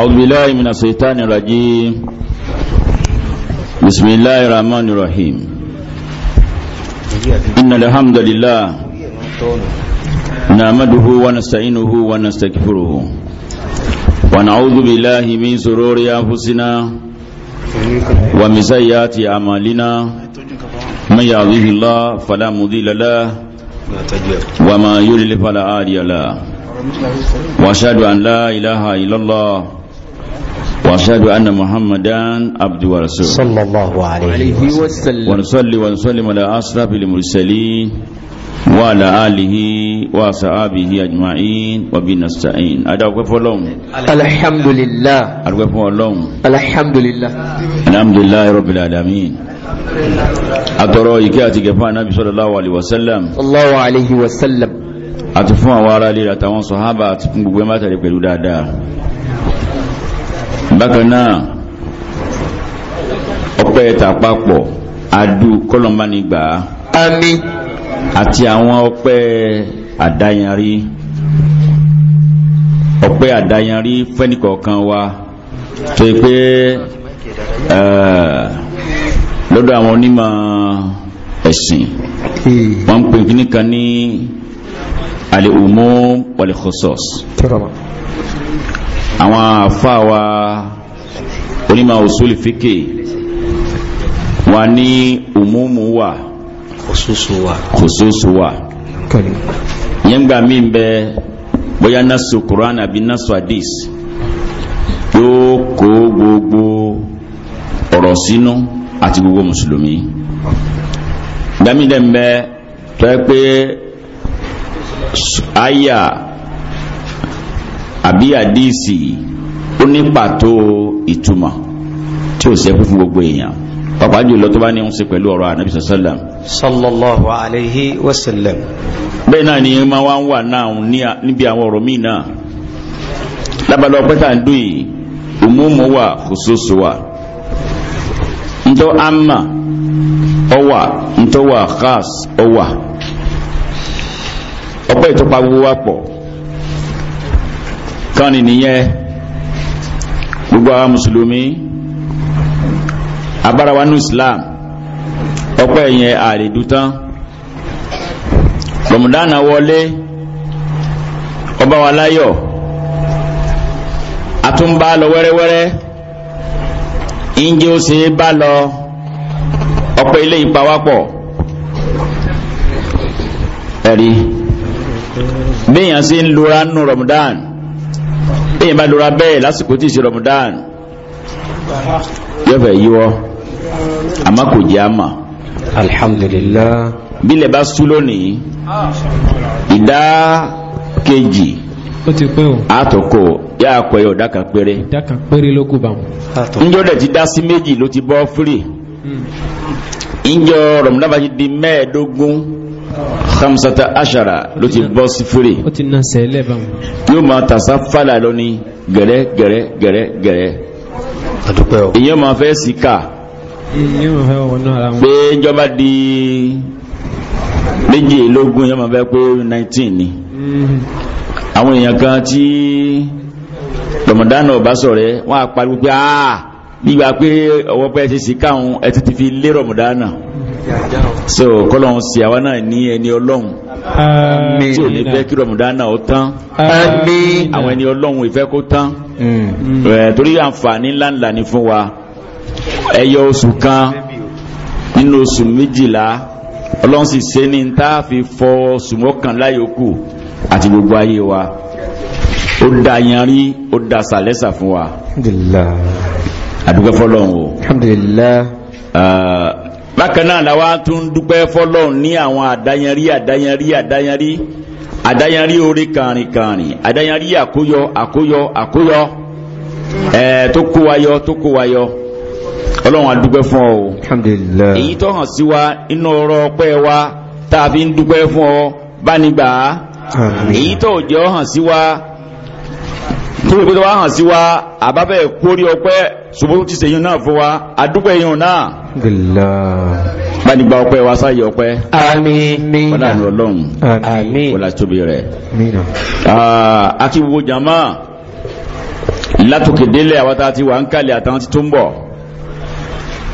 أعوذ بالله من الشيطان الرجيم بسم الله الرحمن الرحيم إن الحمد لله نعمده ونستعينه ونستغفره ونعوذ بالله من سرور أنفسنا ومن سيئات أعمالنا من يهده الله فلا مضل له وما يضلل فلا هادي له وأشهد أن لا إله إلا الله وأشهد أن محمدا عبد ورسوله صلى الله عليه وسلم ونصلي ونسلم على أشرف المرسلين وعلى آله وصحابه أجمعين وبنستعين أدعوك فولوم الحمد لله أدعوك فولوم الحمد لله الحمد لله رب العالمين أترى إكاتي كفاء النبي صلى الله عليه وسلم صلى الله عليه وسلم أتفهم وراء لي أتوان صحابة أتفهم بما تريد dáadáa bákan náà ọpẹ́ tàpapọ̀ adu kọlọmbanigba àmín àti àwọn ọpẹ́ àdáyanrí ọpẹ́ àdáyanrí fẹ́nìkọ̀ọ̀kan wa tó yẹ pé eh, lọ́dọ̀ àwọn onímọ̀ ẹ̀sìn hmm. wọ́n ń pè kíní kan ní al-umum wal-khusus àwọn àfáà wa onímọ̀ òṣùlù fíkè wà ní òmùmù wà kòsóòsù wà yẹn gbà mí bẹ bóyá nasu Quran àbí nasu hadith yóò kó gbogbo ọ̀rọ̀ sínú àti gbogbo mùsùlùmí gbàmí dẹ̀ ń bẹ tọ́ ẹ pé àyà àbí hadisi ìtumọ̀ tí ó sẹ́kù fún gbogbo èèyàn pàápàá tó bá ní ṣe pẹ̀lú ọ̀rọ̀ ànábì sọ́sọ́lá. sallallahu alayhi wa bẹ́ẹ̀ náà ni máa wá ń wà náà níbi àwọn ọ̀rọ̀ míì náà lábàlọ́ pẹ́tà ń dùn yìí umumu wà khususu wà ntọ́ ntọ́ wà khas ọpẹ́ gbogbo wa pọ̀ kan nìyẹn gbogbo àwọn mùsùlùmí abárawa ní islam ọpẹ́ yẹn àrèdútán rọmọdánà wọlé ọba wa láyọ̀ àtúnbá lọ wẹ́rẹ́wẹ́rẹ́ ìjẹ́ ó sì bá lọ ọpẹ́ ilé ìpawápọ̀ ẹ̀rí bí èèyàn sì ń lura nù rọmọdánà bẹ́ẹ̀ bá lọ́ra bẹ́ẹ̀ lásìkò tí ìṣe Ramadan yọ̀fẹ̀ yíwọ́ àmọ́ kò jẹ́ àmà. alhamdulillah. bílẹ̀ bá sú lónìí ìdá kejì ó ti pẹ́ o. àtòkò yà á kọ ẹ ọ̀dà kan péré. ọ̀dà kan péré ló kù bá wọn. njọ́ dẹ̀ ti dá sí méjì ló ti bọ́ fúrì. Hmm. njọ́ rọ̀mùdàbàjì di mẹ́ẹ̀ẹ́dógún hamsata ashara ló ti bọ́ sí fèrè yóò máa tàṣà fàlà lọ ní gẹ̀rẹ́ gẹ̀rẹ́ gẹ̀rẹ́ gẹ̀rẹ́ ìyẹn máa fẹ́ sí ká pé ìjọba di méjìlélógún yẹn máa fẹ́ pé 19 ni mm-hmm. àwọn èèyàn kan tí rọmọdánù ọba sọ̀rẹ́ wọ́n á pariwo pé aaa bí wàá pé ọwọ́ pẹ́ ṣe sí káwọn ẹ ti fi lé rọmọdánù so kọ́lọ́hún sí àwa náà ní ẹni ọlọ́hun tí ò fẹ́ kí rọ̀mùdánà ó tán àwọn ẹni ọlọ́hun ìfẹ́ kó tán mm. eh, torí àǹfààní ńláńlá ni fún wa ẹyọ oṣù kan nínú oṣù méjìlá ọlọ́hun sì ṣe ní tá a fi fọ oṣù mọ́kànlá yòókù àti gbogbo ayé wa ó da yanrí ó da sàlẹ́sà fún wa. alhamdulillah àdúgbò fọlọ́hún o. bákan náà làwa tún dúpẹ́ fọlọ́run ní àwọn àdáyanrí àdáyanrí àdáyanrí àdáyanrí orí kàrìnkàrìn àdáyanrí àkóyọ àkóyọ àkóyọ ẹ tó kó wayọ tó kó wayọ ọlọ́run fún ọ o. èyí tó hàn sí wa inú wa tá a fi ń dúpẹ́ fún ọ bá nígbà. tó yẹ kó tó wá hàn sí wa àbábẹ́ kórí ọpẹ́ ṣùgbọ́n ti sèyàn náà fún wa àdúgbò èèyàn náà. gbanigba ọpẹ́ wa sáyẹ ọpẹ́. àmín wọlé àná Ọlọ́run àmín wọlé àtúbí rẹ. akíwò jama látòkè délẹ̀ àwọn tá a ti wà ń kalẹ̀ àtàwọn ti tó ń bọ̀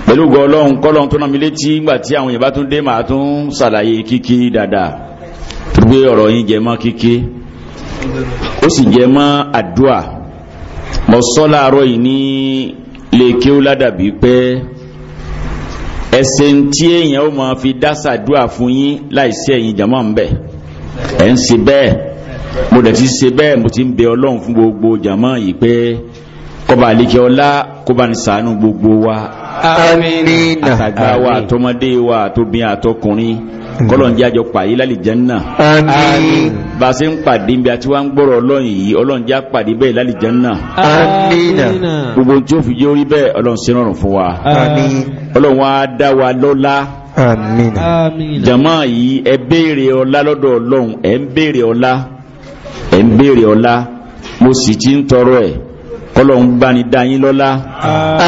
pẹ̀lú ògo Ọlọ́run kọ́lọ́run tó náà mi létí ńgbà tí àwọn yẹn tún dé màá tún ṣàlàyé kíkí dáadáa tó gbé ọ̀rọ̀ yín jẹ mọ́ kíkí ó sì jẹ mọ́ àdúà mo sọ láàárọ̀ yìí ní lèkéwú ládàbí pé ẹsẹ̀ tí èèyàn ó máa fi dásà àdúà fún yín láìsí ẹ̀yin jàmọ́ ń bẹ̀ ẹ̀ ń ṣe bẹ́ẹ̀ mo dẹ̀ ti ṣe bẹ́ẹ̀ mo ti ń bẹ ọlọ́run fún gbogbo jàmọ́ yìí pé kọba àlekẹ ọlá kọba ní ṣàánú gbogbo wa àtàgbà wa àtọmọdé wa àtobìn àtọkùnrin Mm-hmm. kọ́lọ̀ ń jẹ́ àjọ pàdé lálẹ́ jẹ́nà àmín bá a ṣe ń pàdé bí a ti wá ń gbọ́rọ̀ ọlọ́run yìí ọlọ́run jẹ́ àpàdé bẹ́ẹ̀ lálẹ́ jẹ́nà àmín gbogbo tí ó fi jẹ́ orí bẹ́ẹ̀ ọlọ́run ṣe rọrùn fún wa àmín ọlọ́run wa dá wa lọ́lá àmín jàmá yìí ẹ béèrè ọlá lọ́dọ̀ ọlọ́run ẹ ń béèrè ọlá ẹ ń béèrè ọlá mo sì ti ń tọrọ ẹ̀ kọlọ́n bá ní dáyín lọ́lá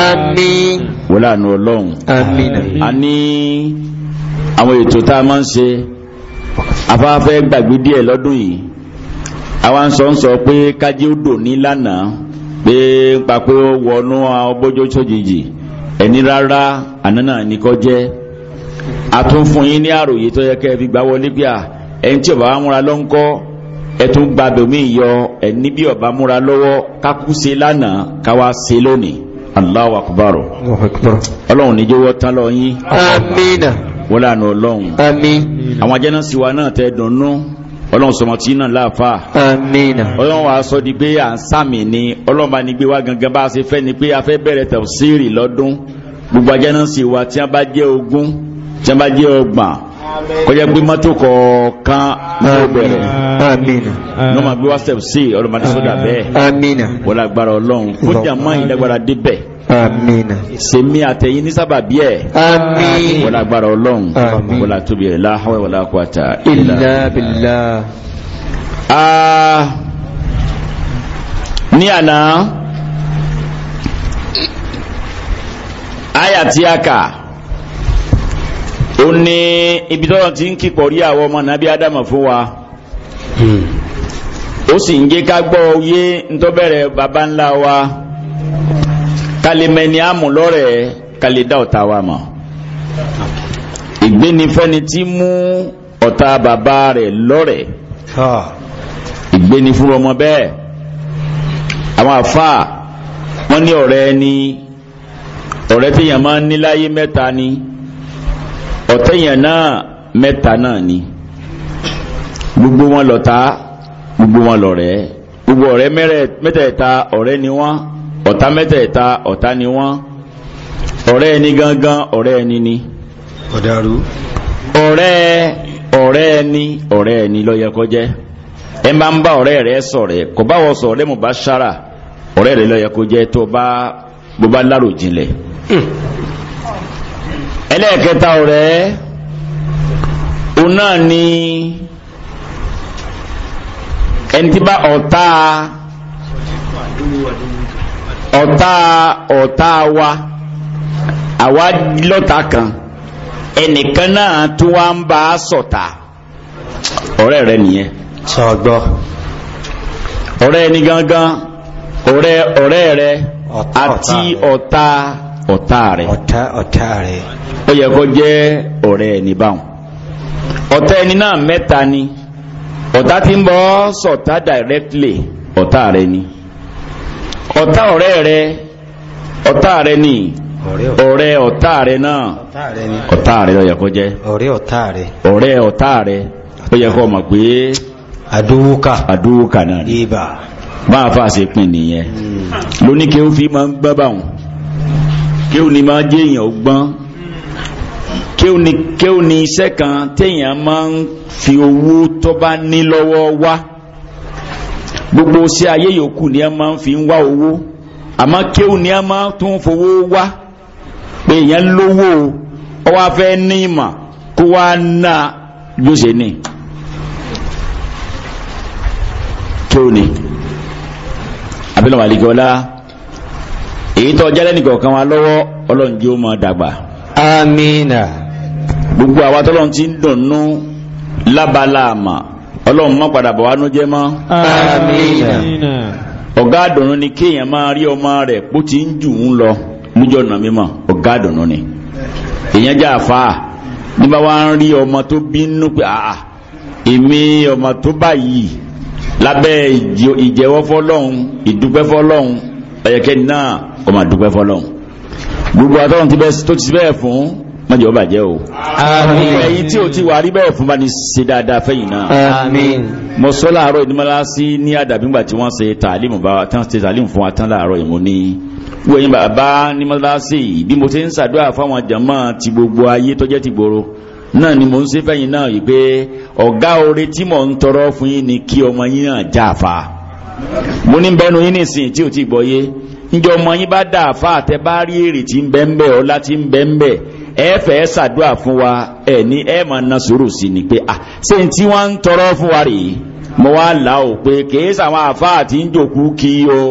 àmín wọ́lá nù ọlọ́run àmín a àwọn ètò tá a máa ń ṣe afáfẹ́ gbàgbé díẹ̀ lọ́dún yìí àwa ń sọ ń sọ pé kájí ó dò ní lánàá pé ń pa pé ó wọnú ọgbọ́jọ́ sójijì ẹni rárá àná náà ní kọ́ jẹ́ àtúnfún yín ní àròyé tó yẹ kẹ́ ẹ fi gbá wọlé pé ẹni tí ọba wa múra lọ ń kọ́ ẹtún gba bẹ̀mí yọ ẹni bí ọba múra lọ́wọ́ kákú ṣe lánàá káwa ṣe lónìí Allahu ọlọ́run níjọ́ wọ́n tán lọ yín. amina wọ́n lànà ọlọ́run. àmín. àwọn ajẹ́nà siwa náà tẹ dùnnú ọlọ́run sọmọ tí náà láàfà. àmín. ọlọ́run wa sọ di pé à ń sàmì ni ọlọ́run bá ní gbé wá gangan bá a ṣe fẹ́ ni pé a fẹ́ bẹ̀rẹ̀ tafsiri lọ́dún gbogbo ajẹ́nà siwa tí wọ́n bá jẹ́ ogún tí wọ́n bá jẹ́ ọgbọ̀n kọjá pé mọ́tò kọ̀ọ̀kan ló bẹ̀rẹ̀ ní ọmọ gbé wá tafsiri ọlọ́run bá ní sọ́dà bẹ́ẹ̀ wọ́n lágbára ọlọ́run kó amina ṣe mi àtẹ̀yìn ní sábàbí ẹ̀ amina wọ́n lágbára ọlọ́run wọ́n látóbi rẹ̀ láhàwẹ̀ wọ́n lákwàtà illa billah ní àná àyà tí a kà ó ní ibi tọ́rọ̀ tí ń kíkọ̀ rí àwọn ọmọ nàbí ádámà fún wa hmm. ó sì ń gé ká gbọ́ oyé ń baba ńlá wa kalimẹni amúlọ́rẹ̀ kalidá ọ̀tá wa mọ̀ ìgbénifẹ́ni tí mú ọ̀tá bàbá rẹ̀ lọ́rẹ̀ ìgbéni fún ọmọ bẹ́ẹ̀ àwọn àfáà wọ́n ní ọ̀rẹ́ ni ọ̀rẹ́ tí yàn máa ń níláyé mẹ́ta ni ọ̀tẹ́yàn náà mẹ́ta náà ni gbogbo wọn lọ̀tá gbogbo wọn lọ̀rẹ́ gbogbo ọ̀rẹ́ mẹ́tẹ̀ẹ̀ta ọ̀rẹ́ ni wọ́n ọ̀tá mẹ́tẹ̀ẹ̀ta ọ̀tá ni wọ́n ọ̀rẹ́ ẹni gangan ọ̀rẹ́ ẹni ni ọ̀dàrú ọ̀rẹ́ ẹni ọ̀rẹ́ ẹni ló yẹ kó jẹ́ ẹ máa ń bá ọ̀rẹ́ rẹ sọ̀rẹ́ kò bá wọ sọ̀rẹ́ mo bá ṣára ọ̀rẹ́ rẹ ló tó bá bó bá lárò jinlẹ̀ hmm. ẹlẹ́ẹ̀kẹta ọ̀rẹ́ òun náà ni ẹni tí bá ọ̀tá ọ̀tá ọ̀tá wa àwa lọ́ta kan ẹnìkan náà tó wá ń bá a ṣọ̀tá ọ̀rẹ́ rẹ nìyẹn. ọ̀rẹ́ ẹni gangan ọ̀rẹ́ ọ̀rẹ́ rẹ àti ọ̀tá ọ̀tá rẹ. ọta rẹ. ó yẹ kó jẹ́ ọ̀rẹ́ ẹni báwọn. ọ̀tá ẹni náà mẹ́ta ni ọta ń sọta directly rẹ ni. ọ̀tá ọ̀rẹ́ rẹ ọ̀tá rẹ ni ọ̀rẹ́ ọ̀tá rẹ náà ọ̀tá rẹ ló jẹ́ ọ̀rẹ́ ọ̀tá rẹ ó yẹ kó pé àdúwúkà pin nìyẹn hmm. lóní kí ó fi máa ń gbọ́ kí ó ní máa jẹ́ èèyàn kan téèyàn máa fi owó tó bá ní gbogbo ṣe ayé yòókù ni a máa fi ń wá owó àmọ́ kéwù ni a máa tún fowó wá pé èèyàn lówó ọ wá ní ìmọ̀ kó wá ná yóò ṣe ní kéwù ni abilọ̀wà àlejòọ́lá èyí tó jẹ́lẹ́ nìkọ̀ọ̀kan wa lọ́wọ́ ọlọ́run jẹ́ máa dàgbà. amina. gbogbo àwa tọ́lọ́run ti ń dùnnú lábala àmà ọlọ́run má padà bọ̀ wá nújẹ́ mọ́. àmín. ọ̀gá àdùnnú ni kéèyàn máa rí ọmọ rẹ̀ bó ti ń jù ń lọ lójú ọ̀nà mímọ́ ọ̀gá àdùnnú ni. èèyàn já àfa ní bá wá ń rí ọmọ tó bínú pé àà èmi ọmọ tó báyìí lábẹ́ ìjẹ́wọ́ fọlọ́hún ìdúpẹ́ fọlọ́hún ọ̀yẹ̀kẹ́ náà ọmọ ìdúpẹ́ fọlọ́hún. gbogbo àtọ́run ti bẹ́ẹ̀ fún mọ́jọ́ bàjẹ́ o àmín tí o ti wà rí bẹ́ẹ̀ fún bá ní ṣe dáadáa fẹ́yìn náà àmín sọ láàárọ̀ ìdímọ́lá sí ní àdàbígbà tí wọ́n ṣe tààlímù bá tán ṣe tààlímù fún wa tán láàárọ̀ ìmú ní wẹ́yìn bàbá nímọ́lá sí bí mo ṣe ń ṣàdúrà fáwọn jàmọ́ ti gbogbo ayé tó jẹ́ ti gbòòrò náà ni mo ń ṣe fẹ́yìn náà yìí pé ọ̀gá oore tí mò ń tọrọ fún yín ni kí ọmọ yín náà jáfa mo ní bẹnu yín nìsín tí ò ti gbọ́ yé njẹ́ ọmọ yín bá dà fáà tẹ bá rí èrè tí ń bẹ́ńbẹ́ ọlá tí ń bẹ́ńbẹ́ Efe fẹ́ ṣàdúrà fún wa ẹ ní ẹ máa na sùúrù sí ni pé ah ṣé n tí wọ́n ń tọrọ fún wa rèé mo wá là ó pé kìí sàwọn àfáà tí ń jòkú kí o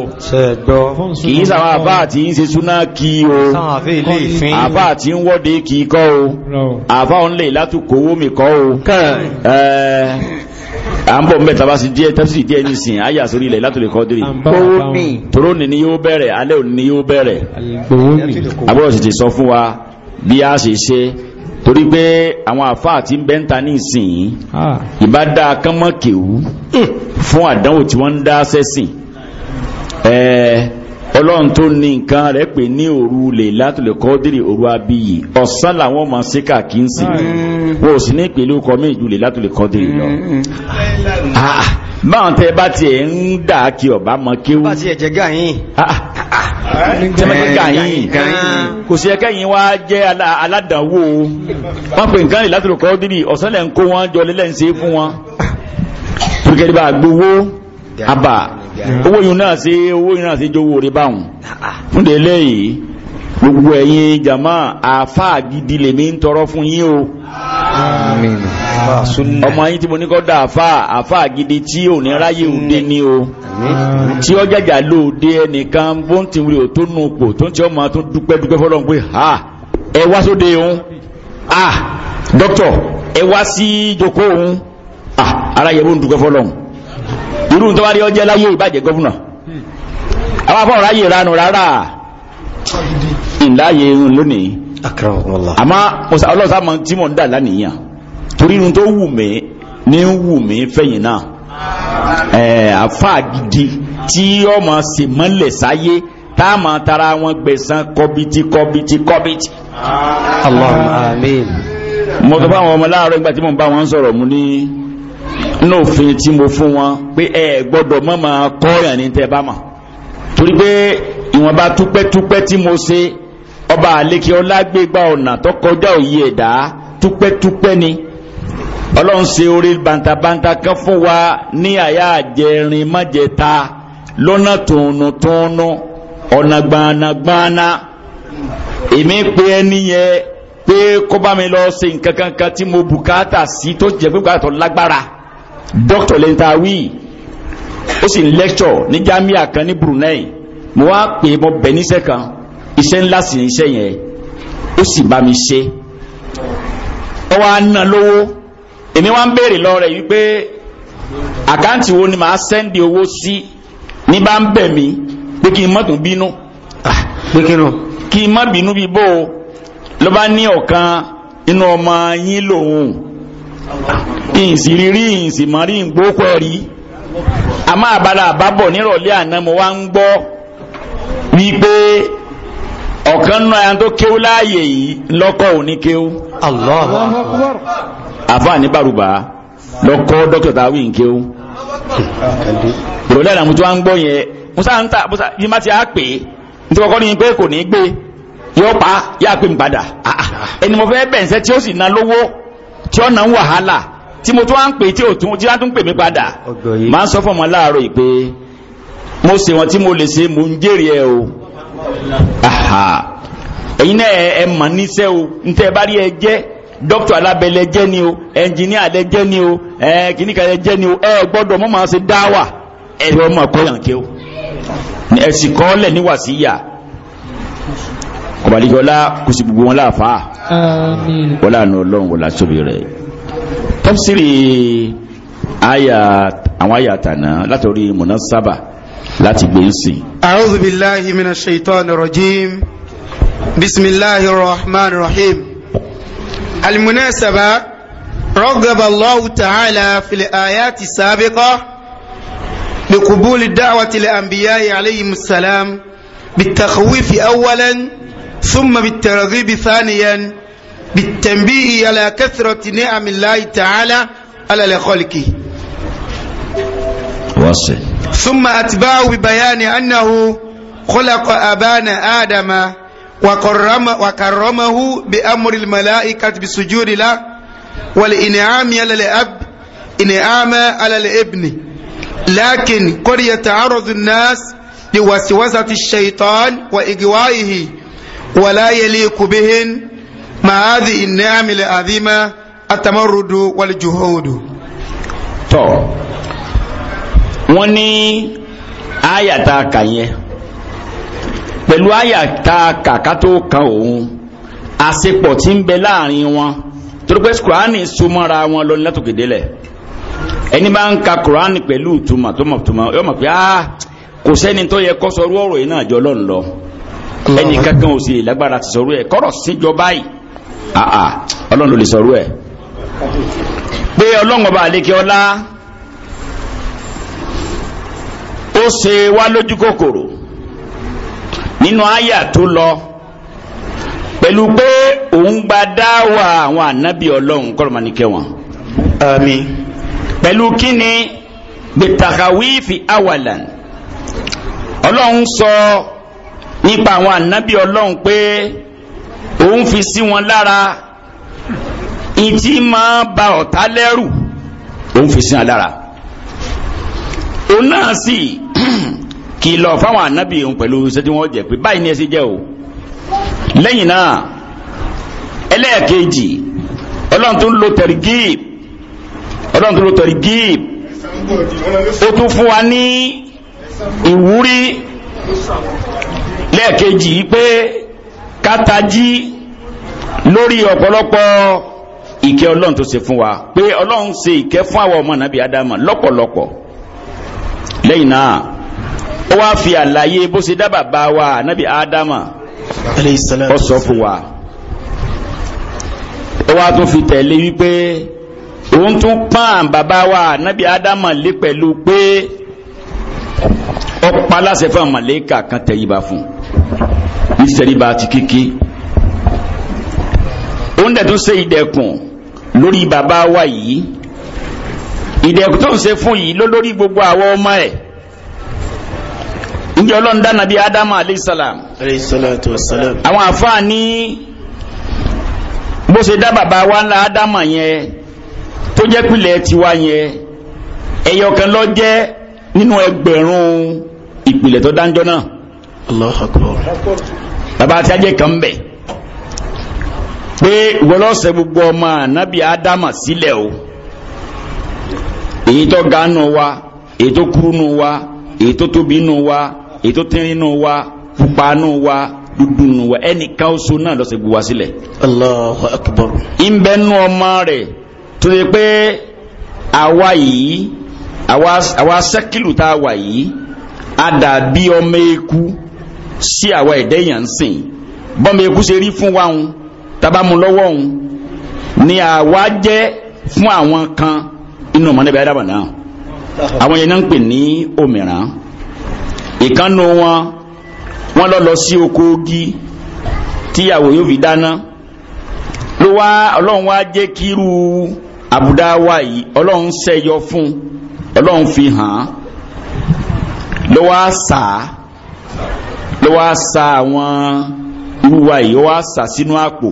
kìí sàwọn àfáà tí ń ṣe súná kí o àfáà tí ń wọ́de kí kọ́ o àfáà ń lè látùkówó mi kọ́ o à ń bọ̀ mẹ́ta si sí díẹ̀ tẹ́sí díẹ̀ nísìn ayà sórí ilẹ̀ látòlè kọ́ dìrì tóró ni yóò bẹ̀rẹ̀ alẹ́ òní ni yóò bẹ̀rẹ̀ àbúrò sì ti sọ fún wa bí a ṣe ṣe torí pé àwọn àfáà tí ń bẹ́ ń ta ní ìsìn ah. ìbá dá kánmọ́kèwú hmm. fún àdánwò tí wọ́n ń dá sẹ́sìn ẹ̀ẹ́ ọlọ́run tó ní nǹkan rẹ̀ pè ní òru lè látòlè kọ́dìrì òru abiyì ọ̀sán làwọn máa ṣe káàkiri ń sìn hmm. wọn ò sì ní ìpele ọkọ méjì lè látòlè kọ́dìrì lọ. Hmm. Ah, báwọn tẹ bá tiẹ̀ ń dà kí ọba mọ kéwú. bá tiẹ̀ jẹ́ gàyìn. jẹ́ gàyìn kò sí ẹkẹ́yìn wá jẹ́ aládàáwò wọn pè nǹkan lè látòlè kọ́dìrì ọ̀sán lẹ́ ń kó wọn jọ lẹ́lẹ́ fún wọn. tó owó yìí náà sí owó yìí náà sí jówó orí báwọn ah, ah. fún délé yìí gbogbo ẹ̀yin jama àáfàá gidi lèmi ń tọrọ fún yín o ah, ọmọ yín tí mo ní kọ́ da àáfàá àáfàá gidi tí ò ní ráyè òde ní o tí ó jàjà lóde ẹnìkan bó ń ti wuli ò tó nù pò tó ń ti ọmọ tó dúpẹ́ dúpẹ́ fọlọ́n pé ha ẹ wá sóde òun ah dókítọ̀ ẹ wá sí ìjókòó òun ah ara yẹ bó ń dúpẹ́ fọlọ́n irú tó bá rí ọjẹ́ láyé ìbàjẹ́ gọ́fúnà àwọn afọ́ ráyè ránù rárá ìláyé irun lónìí àmọ́ ọlọ́sà mọ tí mò ń dà lánìyàn torí irun tó wù mí ní wù mí fẹ̀yìn náà àfa gidi tí ọmọ sì mọ́lẹ̀ sáyé táàmà tara wọn gbẹ̀sán kọbítí kọbítí kọbítí. Allahumma amin. mo sọ fún àwọn ọmọ láàárọ̀ ìgbà tí mo bá wọn sọ̀rọ̀ mu ní nófin tí mo fún wọn pé ẹ gbọ́dọ̀ mọ́ máa kọ́ọ̀yàn ní tẹ́ bá mọ̀ torí pé ìwọ̀nba túpẹ́túpẹ́ tí mo ṣe ọba àlekè ọlágbègbà ọ̀nà tó kọjá òye ẹ̀dá túpẹ́túpẹ́ ni ọlọ́run ṣe orí bàǹtàbàǹtà kan fún wa ní àyà àjẹrin mọ́jẹta lọ́nà tòunùtòunù ọ̀nà gbanagbana èmi pé ẹni yẹn pé kó bá mi lọ ṣe nǹkan kankan tí mo bùkátà sí tó jẹ́ pé gbàtọ̀ lágbára. Dr lẹ́ńtà wí ó sì ń lẹ́kítọ̀ ní jamiya kan ní Brunei mo wá pè é mo bẹ̀ níṣẹ́ kan iṣẹ́ ńlá sì ní iṣẹ́ yẹn ó sì bá mi ṣe ó wá ná lówó èmi wá ń béèrè lọ rẹ̀ wípé àkáǹtì wo ni màá sẹ́ndì owó sí ní bá ń bẹ̀ mí pé kí n má tún bínú ah, kí n má bínú bí bó ló bá ní ọ̀kan inú ọmọ yín lòun ìsì rírí ìsì mọ́rí ìgbókò ẹ̀rí a máa bára àbábọ̀ nírọ̀lẹ́ àná mo wá ń gbọ́ wípé ọ̀kan náà ẹni tó kéwú láàyè yìí lọ́kọ̀ òní kéwú. Allahu Akbar. lọ́kọ́ dókítà wí ń kéwú. ìrọ̀lẹ́ na mo tún ń gbọ́ musa ń ta musa yìí má ti á pè é nítorí pé kò ní gbé pa pé padà ah, ah, ẹni mo fẹ́ tí ó sì tí ọ̀nà ń wàhálà tí mo tó wá ń pè tí ò tí tún pè mí padà máa ń sọ fún ọmọ láàárọ̀ yìí mo ṣe wọn tí mo lè ṣe mo ń jèrè ẹ o náà ẹ mọ̀ níṣẹ́ o bá rí ẹ jẹ́ dókítà alábẹ́lẹ́ jẹ́ ni o ẹnjìníà lẹ jẹ́ ni o ẹ kìnnìkan lẹ jẹ́ ni o ẹ gbọ́dọ̀ máa ṣe ẹ mọ̀ yàn kí o kọ́ lẹ̀ ọ̀bàdìjọ́lá kò sì gbogbo wọn láàfà wọ́n láàánú ọlọ́run wọ́n láṣọ́bì rẹ̀ tọ́sírì àyà àwọn àyà tànà látọ̀rí mọ̀nà sábà láti gbé sí. a'udhu billahi minash shaitani rajim bismillahir rahmanir rahim al-munasaba رغب الله تعالى في الآيات السابقة بقبول دعوة الأنبياء عليهم السلام بالتخويف أولا ثم بالترغيب ثانيا بالتنبيه على كثرة نعم الله تعالى على خلقه ثم أتباعه ببيان أنه خلق أبانا آدم وكرم وكرمه بأمر الملائكة بسجود له والإنعام على الأب إنعام على الابن لكن قد يتعرض الناس لوسوسة الشيطان وإغوائه ولا يليق بهن مع هذه النعم العظيمة التمرد والجهود tó wọ́n ní àyà tá a kà yẹn pẹ̀lú àyà tá a kà ká tó kan òun bẹ wọn wọn lọ ẹni bá ń ka kùránì pẹ̀lú ìtumọ̀ tó yọ mọ̀ ah, kò sẹ́ni tó yẹ ọ̀rọ̀ ẹnì kankan ò sì lágbára ti sọ̀rọ̀ ẹ̀ kọ́rọ̀ síjọba yìí ọlọ́run ló lè sọ̀rọ̀ ẹ̀ pé ọlọ́run ọba àlékè ọlá ó ṣe wá lójú kòkòrò nínú àyà tó lọ pẹ̀lú pé òun gba dáwà àwọn ànábì ọlọ́run kọ́lọ́mà ní kẹwọn. àmín. pẹ̀lú kíni bitakawifi awalan ọlọ́run sọ. So, nípa àwọn ànábì ọlọ́run pé òun fi sí wọn lára ìtí máa ba ọ̀tá lẹ́rù òun fi sí wọn lára òun náà sì kìlọ̀ fáwọn ànábì òun pẹ̀lú iṣẹ́ tí wọ́n jẹ́ pé báyìí ni ẹ ṣe jẹ́ o lẹ́yìn náà ẹlẹ́ẹ̀kejì ọlọ́run tó ń lo tẹ̀rígíìb ọlọ́run tó ń lo tẹ̀rígíìb ó tún fún wa ní ìwúrí lẹ́ẹ̀kejì pé kátají lórí ọ̀pọ̀lọpọ̀ ìkẹ́ ọlọ́run tó ṣe fún wa pé ọlọ́run ṣe ìkẹ́ fún àwọn ọmọ nàbí adama lọ́pọ̀lọpọ̀ lẹ́yìn náà ó wá fi àlàyé bó ṣe dábàá bá wa nàbí adama ó sọ fún wa ó wá tún fi tẹ̀lé wípé òun tún pàn bàbá wa nàbí adama lé pẹ̀lú pé ó pa fún àwọn màlẹ́kà kan tẹ̀yìnbá fún un ní tẹríba àti kíkí ṣe ìdẹ̀kùn lórí bàbá wa yìí ìdẹ̀kùn tó ń ṣe fún yìí ló gbogbo àwọn ọmọ ẹ̀ ǹjẹ́ ọlọ́run dá nàbí ádámù aleyhisalaam àwọn àfáà ní bó ṣe dá bàbá wa ńlá ádámù yẹn tó jẹ́ tiwa yẹn ẹ̀yọ̀kan nínú ẹgbẹ̀rún ìpìlẹ̀ tó bàbá àti kan bẹ̀ pé wọlọ́sẹ̀ gbogbo ọmọ ànábì o èyí tó ga nù wa èyí tó kúrú nù wa èyí tó tóbi nù wa èyí tó nù wa pupa nù wa nù wa náà gbogbo wa sílẹ̀. Allahu akbar. ọmọ rẹ̀ pé a wà eku. sí àwa ẹ̀dẹ́ yàn ń sìn bọ́mọ eku ṣe rí fún wa ń tabamu lọ́wọ́ ń ni àwa jẹ́ fún àwọn kan inú mọ̀lẹ́bí adama náà àwọn yẹn náà ń pè ní òmìrán ìkànnù wọn wọn lọ lọ sí oko ogi tíyàwó yóò fi dáná ló wá ọlọ́run wá jẹ́ kíru àbùdá wa yìí ọlọ́run ṣẹ́yọ fún ọlọ́run fi hàn án ló wá sàá ló wá sa àwọn irúwa yìí ó wá sa sínú àpò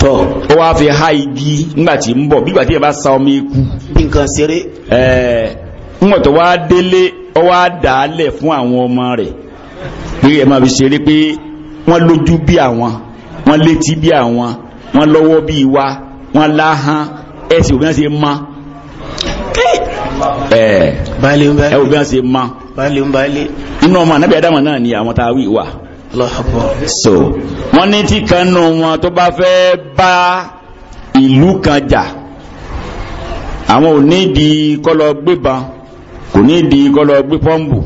tọ ó wá fi há igi nígbà tí ń bọ̀ bí gbàtí yẹn bá sa ọmọ eku. bí nǹkan ṣeré. ẹẹ ńgbọ̀n tó wá délé ó wá dà á lẹ̀ fún àwọn ọmọ rẹ̀ pé ẹ máa fi ṣeré pé wọ́n lójú bí àwọn wọ́n létí bí àwọn wọ́n lọ́wọ́ bí wa wọ́n láhán ẹ̀sìn òbí náà ṣe mọ́ ẹ̀ ẹ̀ òbí náà ṣe mọ́ baálé ń baálé inú ọmọ anábì adamu náà ni àwọn tá a so wọ́n ní tí kan nù wọn tó bá fẹ́ bá ìlú kan jà àwọn ò ní di kọ́lọ́ gbébọn kò ní di kọ́lọ́ gbé pọ́ǹbù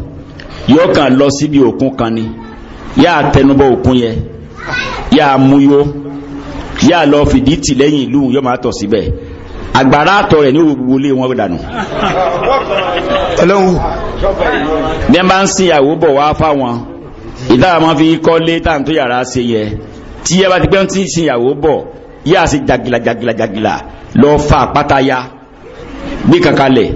yóò kàn lọ síbi òkun kan ni yáà tẹnubọ òkun yẹ yáà múyó yáà lọ fìdí tì ìlú yóò máa tọ̀ síbẹ̀ àgbàrá àtọ̀ rẹ̀ ní gbogbo ilé wọn dànù bí wọ́n bá ń sin ìyàwó bọ̀ wá fáwọn ìdára máa fi kọ́lé táwọn tó yàrá ṣe yẹ tí ẹ bá ti pẹ́ ń sin ìyàwó bọ̀ yíyà sí jagila jagila jagila lọ fa àpáta ya gbé kankalẹ̀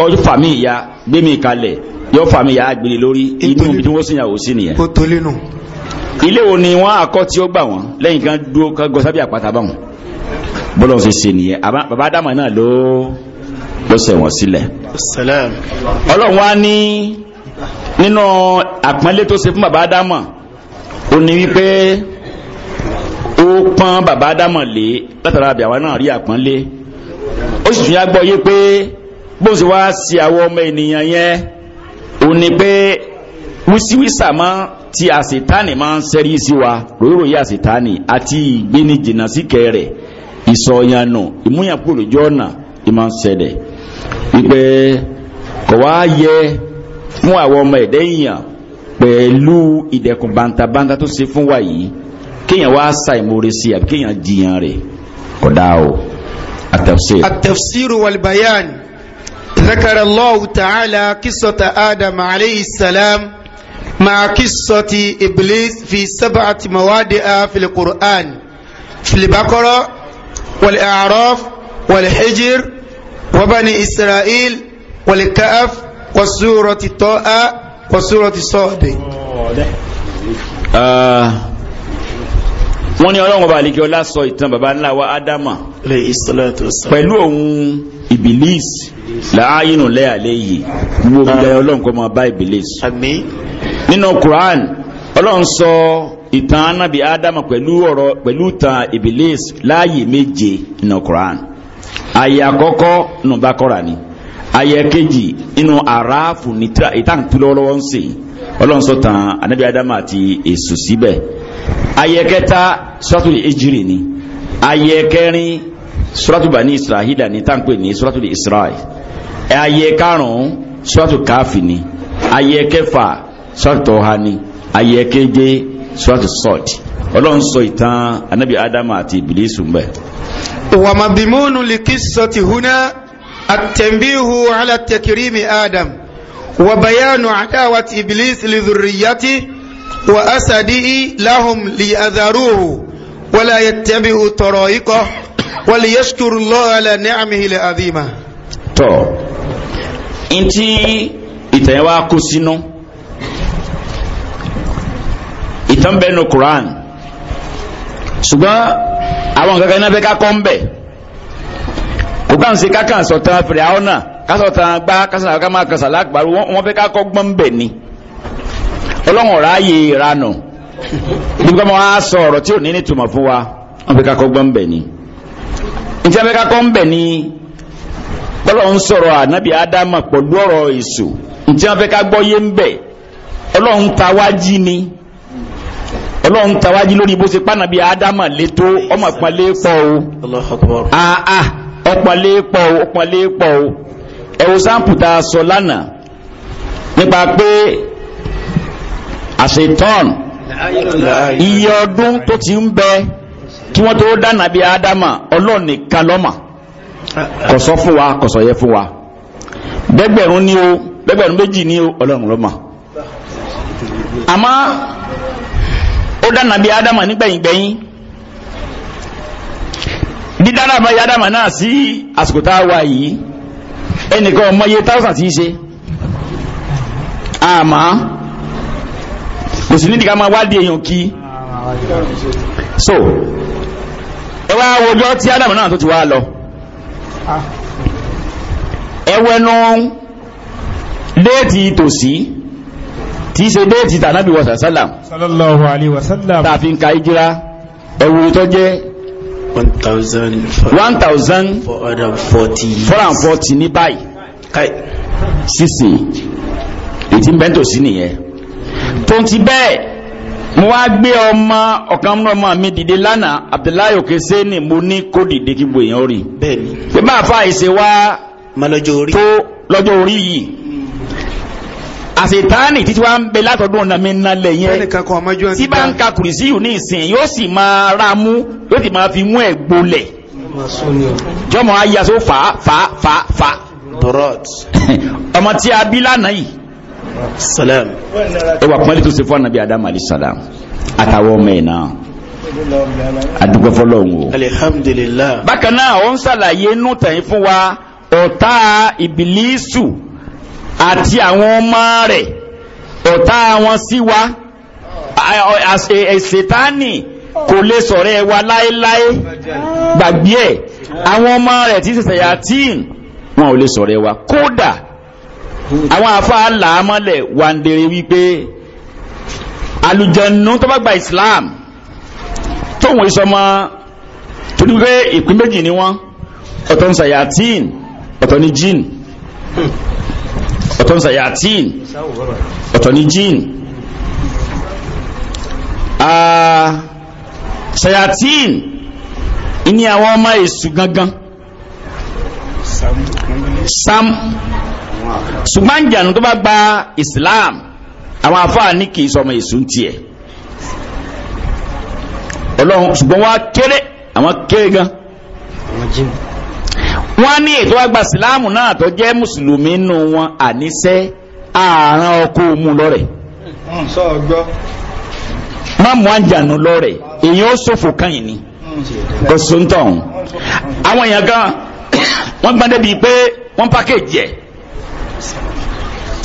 ọ fàmí ìyá gbé mi kalẹ̀ yọ fàmí ìyá agbèrè lórí inú ibi tí wọ́n sin ìyàwó sí nìyẹn. ó tó lẹ́nu. ilé wo ni wọ́n akọ́ tí ó gbà wọ́n lẹ́yìn kan dúró kan gọ sábẹ́ àpáta báwọn bọ́lá ń ṣe ṣe nìyẹn bàbá àdàmọ̀ náà lóò ló sẹ̀ wọ́n sílẹ̀. ọlọ́run wa ní nínú àpọ́nlé tó ṣe fún bàbá ádámọ̀ ó ní wípé ó pọ́n bàbá ádámọ̀ lé látara àbí àwa náà rí àpọ́nlé ó sì tún yá gbọ́ yé pé bóun ṣe wá sí àwọn ọmọ ènìyàn yẹn ó ní pé wíṣíwíṣà máa ti àṣetánì máa ń sẹ́rí sí wa ròyìnròyìn àṣetánì àti ìgbéni jìnnà síkẹ́ rẹ̀ ìsọ̀yànù ìmúyànkúrò lójú ọ̀nà ìmọ̀ ń ṣẹlẹ̀ wípé kò wá yẹ fún àwọn ọmọ ẹ̀dẹ́ èèyàn pẹ̀lú ìdẹ̀kùn bàǹtàbàǹtà tó ṣe fún wa yìí kéèyàn wá sa ìmoore sí àbí kéèyàn jiyàn rẹ̀ kò dáa o àtẹ̀fsir. àtẹ̀fsir wàlbàyàn ذكر الله تعالى قصة آدم عليه السلام مع قصة إبليس في سبعة موادع في القرآن في البقرة والأعراف والحجر وبني إسرائيل والكأف وسورة الطاء وسورة الصاد wọ́n ní ọlọ́run ọba àlejò ọlá sọ ìtàn baba ńlá wa ádámà pẹ̀lú òun ibilis láàyínú lẹ́yàlẹ́ yìí gbogbo ìdáyà ọlọ́run kọ́ máa bá ibilis. nínú Quran ọlọ́run sọ ìtàn anábì ádámà pẹ̀lú ọ̀rọ̀ pẹ̀lú ìtàn ibilis láàyè méje nínú Quran. àyè àkọ́kọ́ nù Bákọ́rà ni àyè kejì nínú arafu ní ìtàǹtí lọ́wọ́lọ́wọ́ ń sè ọlọ́run sọ tán anábì ádámù àti èso síbẹ̀ àyè kẹta suratul ejiri ni àyè kẹrin suratu bani israhila ní táǹpé ní suratul israel àyè karùn-ún suratu káfì ni àyè kẹfà suratu tọ́ha ni àyè keje suratu sọ́ọ̀dì ọlọ́run sọ ìtàn anábì ádámù àti ìbílísù ń bẹ̀ ومضمون القصة هنا التنبيه على تكريم آدم وبيان عداوة إبليس لذريته وأسده لهم ليأذروه ولا يتبعوا طرائقه وليشكروا الله على نعمه العظيمة tọ́ ntí ìtàn wa kó sínú ìtàn bẹ́ẹ̀ àwọn kankan náà fẹ́ ká kọ́ ń bẹ̀ kò bá ń ṣe kákan sọ̀tàn fèrè àwọn náà kásọ̀tàn gbá kásọ̀tàn ká máa kàṣà lágbàrú wọ́n fẹ́ ká kọ́ gbọ́n bẹ̀ ni ọlọ́run ráàyè ìranù níbi ká máa sọ ọ̀rọ̀ tí ò ní nítumọ̀ fún wa wọ́n fẹ́ ká kọ́ gbọ́n bẹ̀ ni ìtí wọ́n fẹ́ ká kọ́ ń bẹ̀ ni bọ́lọ̀ ń sọ̀rọ̀ ànábì ádámà pẹ̀lú ọ̀rọ̀ èṣù ìtí wọ́n fẹ́ yé ń bẹ̀ ọlọ́run ta wá jí ni ọlọ́run tawájí lórí bó ṣe pánà adama létó ọmọ ìpàlẹ́ pọ̀ o àà ọpàlẹ́ pọ̀ o ọpàlẹ́ pọ̀ o sọ lánàá nípa pé àṣetán iye ọdún tó ti ń bẹ kí wọ́n tó dáná bí ọlọ́run nìkan lọ́mà fún wa yẹ fún ó dá nàbí ádámà nígbẹ̀yìngbẹ̀yìn dídá nàbí ádámà náà sí àsìkò tá a wà yìí ẹnìkan ọmọye táwùsàn ti ṣe àmọ́ kò sí nídìí ká máa wádìí èèyàn kí so ẹ wá wọjọ́ tí ádámà náà tó ti wá lọ ẹ wẹnu déètì tòsí tí í ṣe déètì tànábì wọ̀sà sálàm sallallahu alaihi wasallam tààfi ń ka ìjírá ẹ̀wù tó jẹ́ 1440 ní báyìí sísìn ètí ń bẹ́ntò sí nìyẹn tó ti bẹ́ẹ̀ mo wá gbé ọmọ ọ̀kan mọ́ ọmọ mi dìde lánàá Abdullahi Okese ni mo ní kó dìde kí gbogbo rí bẹ́ẹ̀ ni pé bá àfa ìṣe wá tó lọ́jọ́ orí yìí àṣetáàní títí wá ń bẹ látọ̀dún ọ̀nà mi ná lẹ̀yẹn tí bá ń ka kùrìsí yìí ní ìsìn yóò sì máa ra mú yóò sì máa fi mú ẹ̀ gbolẹ̀ jọmọ ayaso fa fa fa fa dorot ọmọ tí a bí lánàá yìí salam ẹ wà pọ́nlẹ́ tó ṣe fún anabi adam alayhi salam àtàwọn ọmọ ẹ̀ náà àdúgbò fọlọ́hún o. alihamdulilayi. bákan náà ó ń ṣàlàyé nù fún wa ọ̀tá ìbílísù àti àwọn ọmọ rẹ̀ ọ̀tá wọn sí wa ṣètánì kò lè sọ̀rọ̀ ẹ wa láéláé gbàgbé ẹ̀ àwọn ọmọ rẹ̀ tí ṣẹ̀ṣẹ̀ yà tí wọn ò lè sọ̀rọ̀ wa kódà àwọn àfáà làámọ́lẹ̀ wàǹdèrè wípé àlùjànnú tó bá gba Islam tóun ìsọmọ torí wípé ìpín méjì ni wọn ọ̀tọ̀ ní sayatin ọ̀tọ̀ ní jinn ọ̀tọ̀ sayatin ọ̀tọ̀ ni jin sayatin ní àwọn ọmọ èṣù gangan sam ṣùgbọ́n jàǹdù tó bá gba Islam àwọn afáà ní kì í sọ ọmọ èṣù ń tiẹ̀ ọlọ́run ṣùgbọ́n wá kéré àwọn kéré gan wọ́n ní ètò àgbà síláàmù náà tó jẹ́ mùsùlùmí nù wọn àníṣe ààrán ọkọ̀ òmu lọ́rẹ̀. Hmm, má mú àjànú lọ́rẹ̀ èyí ó ṣòfò káyìn ni hmm, kò sóńtọ̀ ọ̀hún. àwọn èèyàn gan wọ́n gbọ́n débi pé wọ́n pàkéjì ẹ̀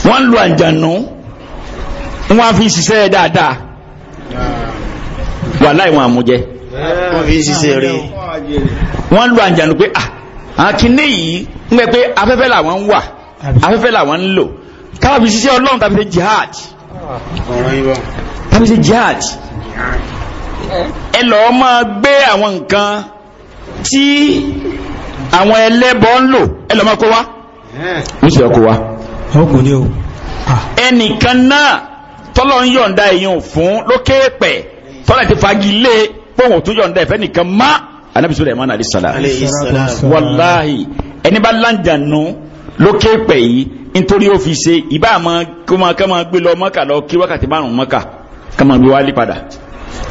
wọ́n lu àjànú wọ́n fi ṣiṣẹ́ dáadáa wà láì wọn àmújẹ. wọ́n eh, fi wọ́n lu àjànú pé ah àkíní yìí ń gbẹ pé afẹ́fẹ́ làwọn ń wà afẹ́fẹ́ làwọn ń lò káwàbí ṣiṣẹ́ ọlọ́run tàbí ṣe jihad tàbí ṣe jihad ẹ lọ́ọ́ máa gbé àwọn nǹkan tí àwọn ẹlẹ́bọ ń lò ẹ lọ́ọ́ máa kó wá wọ́n sì ọkọ̀ wá ẹnìkan náà tọ́lọ́ ń yọ̀ǹda èèyàn fún lókè pẹ̀ tọ́lá ti fagilé pòun ò yọ̀ǹda ẹ̀fẹ́ nìkan máa anabi suleiman alayhi salam walahi ẹni bá lanjanu lókè pẹ yìí nítorí ó fi ṣe ìbá àmọ́ kọmọ kọmọ gbé lọ mọkà lọ kí wákàtí márùn mọkà kọmọ gbé wálé padà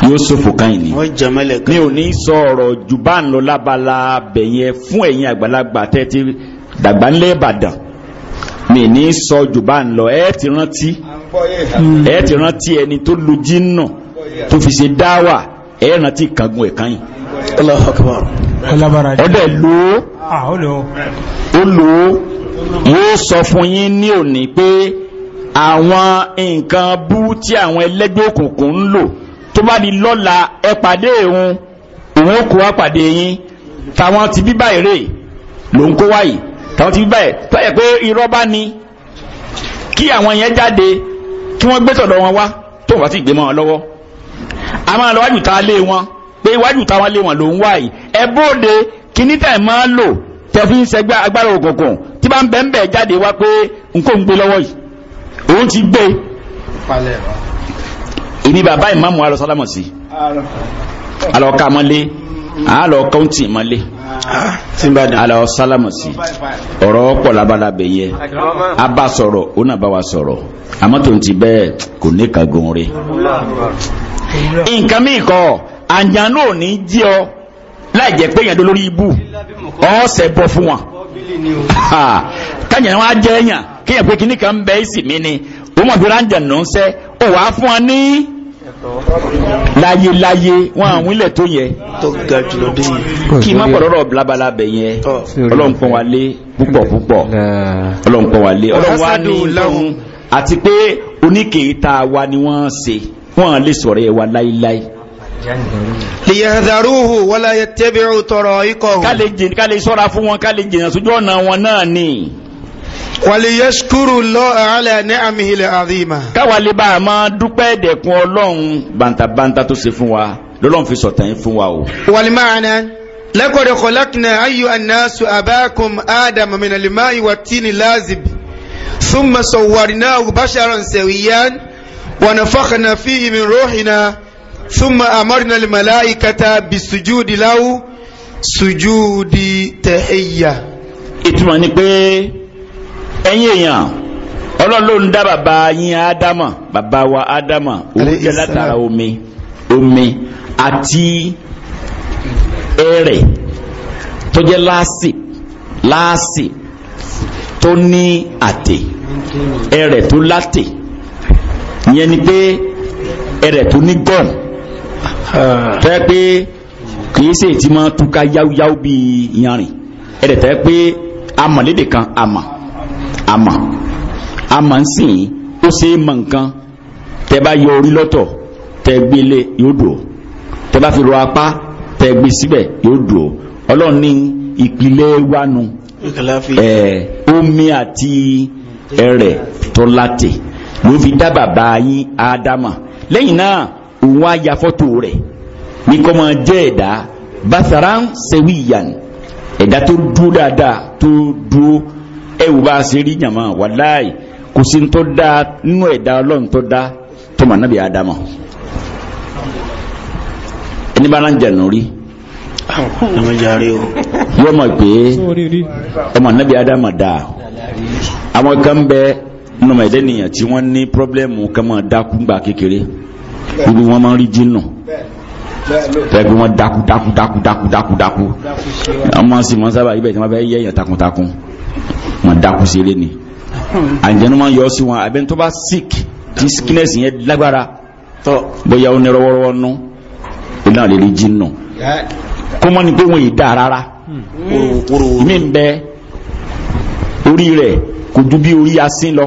yóò ṣòfò kan yìí ni mi ò ní sọ ọ̀rọ̀ jù bá ń lọ lábala bẹyẹ fún ẹ̀yin àgbàlagbà tẹtí dàgbà ńlẹ mi ní sọ jù bá ń rántí ẹ rántí ẹni tó lu jí nà tó fi ṣe dáwà ẹ rántí kangun ẹ kan Allahu Akbar ẹ̀dẹ̀ ló ó lò ó yóò sọ fún yín ní òní pé àwọn nǹkan bú tí àwọn ẹlẹ́gbẹ́ òkùnkùn ń lò tó bá di lọ́la ẹ pàdé òun òun ó kó wá pàdé yín táwọn ti bí báyìí ló ń kó wáyìí táwọn ti bí báyìí tó yẹ pé irọ́ bá ní kí àwọn yẹn jáde kí wọ́n gbé tọ̀dọ̀ wọn wá tó wọ́n ti gbé mọ́ wọn lọ́wọ́ a máa lọ wájú tá lé wọn pé iwájú táwọn lé wọn ló ń wá yìí ẹ bóde kíní tẹ̀ máa lò tẹ̀ fi ń sẹgbẹ́ agbára òkùnkùn tí bá ń bẹ̀ ń bẹ̀ jáde wá pé nǹkó ń gbé yìí òun ti gbé ibi bàbá ìmáàmù alọ sálámọ̀ sí alọ ká mọ́lé alọ kọ́ńtì mọ́lé alọ sálámọ̀ sí ọ̀rọ̀ pọ̀ labalábẹ̀ yẹ a bá sọ̀rọ̀ bá wa sọrọ. àmọ́ tó ń ti bẹ́ẹ̀ kò ní nǹkan àjànú ò ní jí ọ láì jẹ́ pé èèyàn lórí ibú ọ̀ọ́sẹ̀ bọ́ fún wọn káyàn wọn á jẹ́ èèyàn kéèyàn pé kíní kan bẹ́ẹ̀ sì mí ni ó mọ̀ bí ráńjànú ń sẹ́ ó wàá fún ọ ní láyéláyé wọn àwọn ilẹ̀ tó yẹ kí má pọ̀ lọ́rọ̀ labalábẹ̀ yẹn ọlọ́run pọ̀ wá lé púpọ̀ púpọ̀ ọlọ́run pọ̀ wá lé ọlọ́run wá ní ìlọ́run àti pé oníkèéta wa ni wọ́n ṣe wọ́n lè sọ̀rọ̀ ẹ̀ wa láéláé liyahdaruhu wala yattabi'u tara'iqahu ká lè ṣọ́ra fún wọn ká lè jìnnà sójú ọ̀nà wọn náà ni wàlíyẹ́sùkúrù lọ́ọ̀ àálẹ̀ ní àmì ilẹ̀ àdìmà. káwa lè bá a máa dúpẹ́ dẹ̀kun ọlọ́run bàǹtàbàǹtà tó ṣe fún wa lọ́lọ́run fi sọ̀tàn yín fún wa o. wàlímà àná lẹ́kọ̀ọ́dẹ̀ kọ̀lákìnà ayò ànásù àbákùn ádámù mìnàlímà ìwà tíni lázib súnmọ̀ sọ̀wárìnà bàṣàrọ̀ nsẹ̀wìyàn wọ̀nà fọ́kànà fíìmì róhìnà. ثم أمرنا الملائكة بالسجود له سجود تحية ìtumọ̀ ni pé ẹ̀yin èèyàn ọlọ́run ló ń dá bàbá yín ádámà bàbá wa ádámà òun jẹ́ látara omi omi àti ẹ̀rẹ̀ tó jẹ́ láàsì láàsì tó ní àtè ẹ̀rẹ̀ tó látè ìyẹn ni pé ẹ̀rẹ̀ tó ní gọ́ọ̀mù tẹ́ pé kìí ṣe tí máa túká yáwúyáwú bí yanrìn ẹ̀rẹ̀ tẹ́ pé amọ̀lédè kan àmà àmà àmà ń sìn ó ṣe é mọ nǹkan tẹ́ bá yọ orí lọ́tọ̀ tẹ́ gbé lé yóò dùn ó tẹ́ bá fi rọ apá tẹ́ gbé síbẹ̀ yóò dùn ó ọlọ́run ní ìpìlẹ̀ wánu omi àti ẹ̀rẹ̀ tó ló fi dá bàbá yín ádámà lẹ́yìn náà òun á ya fọ́tò rẹ̀ ní kọ́ máa jẹ́ ẹ̀dá basaran sewiyan ẹ̀dá tó dúró dáadáa tó dúró ẹ wò bá a ṣe rí yàmá wàláì kò sí tó dá nínú ẹ̀dá ọlọ́run tó dá tó mà nábì ádámọ̀ ẹni bá da jẹ̀ nù àwọn kan bẹ nọmọ ẹ̀dẹ́ nìyẹn ní pírọ́blẹ́mù kan máa dákú kékeré ibi wọn máa ń rí jínù tẹ́gbẹ́ wọn daku daku daku daku. dákú dákú àwọn máa ń sì máa ń sábà ibẹ̀ tí wọ́n fẹ́ yẹ̀yàn takuntakun wọn dákú sí ilé ni àjẹnu máa ń yọ sí wọn àbẹ́ni tó bá sick tí sickness yẹn lágbára bóyá ó ní rọwọ́rọwọ́ nú ó náà lè rí jínù kọ́mọ́ ni pé wọ́n yìí dá rárá mi ń bẹ orí rẹ̀ kò ju bí orí asín lọ.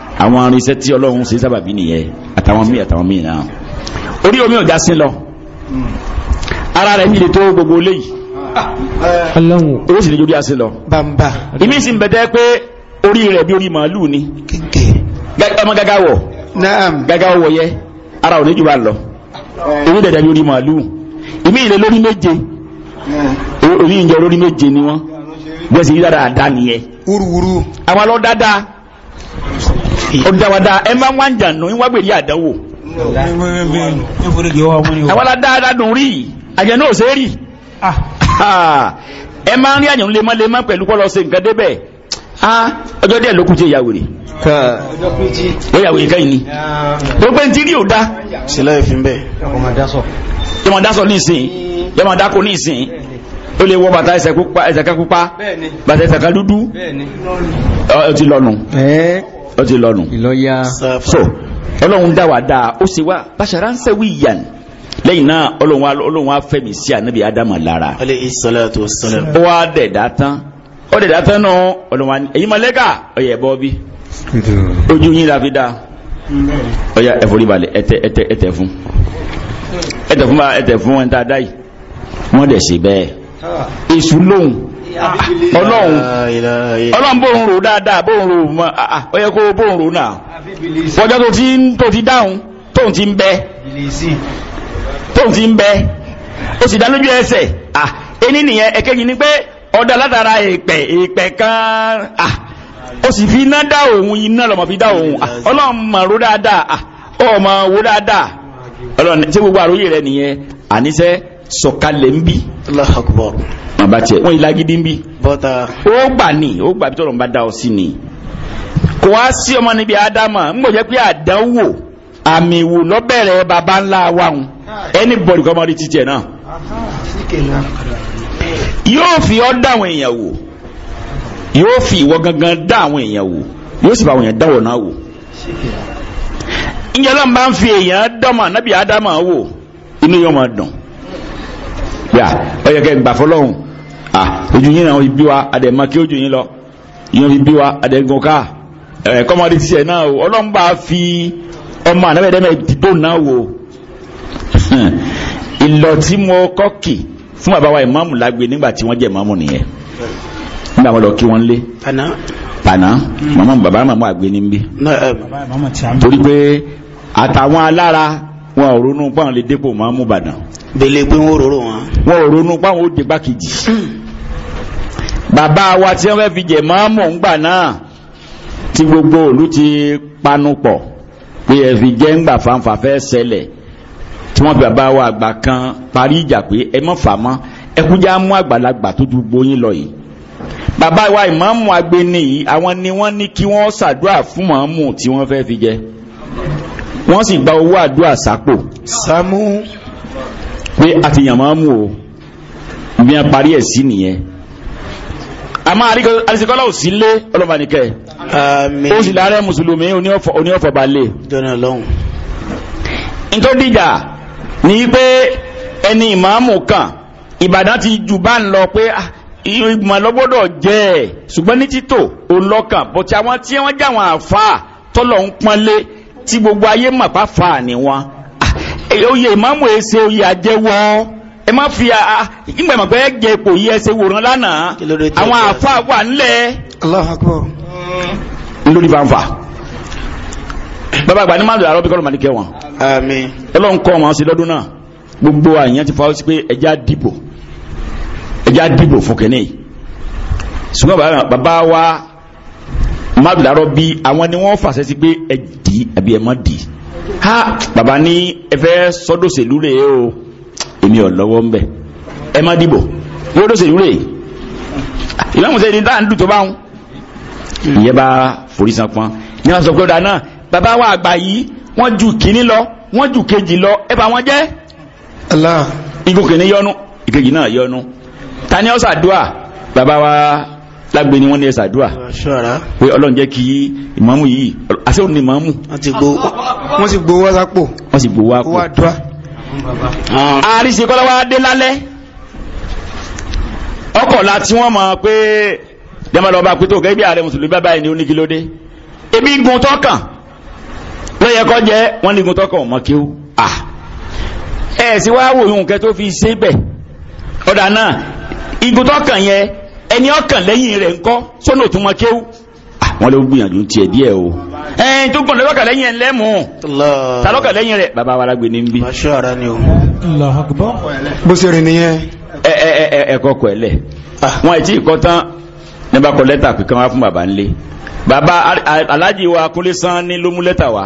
àwọn arinṣẹ́ tí ọlọ́run ṣe sábàbí nìyẹn àtàwọn míì àtàwọn míì náà orí omi ọ̀já sí lọ ara rẹ̀ nílé tó gbogbo léyìí owó sì ní lórí àṣẹ lọ ìmí sì ń bẹ̀tẹ́ pé orí rẹ̀ bí orí màálù ni ọmọ gágá wọ̀ gágá wọ̀ yẹ ara ò ní jù bá lọ orí dẹ̀dẹ̀ bí orí màálù ìmí ilé lórí méje orí ìjọ lórí méje ni wọ́n bẹ́ẹ̀ sì rí dáadáa nìyẹn. wúruwúru àwọn lọ dáadáa ọ̀dàwàdà ẹ máa ń wá ń jànú ń wá gbèrè àdánwò. àwọn adáadáa dùn rí àjẹ náà ṣe rí ẹ máa ń rí àyàn lemọ́lemọ́ pẹ̀lú kọ́ lọ sí nǹkan débẹ̀ ọjọ́ díẹ̀ ló kú tí ìyàwó rè ó yàwó yìí káyìn ni ó pé ní ti rí òda. sílẹ̀ ìfín bẹ́ẹ̀. yọmọ dasọ ní ìsìn yọmọ dako ni ìsìn ó lè wọ bàtà ẹsẹ̀ kan pupa bàtà ẹsẹ̀ kan dúdú ó ti lọ́nu ó ti lọ́nu. ìlọ́yà. so ọlọ́run dá wa dáa ó sì wá bàṣàrà ń sẹ́wí yàn lẹ́yìn náà ọlọ́run wa fẹ̀mí sí ànábì ádámà lára. aleyhi salatu wassalam. ó wá dẹ̀dá tán ó dẹ̀dá tán náà ọlọ́run wa ní èyí mọ̀lẹ́kà ọ̀yẹ̀ bọ́ bí ojú yín la fi dá ọ̀yà ẹ̀fọ́rí balẹ̀ ẹ̀tẹ̀ ẹ̀tẹ̀ ẹ̀tẹ̀ fún ẹ̀tẹ̀ fún ẹ̀tẹ̀ fún wọn tá wọ́n dẹ̀ ṣe bẹ́ẹ̀ ọlọ́run ọlọ́run bóun rò dáadáa bóun rò mọ́ ọyẹ kó bóun rò náà tó ti ń tó tí dáhùn tóun ti ń bẹ tóun ti ń bẹ ó sì dá lójú ẹsẹ̀ à ení nìyẹn ẹ̀kejì ni pé ọ̀dà látara èèpẹ̀ èèpẹ̀ kan A ó sì fi iná dá òun iná lọ́mọ fi dá òun ọlọ́run mọ̀ rò dáadáa ọmọ wo dáadáa ọlọ́run ṣé gbogbo àròyé rẹ nìyẹn àníṣẹ́ sọ̀kalẹ̀ ń bí. Allahu Akbar. tiẹ̀ wọ́n yìí lágídí ń bí. Uh, ó gbà ní ó gbà bí tọ́lọ̀ ń ọ sí ni. kò wá sí ọmọ níbi ádámà ń gbọ́dọ̀ pé àdánwò àmì ìwò lọ́bẹ̀rẹ̀ baba ńlá wa ń ẹni bọ̀dù kọ́ mọ́rí títí ẹ̀ náà. yóò fi ọ́ dá àwọn èèyàn wò yóò fi ìwọ gangan dá àwọn èèyàn wò yóò sì bá àwọn èèyàn dáwọ̀ náà wò. ìyẹn lọ́nà bá ń fi èèyàn dọ́mọ̀ nábì ádámà wò inú yóò máa dùn yà ọyọ kẹ gbà fọlọ́hún à ah, ojú yín náà bí wa àdèmọ kí ojú yín lọ yín bí wa àdègùn ká ẹ kọ́mọdé tiẹ̀ náà o ọlọ́run bá fi ọmọ ànábẹ́dẹ́mẹ́ dìbò náà wò ìlọ tí mo kọ́ kì fún bàbá wa ìmáàmù lágbe nígbà tí wọ́n jẹ́ ìmáàmù nìyẹn nígbà wọn lọ kí wọ́n lé pàná màmá bàbá màmá àgbé níbí torí pé àtàwọn alára wọn ò ronú pọ́n lè dépò màmú Ìbàdàn. bẹ́lẹ̀ pé wọ́n rorò wọn wọn ò ronú páwọn ó dé gbákejì hmm. bàbá wa tí wọ́n fẹ́ fi jẹ máàmù ńgbà náà tí gbogbo òlu ti panu pọ̀ pé ẹ fi jẹ́ ńgbà fanfa fẹ́ ṣẹlẹ̀ tí wọ́n fi bàbá wa àgbà kan parí ìjà pé ẹ mọ̀ fà mọ́ ẹ mú àgbàlagbà tó ju gbóyin lọ yìí bàbá wa ìmáàmù agbeni yìí àwọn ni wọ́n ní kí wọ́n ṣàdúrà fún màmú tí wọ́n fẹ́ fi jẹ wọ́n sì gba owó àdúrà sápò. samu pé àti yàn máa mú o bí wọn parí ẹ̀ sí nìyẹn àmọ́ àrísẹ́kọ́lá ò sí lé ọlọ́mọbanìkẹ́ ó sì láàárẹ̀ mùsùlùmí oníọ̀fọ̀balẹ̀ ntọ́díjà ní pé ẹni ìmáàmù kan ìbàdàn ti jù bá ń lọ pé ìgbìmọ̀ ah, lọ́gbọ́dọ̀ jẹ́ ẹ̀ ṣùgbọ́n ní títò olọ́kàn bọ̀tí àwọn tí wọ́n jà wọn àfa tọ́lọ̀ ń pọ́nlé tí gbogbo ayé mà bá fa ni wọn oyè ìmáàmù èsè oyè àjẹwọ́ ẹ má fi ìgbàgbọ́ jẹ ipò yìí ẹsẹ̀ wòran lánàá àwọn àfa wà ńlẹ̀. Akbar. lórí fanfa bàbá àgbà ní màdùn àrọ́ bí kọ́lọ́ màdìkẹ́ wọn. àmín. ọlọ́run kọ́ wọn sí lọ́dún náà gbogbo àyàn ti fa ọ sí pé ẹja dìbò ẹja dìbò fún kẹ́nẹ́ yìí ṣùgbọ́n bàbá wa màdùn àrọ́ bí àwọn ni wọ́n fàṣẹ sí pé ẹ dì àbí ẹ má dì ha bàbá ní ẹ fẹ́ sọ́dọ̀sẹ̀lú rẹ̀ o èmi ò lọ́wọ́ ń bẹ̀ ẹ má dìbò yóò dọ̀sẹ̀lú rẹ̀ ìmáàmù sẹ́ni tá à ń dùn tó bá ń ìyẹn bá forí san pọ́n ní wọ́n sọ pé ọ̀dà náà bàbá wa àgbà yìí wọ́n ju kìíní lọ wọ́n ju kejì lọ ẹ bá wọn jẹ́. Allah igun kìíní yọnu ìkejì náà yọnu ta ni ó ṣàdúà bàbá wa lágbé ni wọ́n ní ẹ̀sà àdúrà pé ọlọ́run jẹ́ kí ìmáàmù yìí àṣẹ òun ni ìmáàmù. wọ́n sì gbowó sápò. wọ́n sì gbowó àpò. àríṣe ah. kọ́lá wa dé lálẹ́ ọkọ̀ la tí wọ́n mọ̀ pé jẹ́mọ̀ lọ́ba pé tó gẹ́gẹ́ bí ààrẹ mùsùlùmí bàbá yìí ni ó ní kí ebi gun tọ́kàn lọ́yẹ kọ́ jẹ́ wọ́n ní gun tọ́kàn ọmọ kí ó à ẹ̀ sì wá wòyún kẹ́ tó fi ṣe bẹ̀ ọ̀dà náà igun tọ́kàn yẹn ẹni ọkàn lẹ́yìn rẹ̀ ńkọ́ sọ́nà òtún wọn kéwú wọn ló gbìyànjú tiẹ̀ díẹ̀ o ẹ̀yìn tó gbọ́n lọ́kàn lẹ́yìn ẹ̀ lẹ́mú ta lọ́kàn lẹ́yìn rẹ̀ bàbá wa lágbè ní bí. maṣẹ́ ara ni o. bó ṣe rìn nìyẹn. ẹ ẹ ẹ ẹ kọkọ ẹ lẹ wọn ì kọ tán ní bá kọ lẹ́tà pé kí fún bàbá ńlẹ̀ bàbá aláàjì wa kúnlé sàn ní ló mú lẹ́tà wa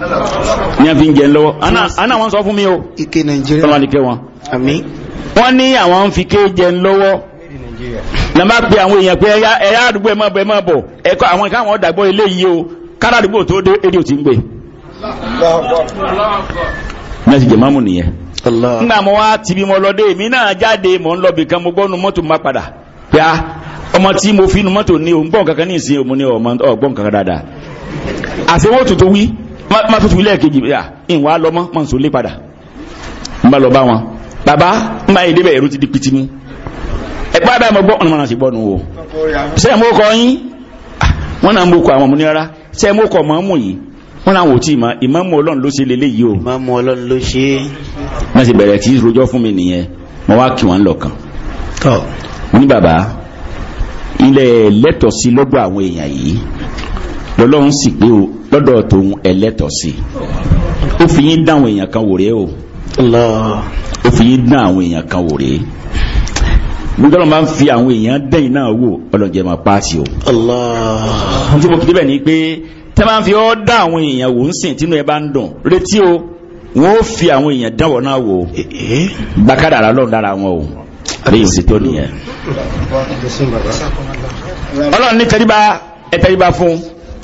ní a fi ń jẹ lọ́wọ́ fún mi o ike nàìjíríà wọn. wọ́n ní àwọn fi ké jẹ lọ́wọ́ na máa pe àwọn èèyàn pé ẹ̀yà àdúgbò ẹ máa bọ ẹ máa bọ̀ ẹ̀kọ́ àwọn ìka àwọn o àdúgbò tó dé ti ń gbé. mẹ́sì jẹ̀ nìyẹn. mo wá tibí mo lọ dé èmi náà jáde ń lọ bìkan mo a ah, ọmọ tí mo fi nu mọ́tò ní o ń gbọ́n kankan ní ìsìn Ma fi fún lẹ́ẹ̀kejì yà ìwà lọ́mọ́ mọ̀ nsọ lé padà n bá lọ bá wọn bàbá n bá yìí débẹ̀ ẹ̀rú ti di piti mu ẹ bá bá mọ gbọ́ ọ̀nà mọ̀nà sí gbọ́ nu o sẹ́yìn mo kọ́ yín ah, wọ́n náà ń bó kọ́ àwọn ọmọ ní rárá sẹ́yìn mo kọ́ mọ́mú yìí wọ́n náà wò tí ìmọ̀ ìmọ̀mú ọlọ́run ló ṣe lélẹ̀ yìí o ìmọ̀mú ọlọ́run ló ṣe é. ti bẹ̀rẹ̀ tí rojọ́ fún mi nìyẹn mo wá kí wọ́n lọ kàn. ní bàbá ilẹ̀ lẹ́tọ̀ọ́ sí lọ́gbọ̀ àwọn èèyàn yìí lọ́lọ́run sì pé o lọ́dọ̀ tòun ẹlẹ́tọ̀ sí ó fi yín dá àwọn èèyàn kan wò rèé o ó fi yín dá àwọn èèyàn kan wò rèé nítorí máa ń fi àwọn èèyàn dẹ́yìn náà wò ọlọ́jẹ́ máa paasi o. Allah. tí mo kìí bẹ́ẹ̀ ni pé tẹ́ máa ń fi ọ́ dá àwọn èèyàn wò ń sìn tínú ẹ bá ń dùn retí o wọ́n ó fi àwọn èèyàn dáwọ̀ náà wò eh, eh. gbàkádà ara lọ́run dára wọn o àbí ìsètò nìyẹn. ọlọ́run ní tẹ́lifá ẹ tẹ́lifá fún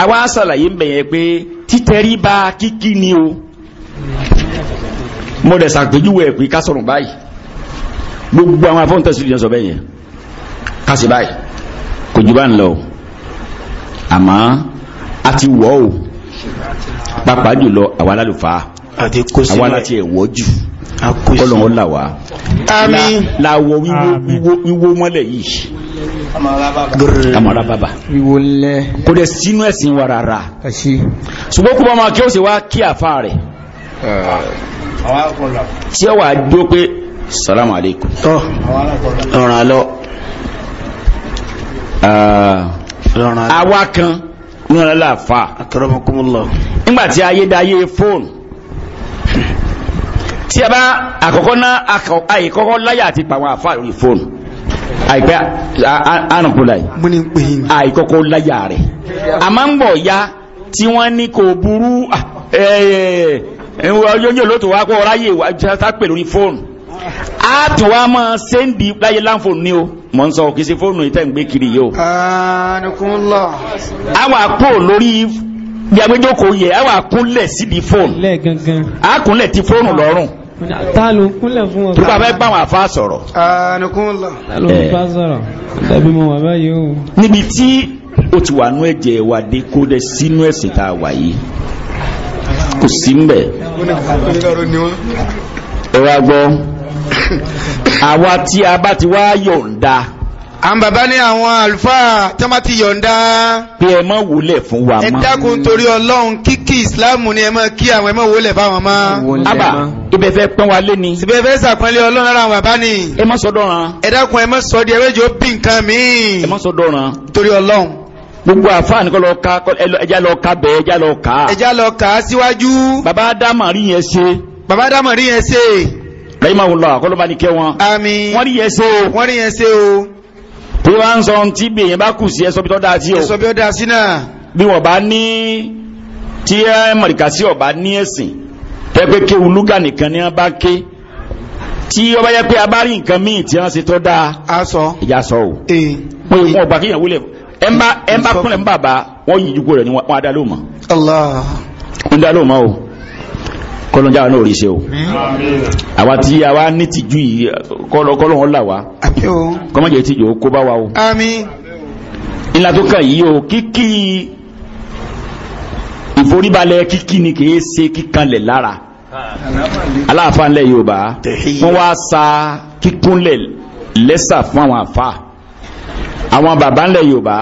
àwa sàlàyé ń bẹ̀yẹn pé títẹrí bá kíkí ni o mo dẹ̀ sàpèjúwe ẹ̀ pé ká sọ̀rọ̀ báyìí gbogbo àwọn afọ́ntẹ́sí ìjọ sọ bẹ́yẹn ká sì báyìí kò jù bá ń lọ àmọ́ a ti wọ̀ o pàápàá jùlọ àwa lálùfáà àwa láti ẹ̀wọ́ jù kọ́lọ̀ wọn là wá. àmín làwọ̀ wíwó mọ́lẹ̀ yìí kamara baba kò dẹ̀ sínú ẹ̀sìn wa rárá ṣùgbọ́n kó bá máa kí ó sì wá kí àfa rẹ̀ tí ó wà dó pé salamu alaikum ọ̀ràn lọ àwa kan ní ọ̀rọ̀ láàfà nígbàtí ayédáyé fóònù tí a bá àkọ́kọ́ náà àìkọ́kọ́ láyà àti pàwọn àfà lórí fóònù àìpẹ́ àrùnkúlà yìí àìkọ́kọ́ láyà rẹ̀ a ń bọ̀ ya tí wọ́n ní kò burú yóò lóòtò wá kọ́ ráyè sápè lórí fóònù a tún wá máa sẹ́ndì láyé láǹfòònù ní o mọ̀ ń sọ kì í ṣe fóònù ìtẹ́ ń gbé kiri yìí o. àwọn àpò lórí bí agbẹjọ́kọ̀ yẹ àwọn àkúnlẹ̀ síbi fóònù àkúnlẹ̀ ti fóònù lọ́rùn tààlù kúnlẹ̀ fún wọn. Tùkà fẹ́ bá wọn àfá sọ̀rọ̀. Tààlù eh. àfá sọ̀rọ̀. Tàbí mo wà báyìí o. Níbi tí ó ti wà nú ẹ̀jẹ̀ wa dé kó dẹ sínú ẹ̀sìn tá a wà yìí. Kò sí mbẹ̀. Ẹ wá gbọ́. Àwa tí a bá ti wá yọ̀ǹda àwọn bàbá ní àwọn àlùfáà tí wọ́n ti yọ̀ǹda. pé ẹ má wọlé fún wa mọ́. ẹ dákun torí ọlọ́run kíkí ìsìláàmù ni ẹ má kí àwọn ẹ má wọlé fáwọn mọ́. àbá ibẹ̀ fẹ́ pọ́n wa lé ni. ibẹ̀ fẹ́ sàpọ́nlé ọlọ́run lára àwọn bàbá ni. ẹ má sọ dọ̀ràn. ẹ dákun ẹ má sọ di ẹwẹ́jọ bí nǹkan míì. ẹ má sọ dọ̀ràn. torí ọlọ́run. gbogbo àfáà ní kọ́ lọ ka ẹja lọ ka bẹ́ẹ̀ ẹja lọ ka. ẹja lọ ka síwájú. bàbá dámà rí yẹn ṣe. bàbá ni kẹ́ wọn. àmín wọ́n rí yẹn ṣe o. wọ́n rí yẹn ṣe o tí wọ́n ń sọ ohun tí bèèyàn bá kù sí ẹsọ bí tó dáa sí o ẹsọ bí ó dáa sí náà bí wọ́n bá ní tí ẹ mọ̀ríkà sí ọ̀bá ní ẹ̀sìn tẹ́ pé kéwu lúgà nìkan ni wọ́n bá ké tí ó bá yẹ pé a bá rí nǹkan míì tí wọ́n ṣe tó dáa a sọ ìyá sọ o pé wọn ò bá kéèyàn wúlẹ̀ ẹ ń bá kúnlẹ̀ ń bàbá wọn yìí dúkú rẹ̀ ni wọn adá ló mọ̀ Allah ń dá ló mọ̀ o kọlọ́njà wa náà rí ṣe o àwa tí a wá ní tìjú yìí kọlọ́n ọ̀la wa kọ́mọ̀jẹ̀ tìjú o kó bá wa o. ńlá tó kàn yìí o kíkí ìforíbalẹ̀ kíkí ni kìí ṣe kíkanlẹ̀ lára aláàfáànlẹ̀ yorùbá wọ́n wá sa kíkúnlẹ̀ lẹ́sà fún àwọn àfa àwọn bàbá ńlẹ̀ yorùbá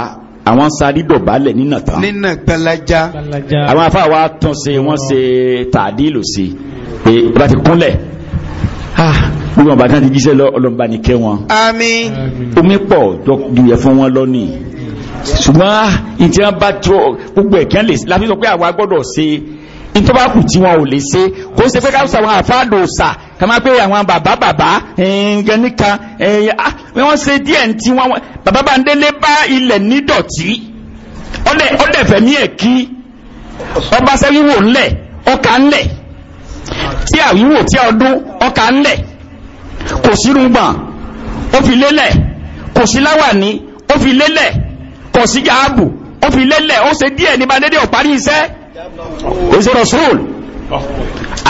àwọn sáré dọ̀bálẹ̀ nínà tán. nínà gbalaja. àwọn afa wa tún ṣe wọ́n ṣe tàdílù sí i bá ti kúnlẹ̀ ah. gbogbo àwọn bàtà ti jíṣẹ́ lọ ọlọ́mọba ní kẹ́ wọn. àmín. omi pọ̀ jùyẹ̀ fún wọn lọ́nìí ṣùgbọ́n ìtìwọ́n bá tó gbogbo ẹ̀kẹ́ lè láfi sọ pé àwa gbọ́dọ̀ ṣe tó bá kù tí wọn ò lè ṣe kó ṣe pé ká sọ àwọn àfáàdò ọ̀sà ká máa pé àwọn bàbá bàbá ẹ̀yìn nìkan ah, wọ́n ṣe díẹ̀ tí wọ́n bàbá bá ń délé bá ilẹ̀ nídọ̀tí ọ̀dẹ̀ fẹ̀mí ẹ̀ kí ọba sẹ́wíwò ńlẹ̀ ọkà ńlẹ̀ tí àwíwò tí ọdún ọkà ńlẹ̀ kò sí rúgbọ̀n ó fi lélẹ̀ kò sí láwàní ó fi lélẹ̀ kò sí jáàbù ó fi lélẹ̀ ó ṣe díẹ̀ ní bá dédé ó iṣẹ́ èsì rasul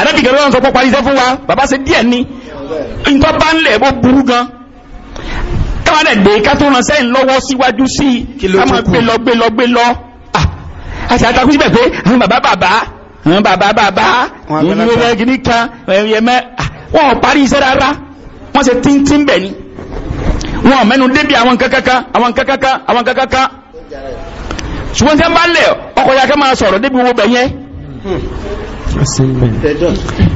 àdẹ́bì gẹ̀rẹ́ lọ́nà sọpọ̀ parí iṣẹ́ fún wa bàbá ṣe díẹ̀ ní nǹkan bá ń lẹ̀ bó burú gan káwọn ẹ̀dẹ́ ká tó ràn sẹ́yìn lọ́wọ́ síwájú sí ká máa gbé lọ gbé lọ gbé lọ àti àtakú síbẹ̀ pé àwọn bàbá bàbá àwọn bàbá bàbá ìwé gidi kan ẹ̀yẹmẹ́ wọn parí iṣẹ́ rárá wọ́n ṣe tíntín bẹ̀ ni wọn mẹ́nu débi àwọn kankankan àwọn kankankan àwọn kankankan ṣùgbọ́n tẹ́ ń bá lẹ̀ ọkọ̀ ya kẹ́ máa sọ̀rọ̀ débi owó bẹ̀ yẹn.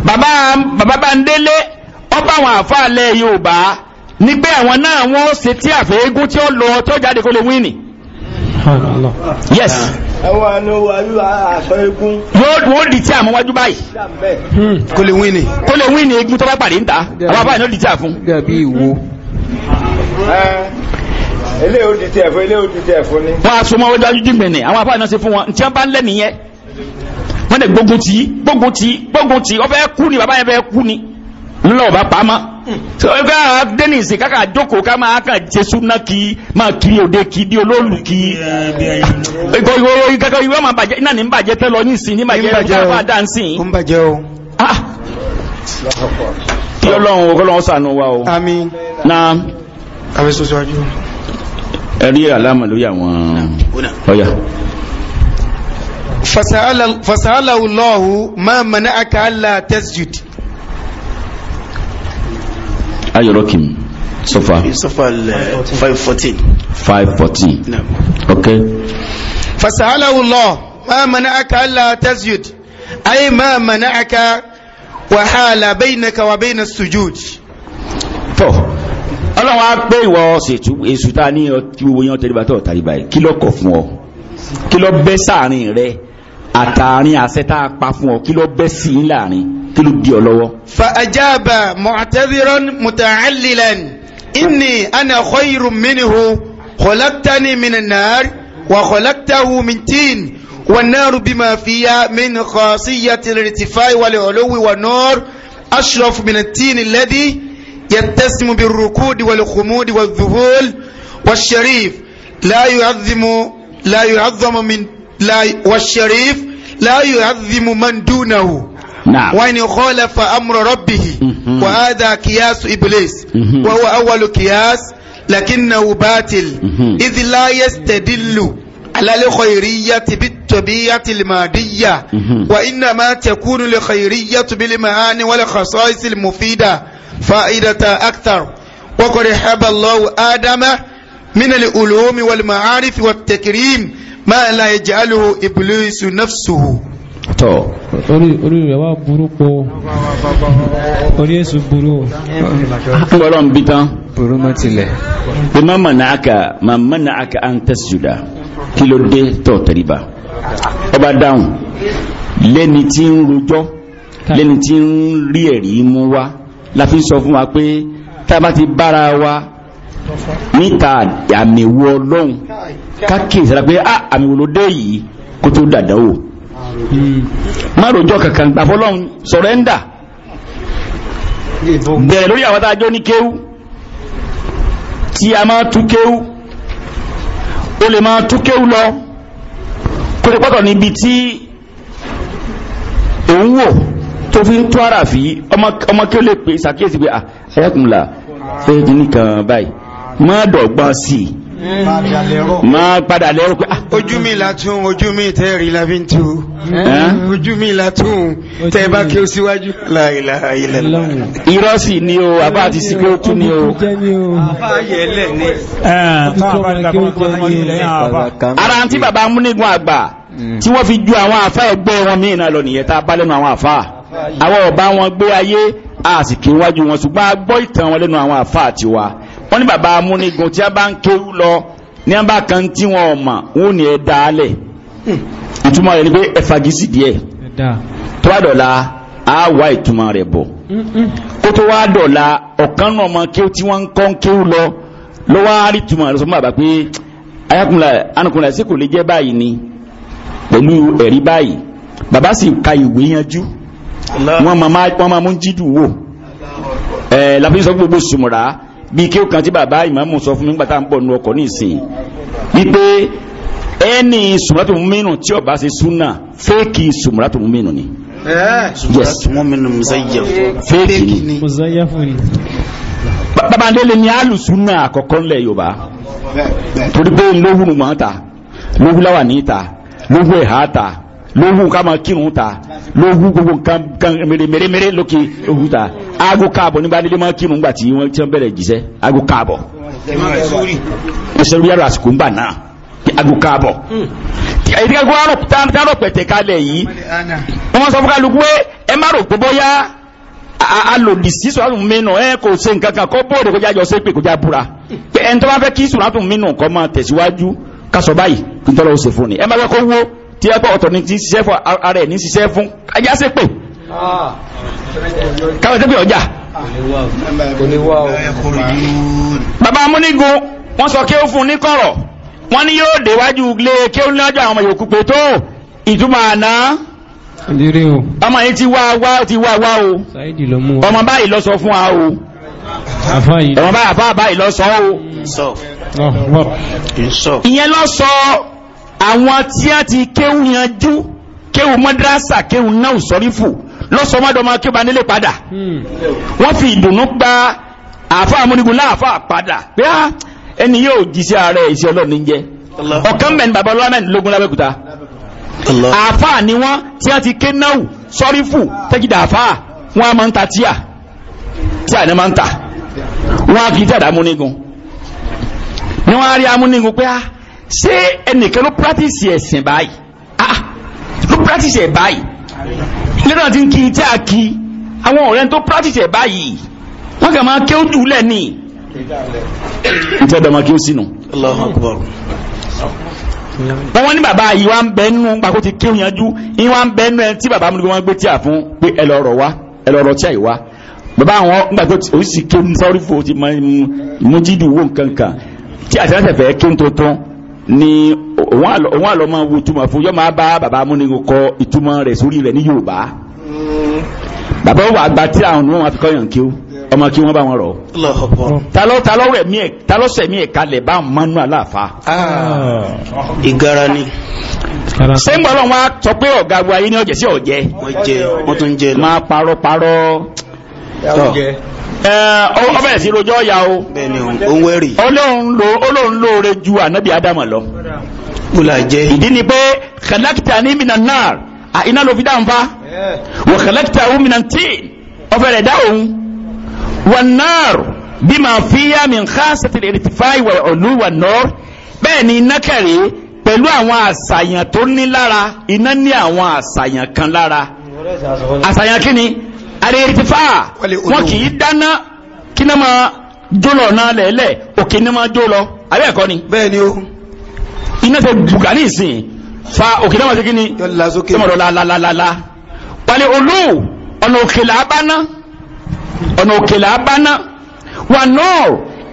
bàbá bàbá Bándélé ọba àwọn àfàlẹ́ Yorùbá ní pé àwọn náà wọ́n ṣe tí àfẹ́gún tí ó lọ tó jáde kó lè wí nì. yes. ẹwà ni wàlú àṣọ egun. yóò dúró di tí àmọ́ wájú báyìí. kó lè wí nì. kó lè wí nì egun tó bá pàdé ń ta àwọn àbáyé ló di tí a ilé ò di dájú dìgbìn ni àwọn afáàná ṣe fún wọn tí wọ́n bá ń lẹ́ nìyẹn wọ́n lè gbógun tì í gbógun tì í ọbẹ̀ kú ni bàbá yẹn fẹ́ ni ńlọ bá pa mọ́. ọgbà dennis kàkà jókòó ká máa kàn jésù náà kí máa kiri òde kí di olóòlù kí. ìgbọ̀ ìgbàgbọ́ ìwọ máa bàjẹ́ náà ní ń bàjẹ́ tẹ́ ní ìsìn ní bàjẹ́ ó kí ọlọ́run ọlọ́run ṣàánú wa o. àmín. na. àmín sọ́sọ́ ajú ẹ̀rí àlámà lórí àwọn ọ̀yà. fasa'ala Allahu ma mana'aka alla tasjud. ayọ̀rọ̀ kìí sọfà sọfà 514 514 ok. fasa'ala Allahu ma mana'aka alla tasjud ay ma mana'aka wa hala baynaka wa bayna as-sujud ọlọ́run á pé ìwọ ṣètú èṣù ta ní ọtí gbogbo yẹn tẹ́lẹ̀ bá tọ̀ kí ló kọ̀ fún ọ kí ló bẹ́ sáàrin rẹ àtàrin àṣẹ pa fún ọ kí ló bẹ́ sí i láàrin kí ló di ọ fa ajaba mu'taziran muta'allilan inni ana khayrun minhu khalaqtani minan nar wa khalaqtahu min tin والنار بما فيها من خاصية الارتفاع والعلو والنور أشرف من التين الذي يتسم بالركود والخمود والذهول والشريف لا يعظم لا يعظم من لا والشريف لا يعظم من دونه نعم وإن خالف أمر ربه وهذا قياس إبليس وهو أول قياس لكنه باطل إذ لا يستدل على الخيرية بالطبيعة المادية وإنما تكون الخيرية بالمعاني والخصائص المفيدة فائدة أكثر وقد حب الله آدم من العلوم والمعارف والتكريم ما لا يجعله إبليس نفسه tọ́ orí orí rẹ̀ wá burú pọ̀ orí èsù burú ọlọ́run bí tán burú mọ́ tilẹ̀ bí má mọ̀ náà aka má mọ̀ náà aka à ń tẹ̀sùdà kí ló dé tọ̀ tẹ̀ríba ọba dáhùn lẹ́ni tí ń rojọ́ lẹ́ni rí ẹ̀rí mú wá la fi sọ fún wa pé tábà ti bára wa níta àmì wo ọlọ́run káàkiri sára pé a ah, àmì wo ló dé yìí kó tó dàdá o má rojọ́ kankan gbà fọlọ́run sọ̀rẹ́ndà bẹ̀rẹ̀ lórí àwọn tá ní kéwú tí a máa tú kéwú ó lè máa tú kéwú lọ kó lè pọ́tọ̀ níbi tí òun wò tó fi ń tó ara fi ọmọ kí ó lè pè ṣàkíyèsí pé ah, ayákùnlá fẹ́ di nìkan báyìí má dọ̀gbọ́n sí i má padà lẹ́rọ pé ah, ojú mi látún ojú mi tẹ́ rí lábí ń tu ojú mi látún tẹ́ bá kí ó síwájú láìlà ilẹ̀ irọ́ sì ni o àbá àti sí pé ó kú ni o ara tí bàbá múnigun àgbà tí wọ́n fi ju àwọn àfá ẹgbẹ́ wọn míì náà lọ nìyẹn tá a bá lẹ́nu àwọn àfá àwọn ọba wọn gbé ayé a sì kí wájú wọn ṣùgbọ́n a gbọ́ ìtàn wọn lẹ́nu àwọn àfa àti wa wọ́n ní bàbá amúnigun tí a bá ń kéwú lọ ní a bá kan tí wọn ò mọ̀ wọn ò ní ẹ dálẹ̀ ìtumọ̀ rẹ̀ ni pé ẹ fagisi díẹ̀ tó bá dọ̀la a wá ìtumọ̀ rẹ̀ bọ̀ kó tó wá dọ̀la ọ̀kan náà mọ kéwú tí wọ́n ń kọ́ ń kéwú lọ lọ́wọ́ á rí ìtumọ̀ rẹ̀ sọ fún bàbá pé ayakunla anukunla sí kò lè jẹ́ báyìí ni pẹ̀lú ẹ̀rí báyìí bàbá sì ka ìwé yanjú wọ́n máa mú jídù wò ẹ̀ láfi sọ gbogbo sùmùrà bí kí o kan tí bàbá ìmáàmù sọ fún mi gbàtà ń bọ̀ nu ọkọ̀ nísìnyí wípé ẹni sùmùràtù mímínú tí ọba ṣe súnà fẹ́ẹ̀kì sùmùràtù mímínú ni. Eh, yes fẹ́ẹ̀kì ni babandele ni alùsùnà àkọ́kọ́ ńlẹ̀ yorùbá torí pé lówùrùmọ́ ta lówùláwà ní ta lówù ẹ̀há ta lóhùn ká máa kírun ta lóhùn gbogbo nǹkan mèremère lókè lóhùn ta aago káàbọ̀ nígbà nílé máa kírun gbà tí wọ́n ti bẹ̀rẹ̀ jíṣẹ́ aago káàbọ̀ ìṣẹ́rú yàrá àsìkò ń bà náà aago káàbọ̀ ìdíkàgbọ́ dárò pẹ̀tẹ̀ kalẹ̀ yìí wọ́n sọ fún kálukú pé ẹ má rò pé bóyá alòdì sí sùràtún mínú ẹ kò ṣe nǹkan kan kó bóòdè kó jájọ ṣépè kó já búra pé ẹni tó bá fẹ́ kí sùràtún mínú kó máa tẹ̀síwájú kásọ̀ báyìí kí n tọ́lọ́ ó ṣe fún ni ẹ má fẹ́ kó wó tí ẹ pọ̀ ọ̀tọ̀ ní ti ṣiṣẹ́ fún ara ẹ̀ ní ṣiṣẹ́ fún ajá sí pé káwọn tẹ́pẹ́ ọjà. bàbá amúnigun wọ́n sọ kéwù fún níkọ̀rọ̀ wọ́n ní yóò déwájú lé kéwù níwájú àwọn ọmọ yòókù pé tó ìtumọ̀ àná ọmọ yìí ti wá wá ti wá wá o ọmọ báyìí lọ sọ fún wa o ọmọ báyìí lọ sọ o ìyẹn lọ sọ àwọn tí a ti kéwù yanjú kéwù mọ́dírásà kéwù náà sọ́rífù lọ́sọmọ́dọ́mọ́ kí ó bá nílé padà wọ́n fi ìdùnnú gba àfa amúnigun láàfa padà pé á ah, ẹni yóò jíṣẹ́ ààrẹ iṣẹ́ ọlọ́ọ̀ni jẹ́ ọ̀kan mẹ́rin bàbá ọlọ́mẹ́rin lógún lábẹ́kúta àfa ni wọ́n tí a ti ké náà sọ́rífù tẹ́kìdà àfa wọ́n a máa ń ta tíà tíà ni máa ń ta wọ́n a kì í tí amúnigun ni wọ́n á rí amúnigun pé á ah, ṣé ẹnìkan ló practice ẹ̀sìn báyìí ah ló practice ẹ̀ báyìí lẹ́nà tí ń kí tí a kí àwọn ọ̀rẹ́ tó practice ẹ̀ báyìí wọ́n kà máa kéwú jù lẹ̀ ní ìtí ọ̀dọ̀ máa kéwú sínú. wọ́n wọ́n ní bàbá yìí wá ń bẹ nínú pàkó ti kéwú yanjú yìí wá ń bẹ nínú ẹ tí bàbá mi wọ́n gbé tí a fún pé ẹ lọ́rọ̀ wá ẹ lọ́rọ̀ tí a yìí wá bàbá àwọn nígbà tó ti oríṣi kéwú sọ́rí fò ti máa nǹkan kan tí àtẹ̀lẹ́sẹ̀ fẹ́ tó tán ni òun àlọ́ máa wo túmọ̀ fún yọ́ máa bá bàbá amúnigun kọ ìtumọ̀ rẹ̀ sórí rẹ̀ ní Yorùbá bàbá wà gba tí àwọn ni wọ́n máa fi kọ́ yàn kí ó ọmọ kí wọ́n bá wọn rọ̀ talọ́ talọ́ rẹ̀ mí ẹ̀ talọ́ sẹ̀ mí bá mọ́nú aláàfà. Ah. ìgara ni. sẹ́ńgbọ́n wọn sọ pé ọ̀gá wa yín ni ọ̀jẹ̀ sí ọ̀jẹ̀ wọ́n tún jẹ lọ. máa parọ́ parọ́ ọbẹ̀ o olóhùn lóore ju ànábì ádámà lọ ìdí ni pé kàlákìtà ní mìnà náà iná ló fi dáhùn fa wà kàlákìtà ó mìnà tí ọfẹ́ rẹ̀ dáhùn wà náà bí màá fi yá mi nǹkan sẹ́tìlì èrìtìfá ìwà ọ̀lú wà náà bẹ́ẹ̀ ni iná kẹrìí pẹ̀lú àwọn àṣàyàn tó ní lára iná ní àwọn àṣàyàn kan lára àṣàyàn kí ni àrèrìtìfà wọn kì í dáná kí náà máa jólọ náà lẹ́lẹ̀ òkè náà máa jólọ abẹ́ ẹ̀kọ́ ni. bẹ́ẹ̀ ni o. iná ṣe bùkà ní ìsìn fa òkè náà máa ṣe kí ni. la la la la. wàlẹ̀ olú ọ̀nà òkè là á bá ná ọ̀nà òkè là á bá ná wà náà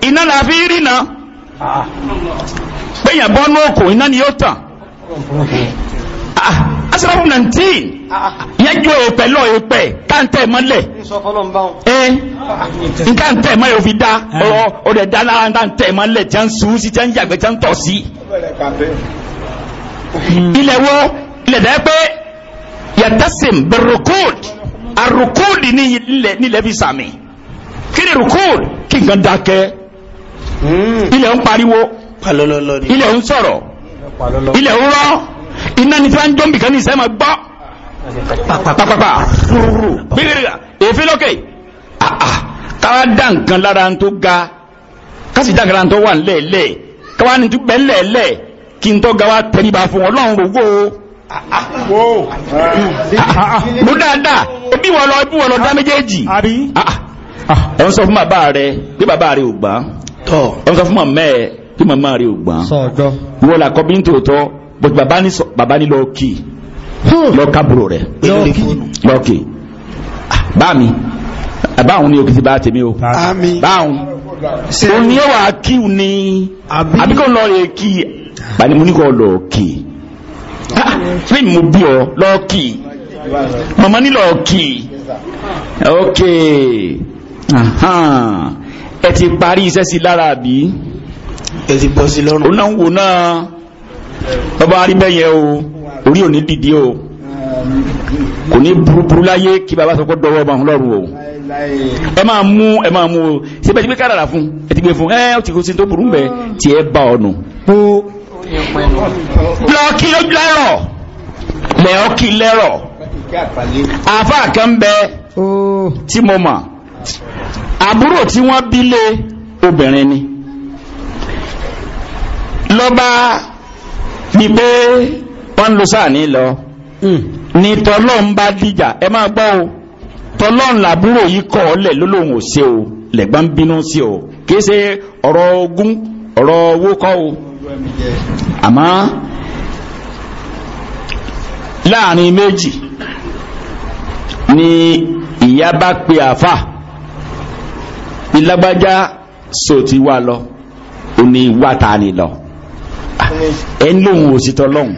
iná là á fi rí ná. péyàn bọ́ òkò iná ni yóò tàn. Ah, asirafu 19 yẹjú èèpẹ̀ lọ èèpẹ̀ káńtẹ̀ mọ́lẹ̀ nkáńtẹ̀ mọ́lẹ̀ òfi dá ah. ọ̀rọ̀ ọ̀rẹ́ dá lára nkáńtẹ̀ mọ́lẹ̀ tí a ń sùn sí tí a ń yàgbẹ́ tí a ń tọ̀ sí. Hmm. ilẹ̀ wo ilẹ̀ dẹ́ pé yàtọ̀sìn bẹ̀rùkúd àrùkúd nílẹ̀ fi sàmì kí ni rùkúd kí nǹkan dákẹ́ hmm. ilẹ̀ ń pariwo ilẹ̀ ń sọ̀rọ̀ ilẹ̀ ń rọ́ iná ni tí wọ́n ń jó nbìkan ní ìṣẹ́ máa gbọ́ pàpàpàpà rúrú gbígbígbà èéfé lókè káwá dá nǹkan lára ń tó ga kásì dá nǹkan lára ń tó wà ńlẹ̀ẹ́lẹ̀ káwá ní tó bẹ́ ńlẹ̀ẹ́lẹ̀ kí n tó ga wá tẹríba fún ọlọ́run rògbò mo dáadáa ebi wọ́n lọ ebi wọ́n lọ dá méjèèjì ẹ̀ ń sọ fún bàbá rẹ bí bàbá rẹ ò gbà ẹ̀ ń sọ fún màmá ẹ bí màmá rẹ ò gbà wọ́n là kọ́ bí ń tòótọ́ but bàbá ní bàbá ní lọ kì hmm. lọ kábúrò rẹ̀ lọ kì ah, bá mi bá òun ní òkìtì bá tèmi o bá òun òun ní ó wà kí òun ní àbíkò lọ rẹ̀ kì bá ní mo ní kò lọ kì fún mi bí ọ lọ kì màmá ní lọ kì ok ẹ ti parí iṣẹ́ sí lára àbí ẹ ti bọ́ sí lọ́rùn ó náà ń wò náà bọ́bá rí bẹ́ẹ̀ yẹn o orí ò ní dìde o kò ní burúburú láyé kí baba sọ pé dọwọ́ ọba òun lọ́rùn o ẹ máa mú ẹ máa mú o ṣé bẹ́ẹ̀ ti gbé kádàrà fún ẹ ti gbé fún ẹ ó ti kó sí tó burú bẹ́ẹ̀ tiẹ̀ bá ọ nù. lọ kí ló lẹ́rọ̀ lẹ́ọ̀ àfa kan bẹ tí mo mọ̀ àbúrò tí wọ́n bí lé obìnrin ni lọ́ba bí pé wọ́n ń lo sáàní lọ hmm. ni tọ́lọ́n bá dìjà ẹ máa gbọ́ o tọ́lọ́n làbúrò yìí kọ́ ọ lẹ̀ lólóhùn ò ṣe o lẹ̀gbọ́n ń bínú sí o kì í ṣe ọ̀rọ̀ ogún ọ̀rọ̀ owó kọ́ o àmọ́ láàrin méjì ni ìyá bá pe àfà ìlágbájá sòtì wà lọ òní wà tà ní lọ ẹ̀ ń lòun ò sí tọ́lọ́hún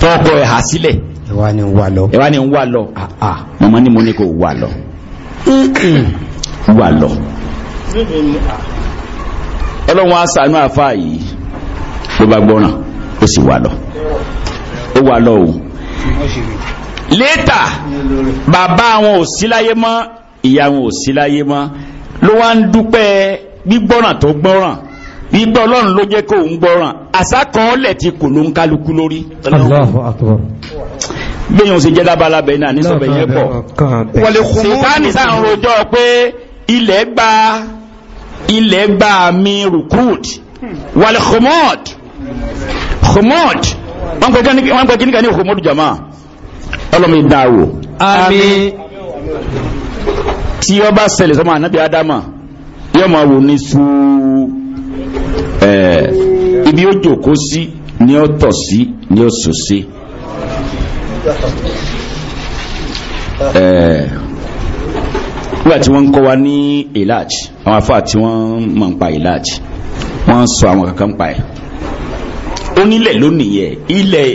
tọ́kọ ẹ̀ hà sílẹ̀ ẹ̀wá ni ń wà lọ ẹ̀wá ni ń wà lọ ah, ah, mọ̀mọ́ ni mo ní kò wà lọ wà lọ ọlọ́run á sànú àfa yìí ló bá gbọ́ràn ó sì wà lọ ó wà lọ o létà bàbá àwọn ò sí láyé mọ́ ìyá àwọn ò sí láyé mọ́ ló wá ń dúpẹ́ gbígbọ́ràn tó gbọ́ràn gbígbọ́ ọlọ́run ló jẹ́ kó ń gbọ́ràn àsákọọ́lẹ̀ ti kò ló ń kálukú lórí gbéyàn sí jẹ́ lábalábẹ̀ náà ní sọ̀bẹ̀ yẹn pọ̀ sètáni sáà ń rojọ́ pé ilẹ̀ gba ilẹ̀ gba mi rukut. wàlẹ̀ khomod khomod wọ́n pẹ̀ kíníkà ní khomod jama ọlọ́mọ ìdáwò àmín tí ọba ṣẹlẹ̀ sọmọ ànábì ádámà yọmọ wò ní sùúrù Eh, ibi ó jòkó sí ni ó tọ̀ sí ni ó sò sí eh, nígbà wọ́n ń kọ́ wa ní ìlàjì àwọn afọ́ àti wọ́n mọ̀ ń pa ìlàjì wọ́n sọ àwọn kankan pa ẹ̀ ó nílẹ̀ lónìí yẹ ilẹ̀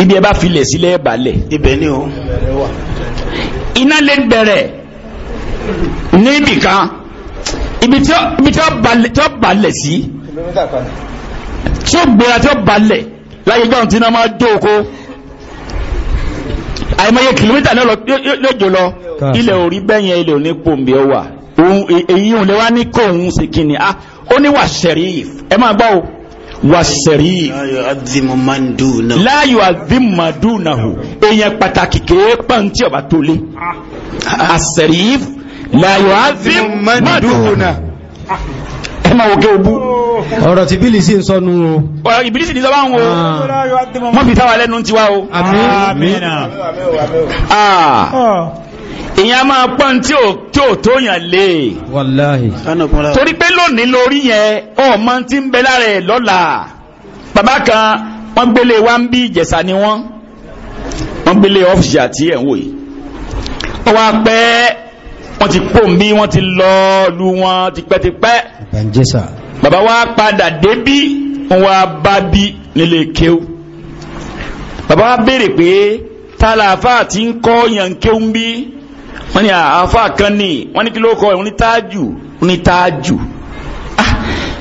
ibi ẹ bá filẹ̀ sílẹ̀ ẹ balẹ̀. ibẹ̀ ni o. iná lè bẹ̀rẹ̀ níbìkan ibi tí ó balẹ̀ sí. Si tí ó gbéra tí ó balẹ̀ láyé gbọ́n tí iná máa jókó àìmọye kìlómítà náà lójò lọ ilẹ̀ orí bẹ́yẹn ilẹ̀ òní pòǹbì ọ wà èyí òun lè wá ní kóhun sí kìíní ah ó ní wà sẹ̀ríf ẹ máa gbọ́ o wà sẹ̀ríf láyò àdìmọ̀dúnàhù èèyàn pàtàkì kéèpà tí ọba tó lé àsẹ̀ríf láyò àdìmọ̀dúnà ẹ máa wọ́gẹ́ ogún ọ̀rọ̀ tí bílì sí ń sọnù o ọ̀rọ̀ ìbílì sí ní sọ bá ń wo ah. mọ́ fi táwà lẹ́nu ti wá o àmín ah. Ah. ìyẹn a máa pọ́n tí ò tí ò tó yàn lé torí pé lónìí lórí yẹn ọmọ tí ń bẹ lára ẹ̀ lọ́la bàbá kan wọ́n gbélé wa ń bí ìjẹ̀sà ni wọ́n wọ́n gbélé ọ́fíìsì àti ẹ̀ ń wò wọ́n wá pẹ́ wọ́n ti pòǹbí wọ́n ti lọ́ọ́ lu wọn tipẹ́tipẹ́. bàǹjẹ́sà Baba wa padà débí wọn bá bí nílé kéw bàbá wa béèrè pé tálà àfáà ti ń kọ́ yàn kéw ń bí wọ́n ní àfáà kan ní wọ́n ní kí ló kọ́ wọ́n ní táàjù wọ́n ní táàjù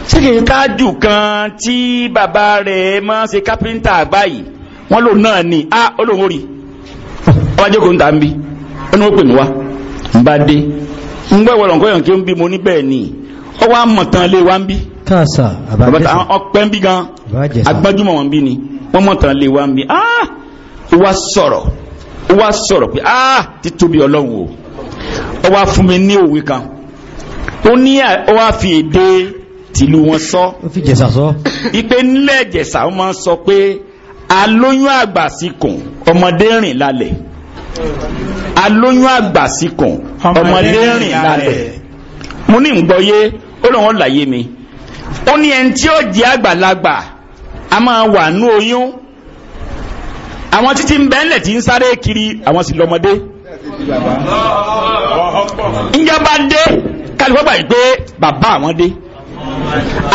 sẹ́kẹ̀ ah, tájù kan tí bàbá rẹ̀ máa ṣe kápẹ́ńtà báyìí wọ́n lò náà ni a ah, olóhùn rí ọba jókòó ń ta ń bí ó ní wọ́n pè mí wá ń bá dé ń gbọ́ ìwọ̀n lọ́nkọ́ yàn kí ó ń bí mo ní bẹ́ẹ̀ ni ọ wá mọ̀tàn lé wa ń bí káàsà àbájẹ́sà ọpẹ́ ń bí gan agbájúmọ̀ wọn bí ni wọ́n mọ̀tàn lé wa ń bí ah wá sọ̀rọ̀ wá sọ̀rọ̀ pé ah ti tóbi ọlọ́run o ọ wá fún mi ní òwe kan ó ní ọ wá fi èdè tìlú wọn sọ ó fi jẹ̀sà sọ ipe nílẹ̀ jẹ̀sà ó máa ń sọ pé alóyún àgbàsíkùn ọmọdé rìn lálẹ̀ alóyún àgbàsíkùn ọmọdé rìn lálẹ̀ mo ní ìgbọ́yé ó lóun ó láyé mi ó ní ẹni tí ó di àgbàlagbà a máa wà nú oyún àwọn títí ń bẹ́ńlẹ̀ tí ń sáré kiri àwọn sì lọ́mọdé ìjọba dé kálífọ́gbà yìí pé bàbá àwọn dé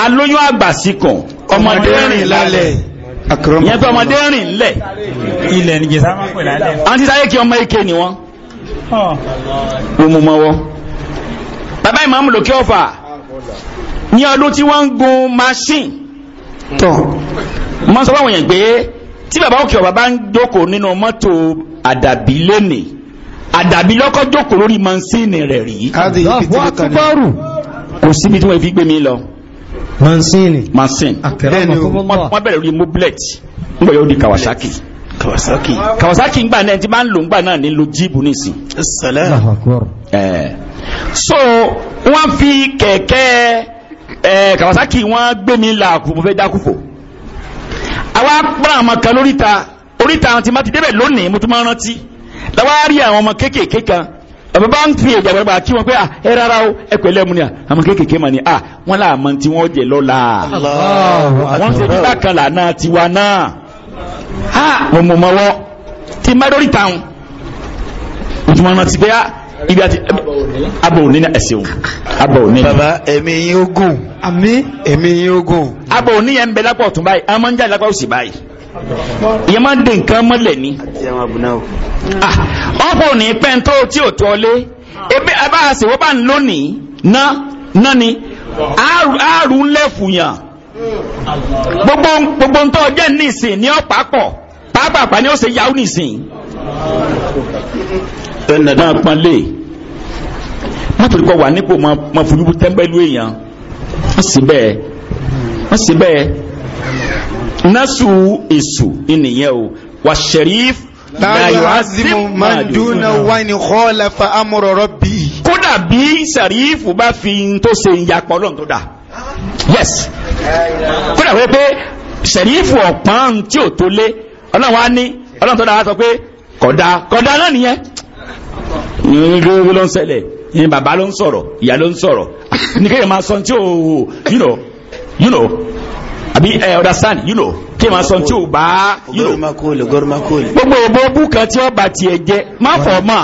alóyún àgbàsíkàn ọmọdé rìn lálẹ́ ìyẹn pé ọmọdé rìn lẹ̀ ilẹ̀ nìjẹ́ àwọn tí sáré kí ọmọ ike ni wọ́n mú mọ́wọ́ bàbá ìmọ̀ àmúlò ọ̀fà ní ọdún tí wọ́n ń gun machine tọ̀ mọ́ sọ fáwọn èèyàn pé tí bàbá òkè ọ̀bà bá ń jókòó nínú mọ́tò àdàbí lónìí àdàbí lọ́kọ́ jókòó lórí mansíìnì rẹ̀ rí kò síbi tí wọ́n fi gbé mi lọ mansíìnì mansíìnì wọ́n bẹ̀rẹ̀ lórí moblet nígbà yóò di Kawasaki Kawasaki Kawasaki ngbà náà ti máa ń lò ngbà náà ní lo jíìbù nísìn so wọ́n fi kẹ̀kẹ́ ẹ̀ Kawasaki wọ́n gbé mi làákù mo fẹ́ dákúfò àwa pọ́n àwọn kan lóríta oríta àwọn tí má ti débẹ̀ lónìí mo tún máa rántí làwa rí àwọn ọmọ kéékèèké kan ọ̀bẹ bá ń fi ìjà gbàgbà kí wọ́n pé ẹ rárá o ẹ pẹ̀lẹ́ mu ni à àmọ́ kéékèèké mà ní à wọ́n là mọ tí wọ́n jẹ lọ́la wọ́n ṣe nígbà kan lànà tiwa náà à mo mọ̀ mọ́wọ́ tí má lóríta wọn mo tún máa rántí pé à ibi àti abọ̀ òní náà ẹ̀sìn abọ̀ òní. bàbá ẹ̀mí yín ó gùn. àmín ẹ̀mí yín ó gùn. abọ̀ yẹn bẹ lápá ọ̀tún báyìí a máa ń jáde lápá òsì báyìí ìyẹn máa ń de nǹkan mọ́lẹ̀ ni. ọ̀pọ̀ ah, òní pẹ́ńtó tí ò tọ́ lé ebi abáhàsì wọ́n bá ń lónìí ná ná ni àrù ńlẹ̀ fùyàn gbogbo gbogbo ntọ́ jẹ́ nísìn ní ọ̀pá pọ̀ pàápàá ní ó ṣe yahoo nísìn ẹnà náà pọ́nlé látòrí kọ́ wà nípò máa fojú bú tẹ́ńbẹ́lú èèyàn wọ́n sì bẹ́ẹ̀ wọ́n sì bẹ́ẹ̀ násù èṣù ìnìyẹn o wà sẹ̀ríf láyọ̀ azimu máa dúnà wáìnì fa amúrọ̀rọ̀ bí. kódà bí sẹ̀ríf bá fi tó ṣe ìyapọ̀ lọ́n tó dà yes kódà wọ́n pé sẹ̀ríf ọ̀pọ̀n tí ò tó lé ọlọ́run á ní ọlọ́run tó dára sọ pé kódà kódà náà nìyẹn gbogbo ló ń ṣẹlẹ̀ ní bàbá ló ń sọ̀rọ̀ ìyá ló ń sọ̀rọ̀ ní máa sọ tí ò you know you know àbí ẹ understand you know kéèyàn máa sọ tí ò bá you know gbogbo òbóbú kan tí ọba tiẹ̀ jẹ má fọ̀ mọ́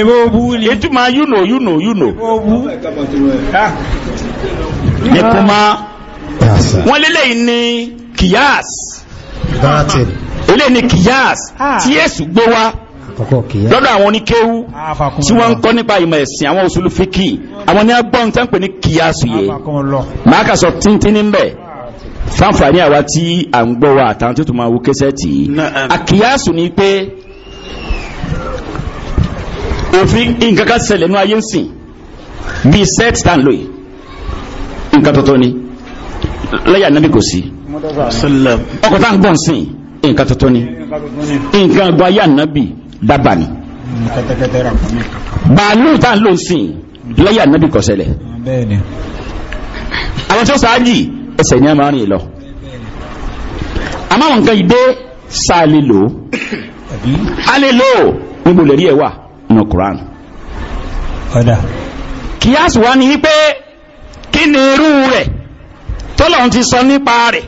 èbóbú ni ètùmọ̀ you know you know you know ah. ní kuma wọ́n ní kìyàs eléyìí ní kìyàs ah. tí Jésù gbé wá lọ́dọ̀ àwọn oníkéwú tí wọ́n ń kọ́ nípa ìmọ̀ ẹ̀sìn àwọn òṣèlú fíkì àwọn ní agbọ́n tẹ́ ń pè ní kíyàsù yìí máàkà sọ tíntín ní mbẹ̀ fáǹfààní àwa tí à ń gbọ́ wa àtàwọn tó tún máa wo kẹsẹ́ẹ̀tì yìí àkíyàsù ni pé òfin nǹkan kan ṣẹlẹ̀ ní ayé ń sìn bíi set stand lóye nǹkan tuntun ni lẹ́yà nàbí kò sí ọkọ̀ tá à ń gbọ́n sìn nǹkan tuntun ni nǹkan gbọ́ ayé ànábì dábà ni. bàálù tá a lò ń sìn lẹ́yìn ànábì kọ̀sẹ̀lẹ̀. àwọn tó sáájì ẹsẹ̀ ní a máa rìn lọ. àmọ́ àwọn nǹkan yìí dé sáà lè lò ó. a lè lò ó níbo lè rí ẹ wà nínú Quran. kíyàsí wa ni wípé kí ni irú rẹ̀ tọ́lọ́run ti sọ nípa rẹ̀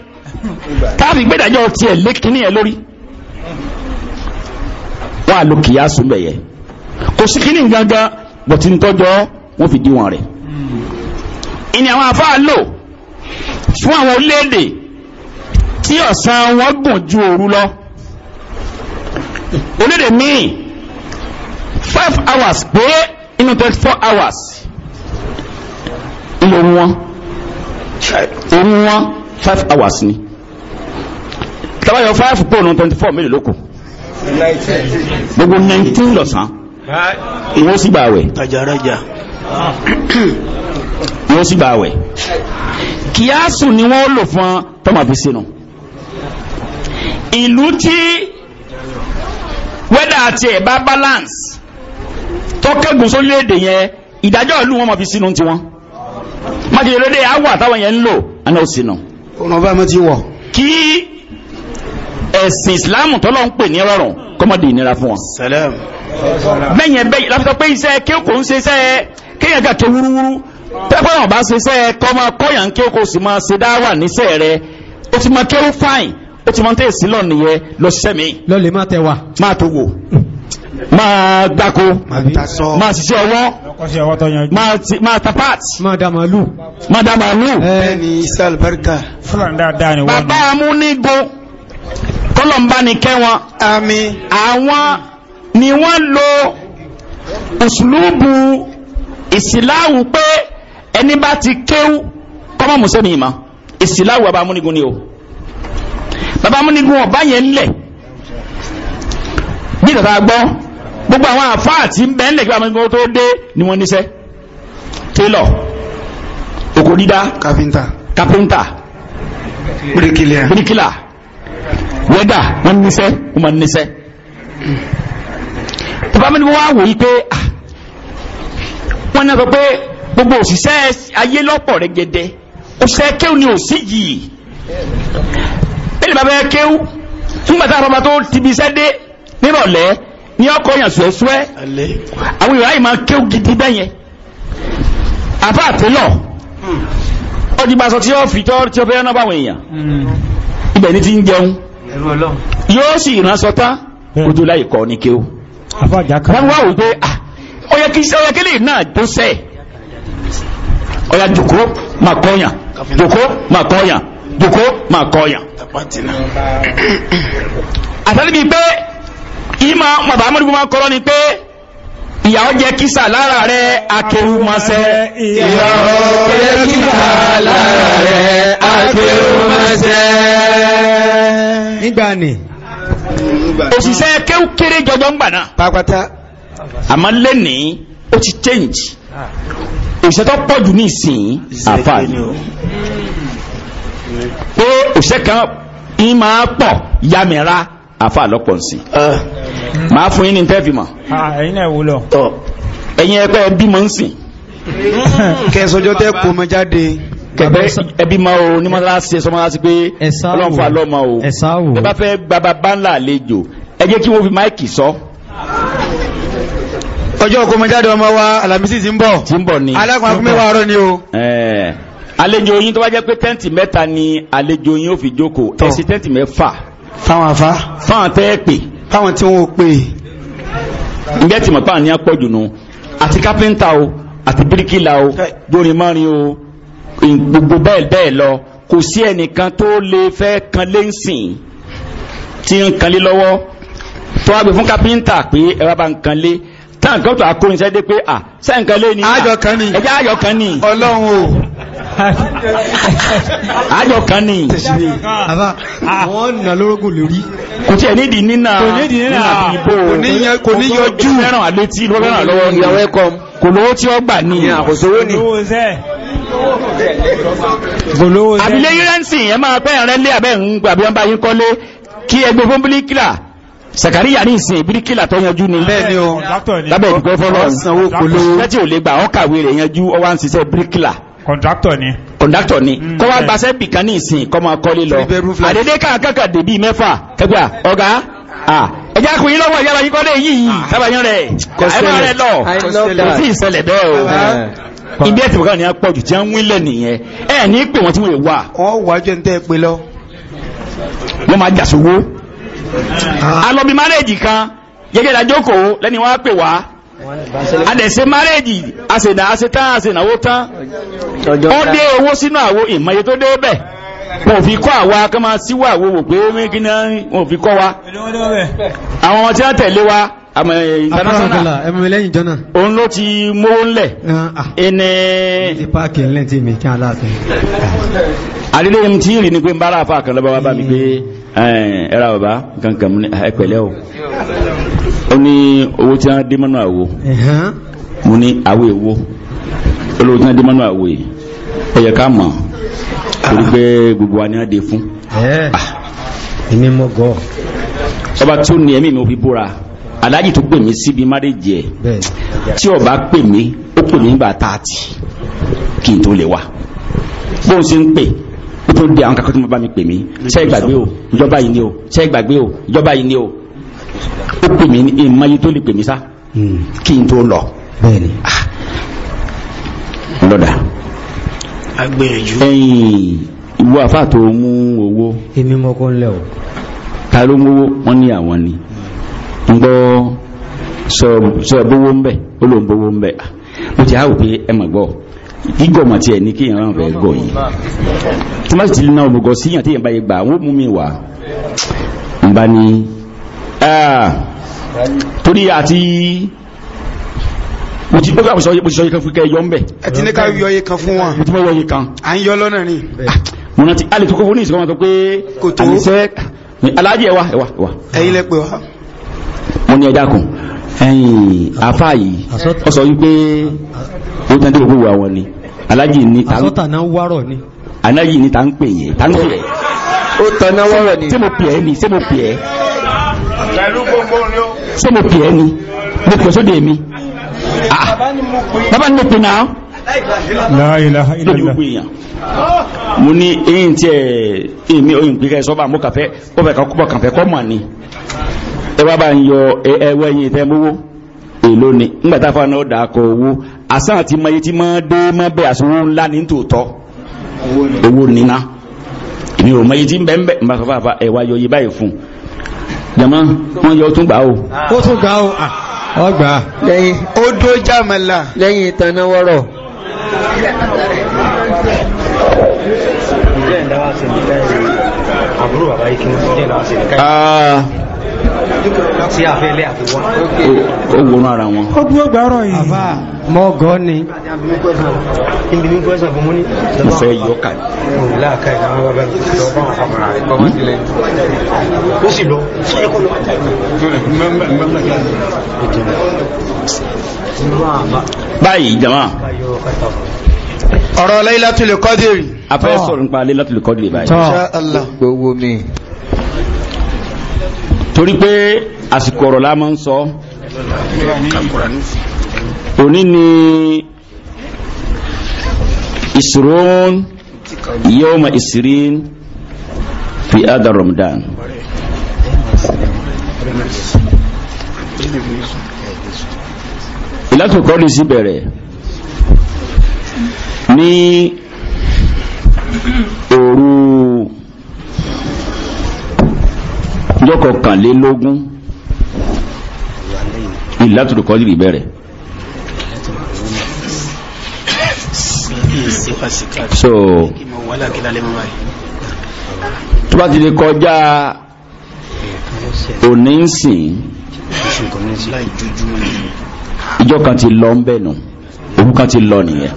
káàbí gbẹ́dàjọ́ tiẹ̀ lékiní ẹ lórí wọ́n á lo kìyà súnbẹ̀ yẹ kò sí kíní gangan bọ̀tí nítọ́jọ́ wọ́n fi díwọ̀n rẹ̀ ìní àwọn afáà lò fún àwọn orílẹ̀ tí ọ̀sán wọn gùn ju òru lọ orílẹ̀ míì five hours pé inú twenty four hours ilé oru wọn oru wọn five hours ni tabayọ five pọ̀ nù twenty four mélòó lóko gbogbo 19 lọ́sàn ìwọ́n sì gbààwẹ̀ rajaraja ìwọ́n sì gbààwẹ̀ kíyásù ni wọ́n lò fún tọ́mà fi sínú ìlú tí wẹ́dà àti ẹ̀bá balance tọ́kẹ́gùn sórílẹ̀-èdè yẹn ìdájọ́ ìlú wọn ma fi sínú tiwọn májèlé lóde àwọn àtàwọn yẹn ń lò àná ó sínú. ọ̀nà ọba mi ti wọ̀. kí ẹ̀sìn ìsìláàmù tọ́lọ́ ń pè ní rọrùn kọ́mọ́dé ìnira fún wọn. bẹ́yẹn bẹ́yẹn láti sọ pé iṣẹ́ kí kò ń ṣe iṣẹ́ kéèyàn gà ké wúrúwúrú tẹ́pẹ́ náà bá ṣe iṣẹ́ kọ́ máa kọ́yà ń kí kò sì máa ṣe dá wà níṣẹ́ rẹ ó ti máa kéwú fáìn ó ti máa tẹ̀ sí lọ nìyẹn lọ ṣiṣẹ́ mi. lọ́lẹ̀ máa tẹ wa. máa tó wò máa gbáko máa ṣiṣẹ́ ọwọ́ máa tapat máa dàmàlú. máa dàmàlú. Eh. bẹ́ẹ̀ ni isa albarka. fúlàní dáadáa ni wọ́n. bàbá amúnigun kọ́lọ̀ ni bá ní kẹ́ àwọn ni wọ́n lo òṣùlùbù ìsìláwù pé ẹni bá ti kéwú kọ́mọ̀ mùsùlùmí ìmọ̀ ìsìláwù bàbá amúnigun ni o bàbá amúnigun ọ̀bá yẹn ń lẹ̀ bí tàbá gbọ́ gbogbo àwọn àfáà tí ń bẹ́ẹ̀ ń lẹ̀ kí bàbá amúnigun tó dé ni wọ́n níṣẹ́ télọ̀ òkò dídá kápẹ́ntà kápẹ́ntà bíríkìlà wẹ́dà wọ́n níṣẹ́ wọ́n máa níṣẹ́ bàbá mi ni wọ́n wá wò yí pé ah, wọ́n náà sọ pé gbogbo òṣìṣẹ́ ayé lọ́pọ̀ rẹ̀ gẹ́dẹ́ òṣìṣẹ́ kéwù ni òsì yìí bẹ́ẹ̀ ni bàbá yẹn kéwù fúngbà tá a rọba tó iṣẹ́ dé nírọ̀lẹ́ ní ọkọ̀ yàn sùẹ́sùẹ́ àwọn ìwà yìí máa kéwù gidi bẹ́ẹ̀ yẹn àbá àtẹ́lọ̀ ọdí gbàsọ tí ó fi tọ́ tí ó fẹ́ náà báwọn èèyàn hmm. ibẹ̀ ni ti ń jẹun yóò sì ìránṣọ tán hmm. ojú láì kọ́ ní kí o wọ́n wá wò pé ọ̀yà ah, kí lè náà tó sẹ́ ọ̀yà jòkó mà kọ́yàn jòkó mà kọ́yàn jòkó mà kọ́yàn. àtàlẹ́ bíi pé ìmọ̀ bàbá amúdùbọ̀ máa kọ́rọ́ ni pé ìyàwó jẹ kísà lára rẹ akéwùmọ́sẹ́ ìyàwó jẹ kísà lára rẹ akéwùmọ́sẹ́ nígbà ni òṣìṣẹ́ kéwú kéré jọjọ ń gbà náà pápátá àmọ́ lẹ́nìí ó ti change òṣìṣẹ́ tó pọ̀ jù ní ìsìn àfáà ni pé òṣìṣẹ́ kan ń máa pọ̀ yamẹ̀ra àfáà lọ́pọ̀ sí ah. máa fún yín ní tẹ́ẹ̀fì mọ̀ ah, ẹ̀yin ẹ̀ wúlọ̀ ẹ̀yin ẹ̀pẹ́ bímọ ń sìn kẹsànjọ́ tẹ́ kó mọ jáde kẹ̀bẹ́ ẹbí máa o ní mọ́tàlá sí ẹ̀sọ́ mọ́tàlá sí pé ọlọ́run fún alọ́mọ o ẹ bá fẹ́ bàbá báńlá àlejò ẹ jẹ́ kí wọ́n fi máìkì sọ. ọjọ́ kọmọjáde ọmọ wa alamisi ti ń bọ̀ ti ń bọ̀ ni alákùn akúnmẹ́ wa ọ̀rọ̀ ni o. àlejò yín tó bá jẹ́ pé tẹ́ǹtì mẹ́ta ni àlejò yín ó fi jókòó ẹ sì tẹ́ǹtì mẹ́fà. fáwọn afá. fáwọn tẹ́ ẹ pè. fáwọn tí wọn ò pè. ǹjẹ́ tìmọ̀ pààyàn ni a pọ̀ jù nù àti kápẹ́ńtà o àti bíríkìlà o dórin márùn-ún o gbogbo bẹ́ẹ̀ bẹ́ẹ̀ lọ kò sí ẹnìkan tó lè fẹ́ kan lé ń sìn tí ń kan lé lọ́wọ́ tó wá gbé fún kápẹ́ńtà pé ẹ wá bá ń kan lé táwọn kan tó àkóyinṣẹ́ dé pé à sẹ́ǹkan lé ní ẹjẹ́ àjọkan ní ọlọ́run o àjọkan ní wọ́n nà lórógùn lórí kò tí ẹ̀ nídìí nínà kò ní yọjú kò ní yọjú kò lówó tí ó gbà ní àkòsówó ní àbílẹ̀ yúrẹ́nsì ẹ máa pẹ́ rẹ̀ lé abẹ́ ń gbà bí wọ́n bá yín kọ́lé kí ẹgbẹ́ fún bíríkìlà sàkàríyà ní ìsìn bíríkìlà tó yanjú ni lábẹ́ ìdúgbò fọlọ́ lẹ́tì ò lè gbà ọ́n kàwé rẹ̀ yanjú ọwá ń ṣiṣẹ́ bíríkìlà kọ̀ǹdáktọ̀ ni kọ̀ǹdáktọ̀ ni mm. kọ́ wá gbaṣẹ́ bìkan ní ìsìn kọ́ máa kọ́lé lọ àdédé káàkàkà dèbí mẹ́fà kẹgbà ọ̀gá ẹjá kò yí lọ́wọ́ ìyára yín kọ́lé yìí sábàyán ah. rẹ̀ ẹ máa rẹ̀ lọ kò sí ìṣẹ̀lẹ̀ bẹ́ẹ̀ o ah. ibi ẹ̀tẹ̀ bọ̀gá ni a pọ̀jù tí a ń wílẹ̀ nìyẹn ẹ̀ ní pè wọ́n tí wọ́n wà. ọ wà jẹ́ ń tẹ́ ẹ lọ. wọ́n máa ah. kan gẹ́gẹ́ lẹ́ni wọ́n á wá adẹ̀sẹ̀ tán ó dé owó sínú àwo ìmọ̀ye tó dé bẹ̀ wọ́n fi kọ́ àwa máa síwọ́ àwo wò pé ó wọ́n fi kọ́ àmọ́ international ẹmọ̀lẹ́yìn jọ́nà òun ló ti mówó ńlẹ̀ ẹni ti páàkì ńlẹ̀ tí mi kí aláàfin àrílé ẹni tí rí ní pé ń bára àfáà kan lọ́bàá bá mi pé ẹ̀rà bàbá kankan ẹ̀pẹ̀lẹ́ o ó ní owó tí wọ́n dé mọ́nà àwo mo ní àwo èwo olówó tí wọ́n dé mọ́nà àwo yìí ẹ̀yẹ ká mọ̀ torí pé gbogbo wa ni wọ́n dé fún. ẹ̀ẹ́ ìní mọ́gọ́ ọba tó ní ẹ̀mí mi ò fi búra aláàjì tó pè mí síbi márèjì ẹ̀ tí ó bá pè mí ó pè mí nígbà táàtì kí n tó lè wà bóun sì ń pè ó tó di àwọn kakọ́ tó bá mi pè mí ṣé ìgbàgbé o ìjọba yìí ni o ṣé ìgbàgbé o ìjọba yìí ni o ó pè mí ìmọ̀yé tó lè pè mí sá hmm. kí n tó lọ ah. lọ́dà agbẹ̀yànjú ẹ̀yìn ìwọ àfáà tó mú owó èmi mọ́kọ́ lẹ́ o ta ló mú owó wọ́n ní àwọn ni ń gbọ́ sọ bówó ń bẹ̀ ó ló ń bówó ń bẹ̀ mo ti háwò pé ẹ mọ̀ gbọ́ gígọ̀ mọ̀ tí ẹ ní kéèyàn rán fẹ́ gọ̀ yìí tí má sì ti ná òmùgọ̀ síyàn tí èèyàn bá yẹ gbà wọ́n mú mi wà ń bá ní torí àti mo ti gbọ́gbà mọ̀sọ̀ yẹ kan fún kẹ́ yọ ń bẹ̀ ẹ̀tí ní ká yọ yẹ kan fún wọn mo ti mọ̀ yọ yẹ kan à ń yọ lọ́nà ni ah, mo rántí alẹ́ tó kọ́ fún ní ìsìnkọ́ wọn tó pé àníṣẹ́ aláàjì ẹ̀wà ẹ̀wà ẹ̀yìn lẹ́pẹ̀ wa ní ẹ̀dàkùn ẹ̀yìn afá yìí ó sọ wípé ó tẹ́ gbogbo wà wọn ni alájì ní ta alájì ní ta ń pè yẹ ta ń pè ó tọ́ná wọ́rọ̀ ni ṣé mo pè ẹ́ ni ṣé mo pè ẹ́ ṣé mo pè ẹ́ ni mo pè sóde mi ah, bàbá ni mo pè náà láìláha ìlàlá mo ní eyín tí ẹ̀ èmi òyìnbí kẹ́ sọ́bà mú kàfẹ́ ó fẹ́ ẹ wá bá ń yọ ẹwọ ẹyin tẹ mówó èló ni nígbà tá a fọwọ́ náà dà kọ owó àsán àti mọye tí mọ́ dé mọ́ bẹ́ẹ̀ àsanwó ńlá ní tòótọ́ owó níná mi ò mọye tí ń bẹ́ ń bẹ́ ń yọ iye báyìí fún jama wọn yọ tún gbà o. ó tún gbà o ọgbà. lẹ́yìn ó dó jàmàlà. lẹ́yìn ìtànà wọ́rọ̀. àbúrò tí a fẹ́ lé àfiwá. ó wọnú ara wọn. ó dúró gbàrọ̀ yìí. àbá mọ gọ́ ni. mo fẹ́ yọ ká. ó sì lọ báyìí jama ọ̀rọ̀ Laylatul Qadr a fẹ́ sọ̀rọ̀ nípa Laylatul Qadr báyìí. gbogbo mi torí pé àsìkò ọ̀rọ̀ la máa ń sọ òní ni ìṣòrón yawma ìṣìrín fi adà Ramadan ìlàtọ̀kọ́ ní sí bẹ̀rẹ̀ ní ọjọ́ kọkànlélógún ìlàtúrò kọ́dìrì bẹ̀rẹ̀ so tó bá ti lè kọjá òní ń sìn ìjọ kan ti lọ ń bẹ̀nu òun kan ti lọ nìyẹn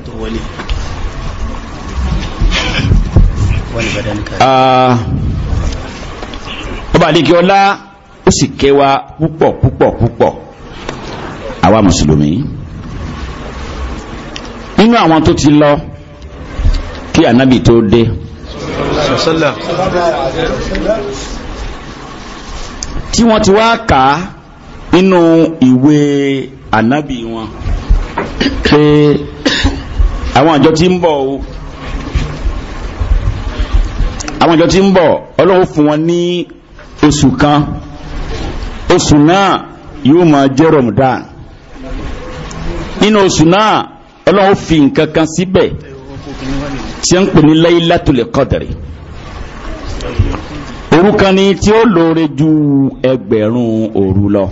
ah uh, ọba àlekè ọlá ó sì kẹwa púpọ̀ púpọ̀ púpọ̀ àwa mùsùlùmí nínú àwọn tó ti lọ kí ànábì tó dé tí wọ́n ti wá kà á nínú ìwé ànábì wọn pé àwọn àjọ tí ń bọ̀ o àwọn àjọ tí ń bọ̀ ọlọ́run fún wọn ní oṣù kan oṣù náà yóò máa jẹ́ Ramadan nínú oṣù náà ọlọ́run fi nǹkan kan síbẹ̀ tí a ń pè ní Laylatul Qadr òru tí ó lóore ju ẹgbẹ̀rún òru lọ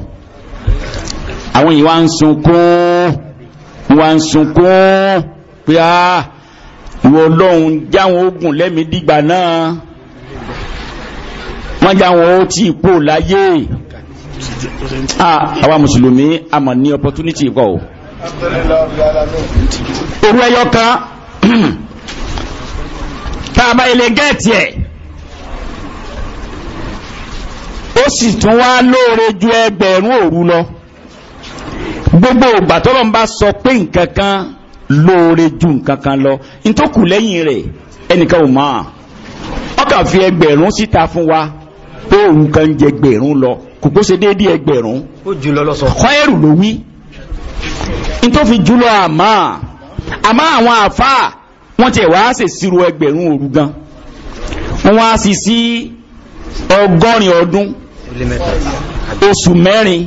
àwọn yìí wá ń sunkún wá ń sunkún pé a ah, ìwọ ọlọ́run jáwọn ogun lẹ́mìí dìgbà náà mọ́já wọn ó ti pò láyé àwa mùsùlùmí a mọ̀ ní opportunity kọ́ o òru ẹyọ kan tá a bá ilé gẹ́ẹ̀tì ẹ̀ ó sì tún wá lóore ju ẹgbẹ̀rún òru lọ gbogbo ìgbà tọ́lọ́ ń bá sọ pé nǹkan kan lóore ju nǹkan kan lọ nítòkù lẹ́yìn rẹ̀ ẹnìkan ò máa ọkà fi ẹgbẹ̀rún síta fún wa pé òun kan jẹ gbẹ̀rún lọ kò kó ṣe déédéé ẹgbẹ̀rún kọ́ ẹrù ló wí n tó fi jùlọ àmọ́ àmọ́ àwọn àfáà wọ́n tiẹ̀ wá ṣèṣirò ẹgbẹ̀rún òru gan wọ́n wá sí sí ọgọ́rin ọdún oṣù mẹ́rin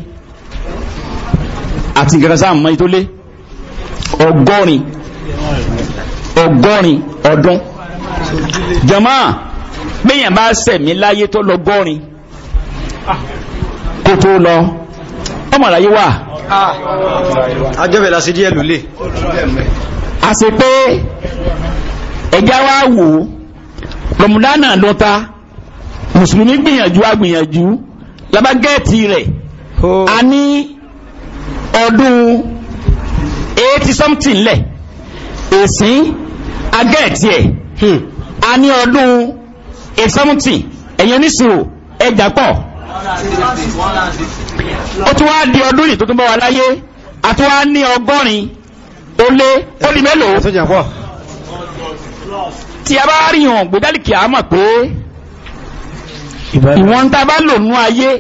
àti gẹ̀rẹ́sà mọ́ ìtólé ọgọ́rin ọgọ́rin ọdún jama bẹ́yàn bá sẹ̀mí láyé tó lọ gọ́rin kó tó lọ ọmọ àlàyé wà ajọ́bẹ̀lá sí díẹ̀ lulẹ̀ a sì pé ẹjá wá wò rọmùdánà lọ́ta mùsùlùmí gbìyànjú agbìyànjú labagẹ́ẹ̀tì rẹ̀ a ní ọdún 80 something lẹ̀ èsìn agẹ́ẹ̀tì ẹ̀ hmm. a ní ọdún eight seventy ẹ̀yẹn nísìrò ẹjà pọ̀ ó tún wá di ọdún yìí tó tún bá wa láyé àti wá ní ọgọ́rin ó lé ó lé mélòó tí a bá rí hàn gbẹdálìkì á mọ̀ pé ìwọ̀n tá a bá lò nú ayé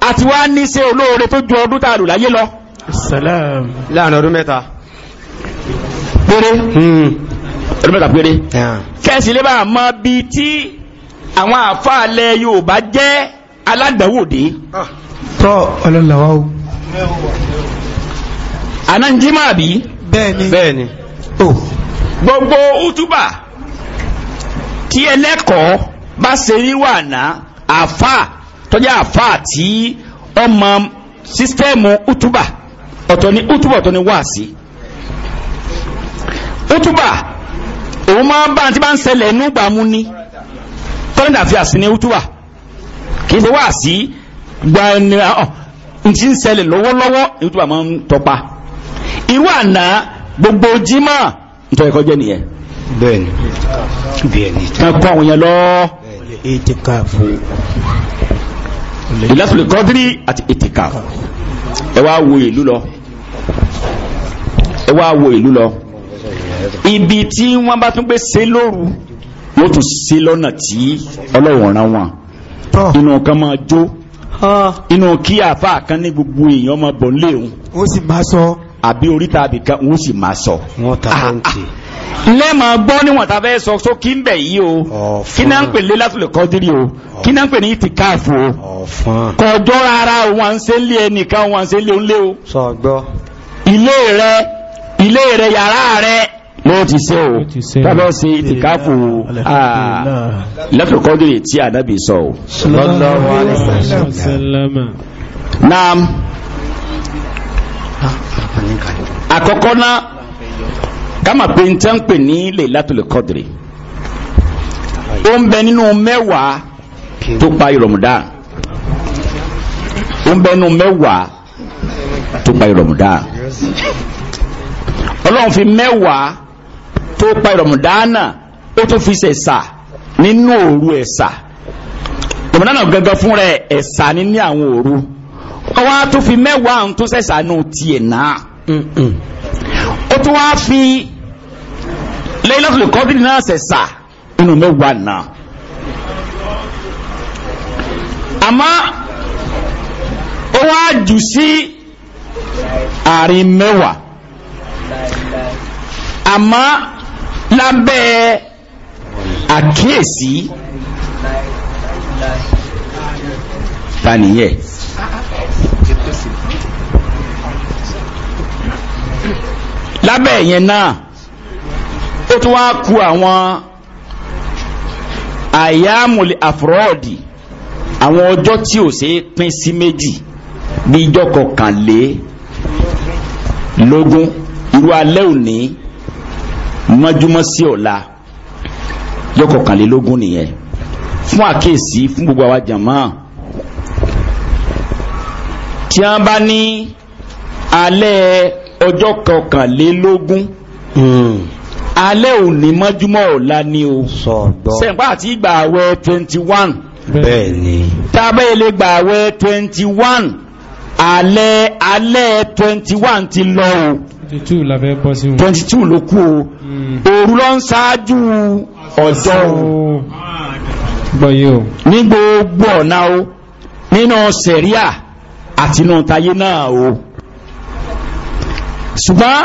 àti ní ṣe olóore tó ju ọdún tá láyé lọ. láàrin ọdún mẹ́ta péré hmm. ọdún mẹ́ta péré kẹ́sì lè bá bíi tí. àwọn àfáàlẹ̀ Yorùbá jẹ́ aládàwòdé ah. tọ́ ọlọ́lọ́wọ́ o anájímọ̀ àbí bẹ́ẹ̀ni o gbogbo útúbà tí ẹlẹ́kọ̀ọ́ bá se ríwà ná àfà tọ́jà àfà tí ọmọ sísítẹ́ẹ̀mù útúbà ọ̀tọ̀ ni útúbà ọ̀tọ̀ ni wáàsí útúbà òun máa bá bá tọ́lẹ̀dà fi àsìní útúwà kì í ṣe wá sí gbani ọ̀hún ah, ah, ti ń ṣẹlẹ̀ lọ́wọ́lọ́wọ́ útúwà máa ń tọpa irú àná gbogbo jímọ̀ nítorí ẹ̀kọ́ jẹ́ nìyẹn. bẹ́ẹ̀ni bẹ́ẹ̀ni. kan kọ àwọn yẹn lọ. ìlàsùlẹ̀ kọ́dírì àti ètìkàfù ẹ wá wo ìlú lọ ẹ wá wo ìlú lọ ibi tí wọ́n bá tún gbé ṣe lóru wọ́n tún sí lọ́nà tí ọlọ́wọ̀n rán wọn inú kan máa jó inú kí àáfàá kan ní gbogbo èèyàn máa bọ̀ nílé òun. ó sì máa sọ. àbí oríta àbíkan wọ́n sì máa sọ. wọ́n ta ló ń tè lẹ́mọ̀ gbọ́ níwọ̀n ta fẹ́ sọ só kí ń bẹ̀ yí o kí náà ń pè lé látòlè kọ́dírì o kí náà ń pè ní ìtìkáàfù o kọjọ́ ara wọn ṣe ń lé ẹnìkan wọn ṣe ń lé o. ilé rẹ ilé rẹ yàrá rẹ ló ti se o tábọ́ sí ìtìkáfù lẹ́tọ̀kọ́dìrì ah, tí ànábì sọ o lọ́lọ́wọ́ naam àkọ́kọ́ náà kama pe n tẹ́ ń pè ní Laylatul Qadri ó ń bẹ nínú mẹ́wàá tó parí Ramadan ó ń bẹ nínú mẹ́wàá tó parí Ramadan ọlọ́run fi mẹ́wàá tó pa ìrọ̀mùdánà ó tún fi ṣẹ̀ṣà nínú òru ẹ̀ṣà ìrọ̀mùdánà gangan fúnra ẹ̀ṣà ní ní àwọn òru ọwọ́ á tún fi mẹ́wàá àwọn tó nù tiẹ̀ náà ó tún wá fi Laylatul Qadr náà ṣẹ̀ṣà nínú mẹ́wàá náà àmọ́ ó wá jù sí àárín mẹ́wàá lábẹ́ àkíyèsí faniyẹ. lábẹ́ yẹn náà ó tún wá ku àwọn àyàmùlẹ̀ àfúrọ́ọ̀dì àwọn ọjọ́ tí ò ṣe é pín sí méjì bí ijọ́ kọkànlé lógún irú alẹ́ òní mọ́júmọ́ sí ọ̀la jọ́kọ̀kànlélógún nìyẹn fún àkíyèsí fún gbogbo àwa jàmáà tí wọ́n bá ní alẹ́ ọjọ́ kọkànlélógún hmm. alẹ́ òní mọ́júmọ́ ọ̀la ni o sẹ̀ǹpá àti ìgbà àwẹ̀ twenty one bẹ́ẹ̀ ni tábẹ́ ilé gbà àwẹ̀ twenty one alẹ́ alẹ́ 21 ti lọ o 22 la fẹ́ bọ́ sí o 22 ló kú o hmm. òru lọ ń ṣáájú ọjọ́ o o ní gbogbo ọ̀nà o nínú sẹ̀ríà àti inú tayé náà o ṣùgbọ́n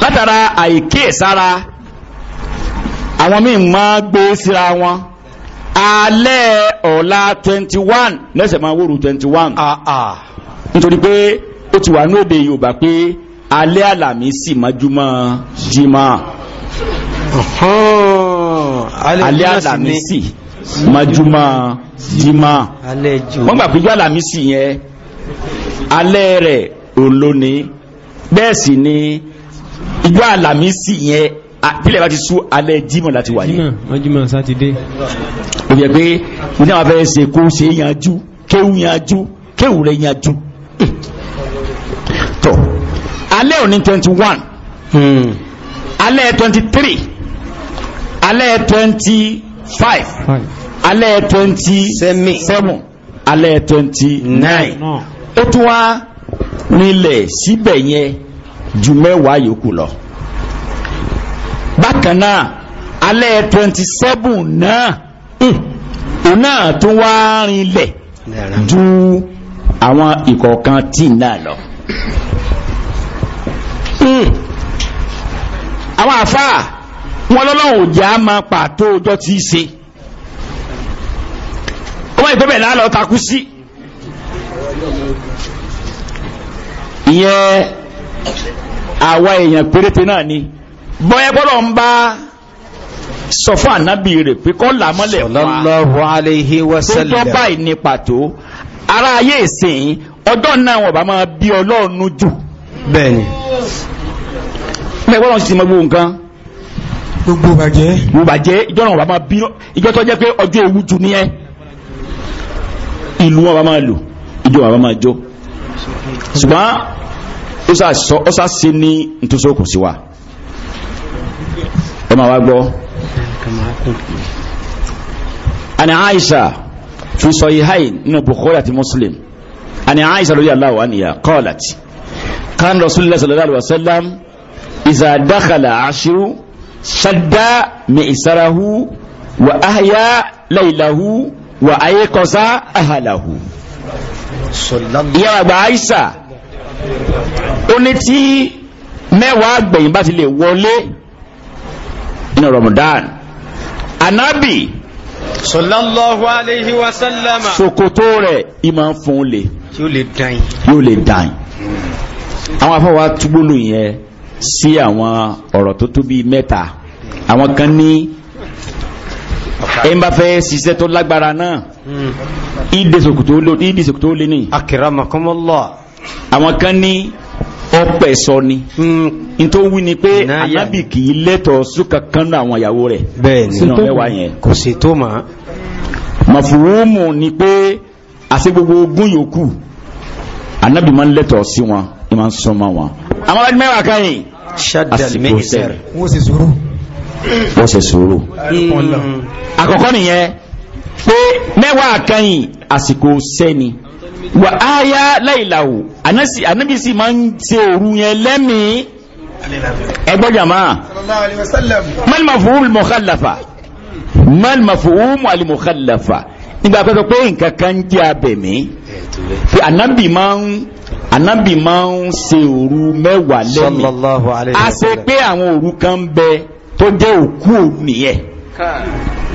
látara àìkíyèsára àwọn míì máa gbé síra wọn alẹ́ ọ̀la 21 lẹ́sẹ̀ máa wóru 21. Ah, ah nítorí pé ó ti wà ní òde Yorùbá pé alẹ́ àlàmísì mọ́júmọ́ jímọ̀ alẹ́ àlàmísì mọ́júmọ́ jímọ̀ wọ́n gbà píjú àlàmísì yẹn alẹ́ rẹ̀ òlóni bẹ́ẹ̀ sì ni ìjọ àlàmísì yẹn bílẹ̀ bá ti sú alẹ́ jímọ̀ láti wà ní ọjímọ̀ sátidé ó yẹ pé ní àwọn afẹ́ ṣe kó ṣe yanjú kéwú yanjú kéwù rẹ̀ yanjú tọ́ alẹ́ òní twenty one hmm. alẹ́ twenty three alẹ́ twenty five alẹ́ twenty seven alẹ́ twenty nine ó tún wá nílẹ̀ síbẹ̀ yẹn ju mẹ́wàá yòókù lọ bákan náà alẹ́ twenty seven náà hmm, òun náà tún wá rinlẹ̀ ju àwọn ìkọ̀ọ̀kan tí náà lọ hmm. àwọn àfáà wọn lọ́lọ́run ò jẹ́ á máa pàtó ọjọ́ tí í ṣe ó wáyé pé bẹ́ẹ̀ lálọ́ takú sí ìyẹn àwa èèyàn péréte náà ni bọ́yẹ́ gbọ́dọ̀ ń bá sọ fún ànábì rẹ̀ pé kọ́ làmọ́lẹ̀ wá tó tọ́ báyìí ní pàtó ara ayé ìsìn ọjọ́ náà wọn bá máa bí ọlọ́run jù. bẹ́ẹ̀ni. mẹ́gbọ́n náà ti mọ gbogbo nǹkan. gbogbo bàjẹ́. gbogbo bàjẹ́ ìjọ náà wọn bá máa bí ìjọ tó jẹ́ pé ọjọ́ ewu jù nìyẹn. ìlú wọn bá máa lò ìjọ wọn bá máa jó. ṣùgbọ́n ó sá sí ní ntòsókùn sí wa. ẹ máa wá gbọ́. ana Aisha fi sahihayn nínú bukhari àti muslim àni aisha radiyallahu anha qalat kan rasulillah sallallahu alaihi wasallam iza dakhala ashiru shadda mi'sarahu wa ahya laylahu wa ayqasa ahlahu ìyá àgbà aisha ó ní tí mẹ́wàá àgbẹ̀yìn bá ti lè wọlé nínú ramadan anabi sallallahu alayhi wa sallama ṣòkòtò rẹ̀ ìmọ̀ fún un lè yóò lè dàn yóò lè dàn àwọn afọwà túgbónú yẹn sí àwọn ọ̀rọ̀ tó tó bíi mẹ́ta àwọn kan ní ẹ ń bá fẹ́ ṣiṣẹ́ tó lágbára náà hmm. ìdè ṣòkòtò lé ní. akramakumullah. àwọn kan ní ọpẹ sọ ni hmm. n tó wí ni pé anábì kì í lẹ́tọ̀ọ́ súnkà kan náà àwọn ìyàwó rẹ̀ sínú mẹ́wàá yẹn kò sì tó mà á. màfúrúmù ni pé àti gbogbo ogún yòókù anábì máa ń lẹ́tọ̀ọ́ sí wọn ẹ máa ń sọ ma wọn. àwọn alájú mẹ́wàá kan yìí àsìkò sẹ́rẹ̀ wọ́n sì sùúrù. wọ́n sì sùúrù. Hmm. àkọ́kọ́ nìyẹn pé mẹ́wàá kan àsìkò sẹ́ni wà aya láìláwò ànábì sì máa ń ṣe òru yẹn lẹ́mìí ẹgbọ́n jàmá mọ́lìmọ̀ fún mi mọ̀kàlàfà mọ́lìmọ̀ fún mi mọ̀kàlàfà nígbà pẹ́pẹ́ pé nǹkan kan ń jẹ́ abẹ̀mí fi ànábì máa ń ànábì máa ń ṣe mẹ́wàá lẹ́mìí a ṣe pé àwọn òru kan bẹ tó jẹ́ òkú òru nìyẹn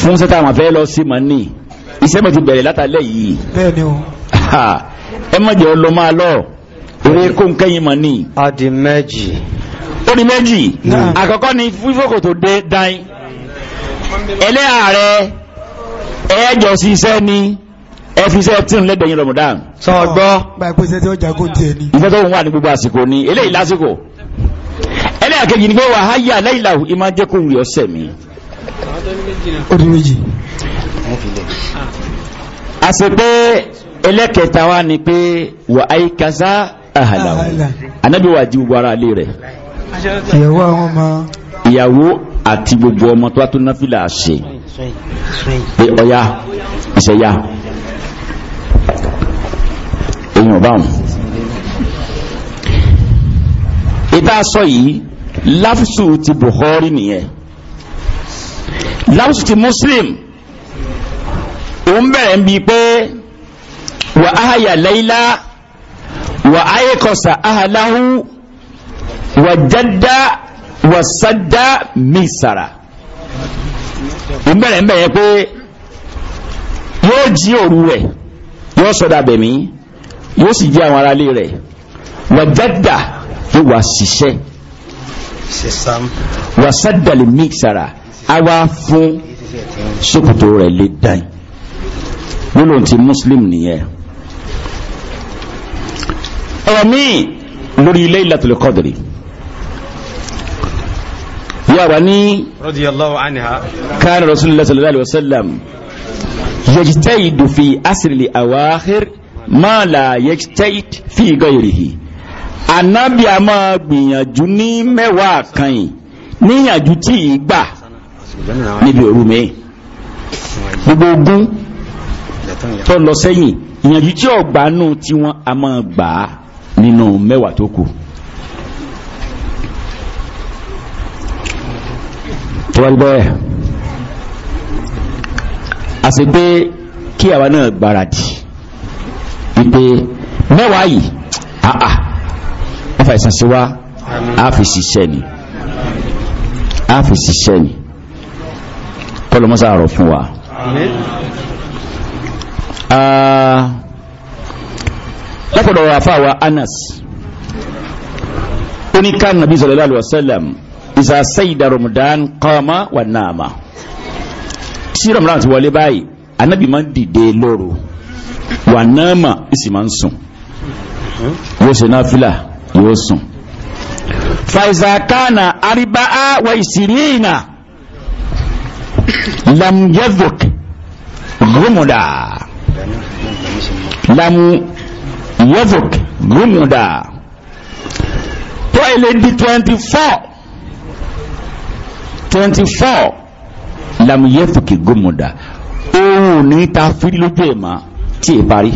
fún sẹ́tà àwọn afẹ́ lọ sí mọ̀ ní ìṣẹ́mọ̀ ti bẹ̀rẹ̀ látàlẹ́ yìí ẹ má jẹ́ ọlọ́ máa lọ eré kó ń kẹ́yìn mọ̀ ní. ó di méjì. ó di méjì àkọ́kọ́ ni fífòkò tó dé dáin ẹlẹ́yà rẹ ẹ̀ẹ́jọ sí iṣẹ́ ni ẹ fi iṣẹ́ tí ń lẹ́dẹ̀yìn Ramadan. sọ gbọ́ báyìí pé iṣẹ́ tí ó jagun tiẹ̀ ni. ìfẹ́ tó ń wà ní gbogbo àsìkò ni eléyìí lásìkò ẹlẹ́yà kejì ni pé wàhálà lẹ́yìn làwù ìmájẹ́kùn rí ọ̀sẹ̀ mi ó méjì a sì pé ẹlẹ́kẹta wa ni pé wà áyí kásá ahàlàwò anábí wà jí gbogbo ara lè rẹ̀ ìyàwó àwọn ọmọ ìyàwó àti gbogbo ọmọ tó wá tó náfìlà ṣe pé ọya ìṣẹ̀yà èyí ò báwọn ìta sọ yìí láfíṣù ti Bukhari nìyẹn láwùsù ti muslim òun bẹ̀rẹ̀ ń bi pé wà áhàyà layla wà áyẹkọsà áhàláhù wà jádá wà sádá mísàrà òun bẹ̀rẹ̀ ń bẹ̀rẹ̀ pé yóò jí òru rẹ̀ yóò sọdá bẹ̀mí yóò sì jí àwọn aráalé rẹ̀ wà jádá yóò wà ṣiṣẹ́ wà sádà lè mísàrà a wá fún ṣòkòtò rẹ̀ lè dáì nínú ti muslim nìyẹn ọ̀rọ̀ míì lórí Laylatul Qadri yàrá ní radiyallahu anha kana rasulullah sallallahu alaihi wasallam yajtahid fi asril awakhir ma la yajtahid fi ghayrihi anábìàmọ́ gbìyànjú ní mẹ́wàá kan yìí níyànjú tí ì gbà níbi òru mi gbogbo ogun tó lọ sẹ́yìn ìyànjú tí ọgbà nù tí wọ́n a máa gbà á nínú mẹ́wàá tó kù. tọ́wọ́lì bẹ́ẹ̀ a sì pé kí àwa náà gbáradì wípé mẹ́wàá yìí àà ẹfà ìsànsíwá àfìsíṣẹ́ ni àfìsíṣẹ́ ni kọlọmọ́sá àrọ̀ fún wa ah, lápọ̀dọ̀ àfáwà anas ó ní ká nàbí sallallahu alaihi wasallam ìsà sayida ramadan qama wà náàmà tí ramadan ti wọlé báyìí anábì máa ń dìde lóru wà náàmà ìsì máa ń sùn yóò ṣe náfìlà yóò sùn fàìsà kánà àríbá wa ìsìrìnà Lamu yadhuk gumuda Lamu yadhuk gumuda tó ilé di twenty four twenty four lam yadhuk gumuda òun ní ta fi lójú ẹ̀ mà tí ì parí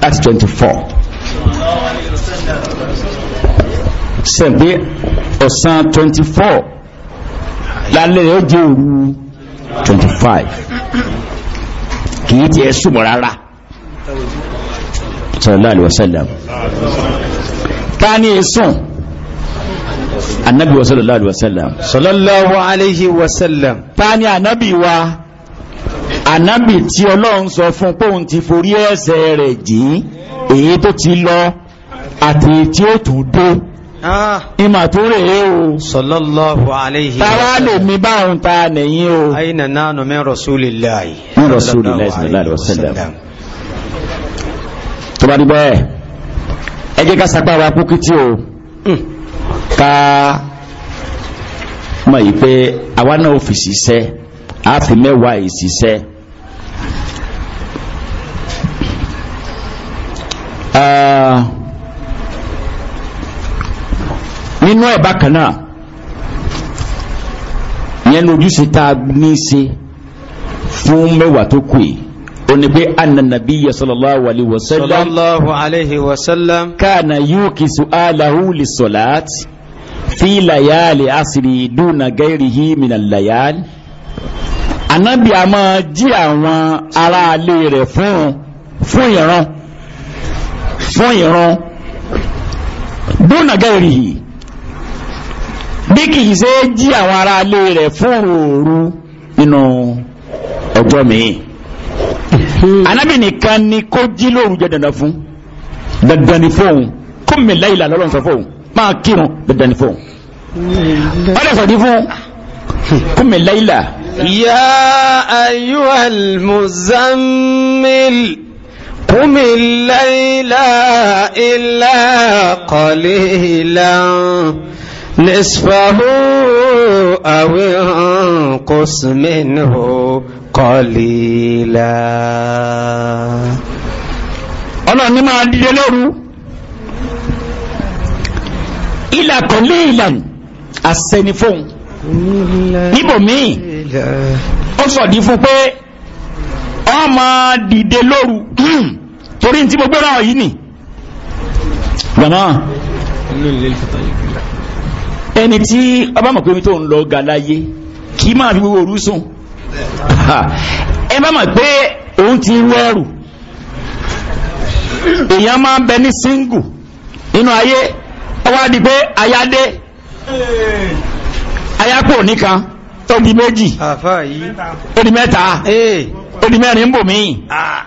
that's twenty four sẹ́ǹpé ọ̀sán twenty four lálẹ́ rẹ̀ ó jẹ́ òru 25 kì í ti ẹ̀ súnmọ̀ rárá sallallahu alaihi wasallam ta ni sùn annabi wa sallallahu alaihi wasallam sallallahu alaihi wasallam ta ni annabi wa annabi tí ọlọ́run sọ fún póun ti forí ẹ̀ṣẹ̀ rẹ̀ jìn èyí tó ti lọ àti tí ó tún dó Ah. ìmà tó rẹ̀ é o sallallahu alayhi tàwà lè mi bá ohun ta nẹ̀yìn o aina nánà min rasulillahi min rasulillahi sallallahu alaihi wasallam tó bá dúgbọ́ ẹ̀ ẹ jẹ́ ká sapá wa kú kìtì o hmm. ká mọ̀ yìí pé àwa náà fi ṣiṣẹ́ a fi mẹ́wàá yìí ṣiṣẹ́ ah. nínú ẹ̀ bákan náà ìyẹn lójúṣe tá a ní í ṣe fún mẹ́wàá tó kù yìí ó ní pé annanabiya sallallahu alaihi wasallam sallallahu alaihi wasallam kana yukisu alahu lissolat fi layali asiri duna gairihi minal layal anabi a máa jí àwọn ará alé rẹ̀ fún fún ìran fún ìran duna gairihi bí kìí ṣe jí àwọn ará ilé rẹ̀ fún òru nínú ọjọ́ míì anábì hmm. nìkan ni kó jí lóru jẹ́ dandan fún dandan ni fóun kó mi láìlà lọ́lọ́run sọ fóun máa kírun dandan ni fóun ọ̀rẹ́ sọ̀dí fún kó mi láìlà. ya ayyuhal muzammil قم الليل إلا قليلا نصفه أو انقص منه قليلا ọlọ́run ní máa dìde lóru ilà kọ̀lé ìlànà àṣẹni fóun níbòmíì ó sọ̀dí fún pé ó máa dìde lóru torí tí mo gbé yìí nì gbọ̀nà ẹni tí ọba mọ̀ pé omi tó ń lọ ga láyé kì í máa fi gbogbo òru ẹ bá mọ̀ pé òun ti wẹ́rù èèyàn máa ń bẹ ní single nínú ayé ọwọ́ di pé ayáde ayápò nìkan tó méjì ó di mẹ́ta ó di mẹ́rin bòmíì ah.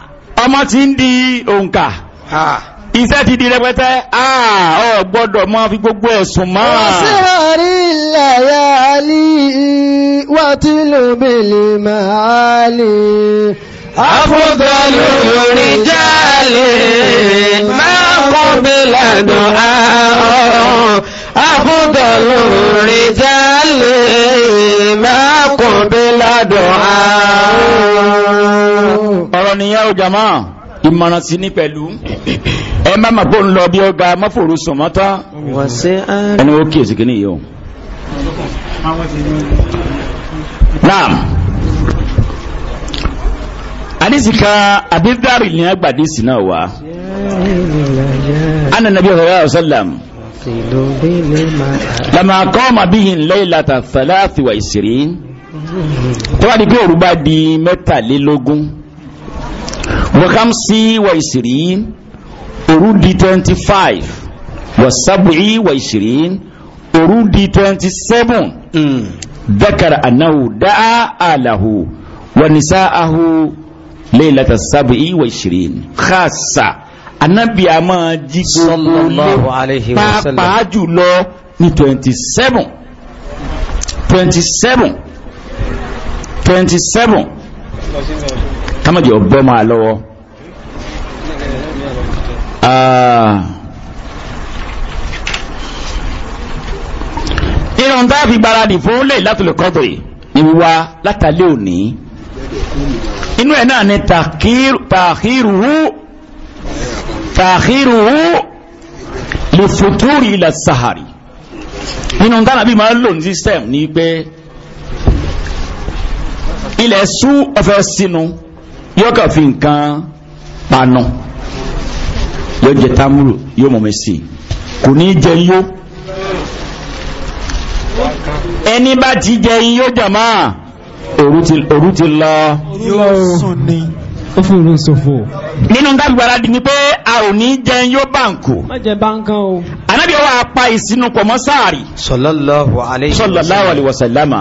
ọmọ ti ń di òǹkà. Ah. iṣẹ́ ti di rẹpẹtẹ ọ ah, gbọ́dọ̀ máa fi gbogbo ẹ̀sùn mọ́. ọ̀sẹ̀rọ̀rí ìlàyà alì wà tí ló bèlè máa lè. afọ́gbọ́lù lórí jáàlè máa kọ́ bí lànà àárọ̀. afọ́gbọ́lù lórí jáàlè máa kọ́ bí lànà àárọ̀. ọ̀rọ̀ nìyẹn ò ìmọ̀ràn sí ní pẹ̀lú ẹ má mà bó ń lọ bí ọgá mọ́fòrò sùn mọ́tá ẹni ó kíyèsí kí ni yìí o. naam adisika abidari ni agbadisi náà wá anna nabi sallallahu alaihi lama qama bihin laylata thalathi wa isirin tó wá di pé òru bá di mẹ́tàlélógún wa khamsi wa isirin òru di twenty five wà sábùí wà ìṣirin òru di twenty seven hmm. dakara anahu da'a alahu wa nisa'ahu leilata sábùí wà ìṣirin khasa anabi a máa jí gbogbo lé pàápàá jùlọ ní twenty seven twenty seven twenty seven kámẹ́jọ lọ́wọ́ irun ah. tá a fi gbáradì fún lè látòlè kọ́tòrì ni wíwá látàlẹ́ òní inú ẹ̀ náà ni tàkírùú tàkírùú lè fòtúrì ilẹ̀ sahari nínú tánàbí máa ń lò ní system ní pé ilẹ̀ sú ọ̀fẹ́ sínú yóò kàn fi nǹkan panu. No yóò jẹ támúrù yóò mọ̀ mẹ́sì kò ní jẹ yó ẹni bá ti jẹ yó jàmá òru ti lọ nínú gbàgbàrá di ni pé a ò ní jẹ yó báǹkù anábì wa pa ìsinú pọ̀ mọ́ sáàrì sallallahu alaihi wasallama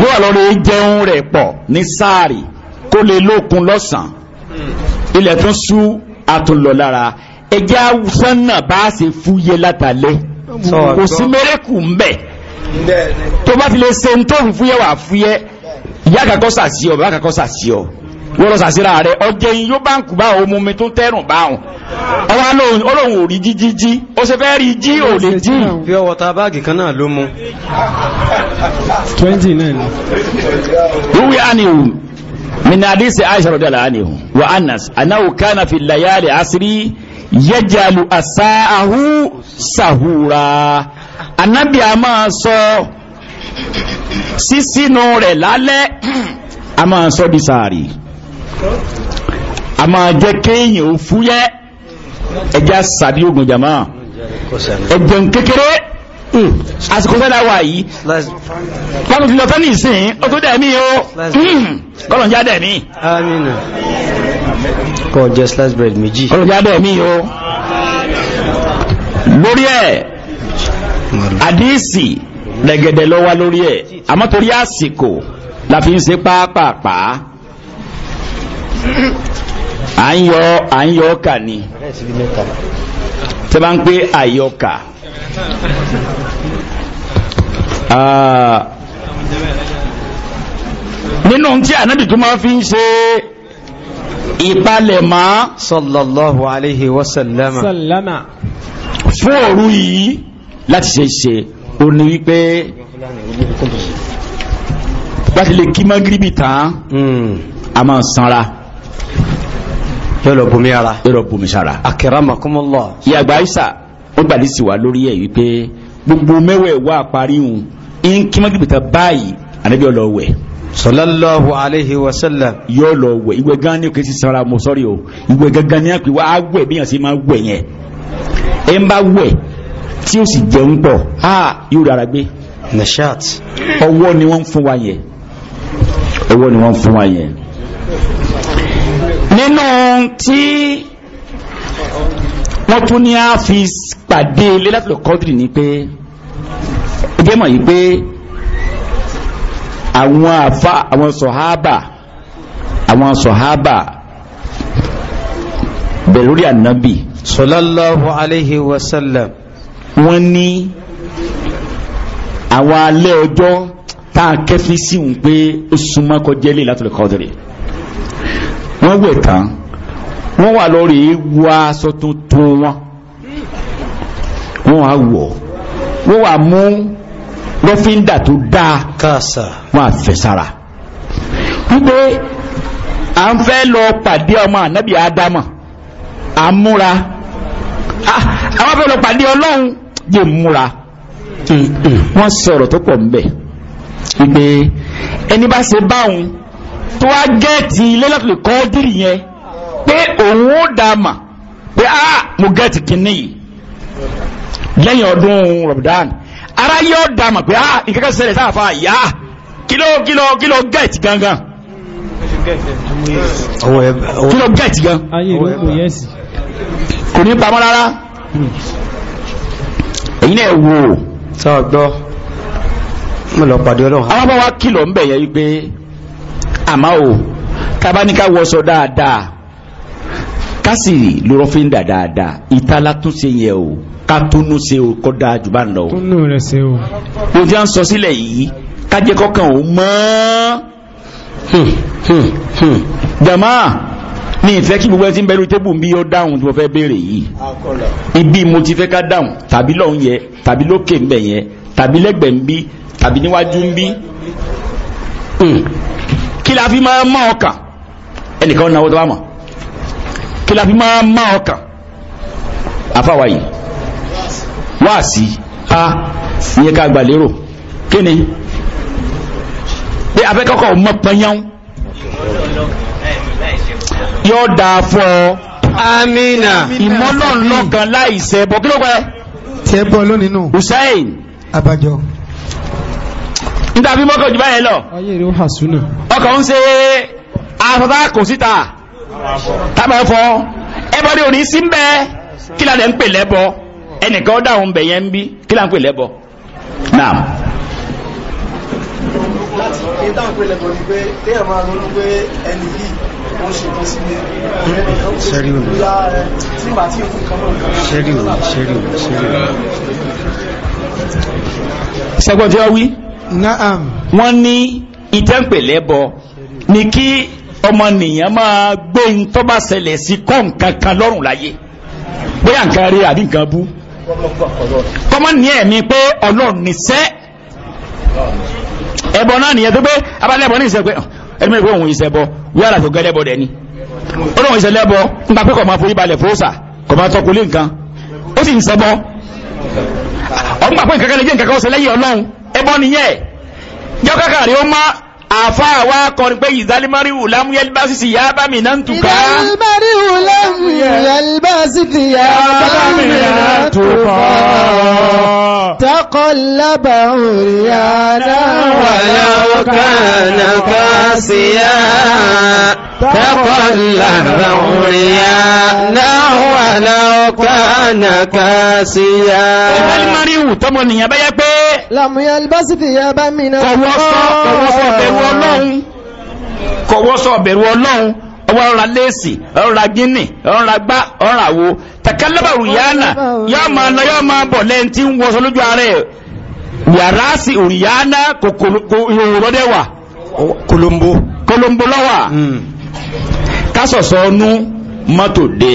yóò lọ́rọ̀ jẹun rẹ̀ pọ̀ ní sáàrì kó lè lókun lọ́sàn ilẹ̀ tún sú àtúnlọ lára ẹjẹ́ awúsán náà bá ṣe fúyẹ látàlẹ́ kò sí mérekù ń bẹ̀ tó bá fi lè ṣe ń tó fi fúyẹ wà fúyẹ ìyá àkàkọ́ sàṣì ọ bàbá àkàkọ́ sàṣì ọ wọ́n lọ sàṣìra rẹ̀ ọjẹ́ yìí yóò bá bá òun mumi tó tẹ́rùn bá òun ọwọ́ olóhùn ò rí jíjí ó ṣe fẹ́ rí jí ò lè jí bí ọwọ́ ta báàgì kan náà ló mú 29 wíwí á من حديث عائشة رضي الله عنه وأنس أنه كان في الليالي عصري يجعل أساءه سهورا النبي أما sọ sísínú rẹ̀ lálẹ́ a máa sọ di sàárì a máa jẹ́ kéèyàn ò fúyẹ́ ẹjá sàbí ogun jama ẹjẹun kékeré Hmm. àsìkò fẹ́dá wà yìí wọ́n fi lọ fẹ́ ní ìsìn ó tó dẹ̀mí o hmm. kọlọ̀njá dẹ̀mí kọjẹ slice bread méjì kọlọ̀njá dẹ̀mí o lórí ẹ̀ àdíìsì lẹ́gẹ̀dẹ̀ lọ wá lórí ẹ̀ àmọ́ torí àsìkò la fi ń ṣe pàápàá à ń yọ à ń yọ ọkà ni tẹ́ bá ń pé àyọkà ah. nínú tí ànábì tó máa fi ń ṣe ìpalẹ̀mọ́ sallallahu alaihi wasallama fún òru yìí láti ṣe ṣe o ní wípé láti lè kí mọ́gíríbì tán hmm. a máa sanra yóò lọ bomi ara yóò lọ bomi sára. akramakumullah. ìyàgbá ayisa ó gbàdí sí wa lórí ẹ̀ wípé gbogbo mẹ́wẹ̀ wà parí hùn in kí mọ́gìbì tán báyìí ànábì ó wẹ̀. sallallahu alayhi wa sallam. yóò lọ wẹ̀ ìwẹ̀ gan ni kò sí sanra mo sọ́rí o ìwẹ̀ gangan ni àpè wá á wẹ̀ bí yàn sí máa wẹ̀ yẹn. ẹ ń bá wẹ̀ tí ó sì jẹun pọ̀ á yóò rárá gbé. nashat. ọwọ́ ni wọ́n fún wa yẹn ọwọ́ ni wọ́n fún wa yẹn nínú tí wọ́n tún ní a fi pàdé ilé láti lọ kọ́dìrì ni pé ẹgbẹ́ mọ̀ yìí pé àwọn àfa àwọn sọ̀hábà àwọn sọ̀hábà bẹ̀rẹ̀ ànábì sallallahu alayhi wa sallam wọ́n ní àwọn alẹ́ ọjọ́ tá a kẹ́fí sí òun pé ó súnmọ́ kọjá láti lọ kọ́dìrì wọ́n wẹ̀ tán wọ́n wà lórí wá aṣọ tuntun wọn wọ́n á wọ̀ wọ́n wà mú lọ́fíńdà tó dáa káàsà wọ́n á fẹ́ sára wípé à ń fẹ́ lọ pàdé ọmọ ànábì ádámà à ń múra ah, àwọn fẹ́ lọ pàdé ọlọ́run yé múra wọ́n sọ̀rọ̀ tó pọ̀ ń bẹ̀ wípé ẹni bá ṣe báwọn tó wá gẹ́ẹ̀tì lẹ́lẹ́tìlẹ̀ kọ́ọ́dìrì yẹn pé òun ó dá mà pé á ah, mo gẹ́ẹ̀tì kìíní yìí lẹ́yìn ọdún Ramadan ara yóò dá mà pé á ìkẹ́kẹ́ sẹ́lẹ̀ sáfà yá kílò kílò kílò gẹ́ẹ̀tì gangan kílò gẹ́ẹ̀tì gan kò ní pamọ́ rárá èyí náà wò ó sọ ọgbọ́ mo lọ pàdé ọlọ́run àwọn bá wá kìlọ̀ ń bẹ̀ yẹ wípé àmọ́ o tabaníká wọṣọ dáadáa ká sì lọ́rọ́ fi ń dà dáadáa ìtala tún ṣe yẹ o ká túnú ṣe o kọ́ dáa jù lọ. túnú rẹ̀ ṣe o. mo fi ń sọ sílẹ̀ yìí ká kọ́kàn ó mọ́ jama ní ìfẹ́ kí gbogbo ẹ ti ń bẹ̀rù tébù bí ó dáhùn tí mo fẹ́ béèrè yìí ibi mo ti fẹ́ ká dáhùn tàbí lọ́hùn yẹ tàbí lókè ń bẹ̀ yẹn tàbí lẹ́gbẹ̀ẹ́ ń bí tàbí níwájú ń bí hmm kí la fi máa mọ́ ọkàn ẹnìkan náà wọ́n tó bá mọ̀ kí la fi máa mọ́ ọkàn afáwa yìí wá sí a ìyẹn ká gbà lérò kí ni pé afẹ́kọ̀ọ́kọ̀ mọ̀ pẹ́yàn yóò dáa fún amina ìmọ́lọ́nlọ́kan láìsẹ̀ bọ̀ kí ló pẹ́ tẹ́ bọ́ lónìí nù Hussein abájọ níta bí mọ́kàn jù báyẹn lọ ọkàn ń ṣe asọ́tà kò síta tábà fọ ẹbọdé òní sí ń bẹ kí la lè ń pè lẹ́bọ ẹnìkan ó dáhùn bẹ̀ yẹn ń bí kí la ń pè lẹ́bọ naam. láti ní táwọn pè lẹ́bọ ni pé téèyàn máa ronú pé ẹni yìí sẹ́ríwò sẹ́ríwò sẹ́ríwò sẹ́gbọ́n tí ó wí Naam. wọ́n ní ìtẹ́ǹpẹ̀lẹ́ bọ ni kí ọmọnìyàn máa gbé ń tó bá ṣẹlẹ̀ sí kọ́ nǹkan kan lọ́rùn láyé bóyá nǹkan rí àbí nǹkan bú kọ́mọ ní ẹ̀mí pé ọlọ́run ní sẹ́ ẹ̀bọ náà nìyẹn tó pé abálẹ́bọ ní ìṣẹ́ pé ẹni mẹ́rin pé òun ìṣẹ́bọ wíwára tó gẹ́lẹ́bọ dẹ̀ ni ọlọ́run ìṣẹ́lẹ́bọ nípa pé kò máa forí balẹ̀ fóòsà kò máa tọkulé nǹkan ó sì ń ṣẹbọ ọmọ àpò ìkankan lè jẹ́ nǹkan kan ó ṣẹlẹ́yìn ọlọ́run ẹbọ nìyẹn jẹ́ kákàrí ó má àfa àwa kọrin pé ìzálimari ulamu yalibasi ti ya bá mi náà tuka. ìzálimari ulamu yalibasi ti ya bá mi náà tuka. takọlaba òrìyàrá wàlá kàná kásíyá. takọlaba òrìyàrá wàlá kàná kásíyá. ìzálimari wù tọmọ nìyẹn bá yẹ pé lámúyá lbásítì yá bá mìíràn kọwọ́sọ̀ bẹ̀rù ọlọ́run ọwọ́ ọ̀rọ̀ lẹ́sì ọ̀rọ̀ gíní ọ̀rọ̀ gbá ọ̀rọ̀ àwo tàkàlábà rùyánà yọ́ máa lọ yọ́ máa bọ̀ lẹ́yìn tí ń wọṣọ lójú ara ẹ̀ yàrá sí rùyánà kòkòròdẹ́wà kolombo kolombo lọ́wà hmm. kásọ̀sọ̀ ọnú mọ́tò dé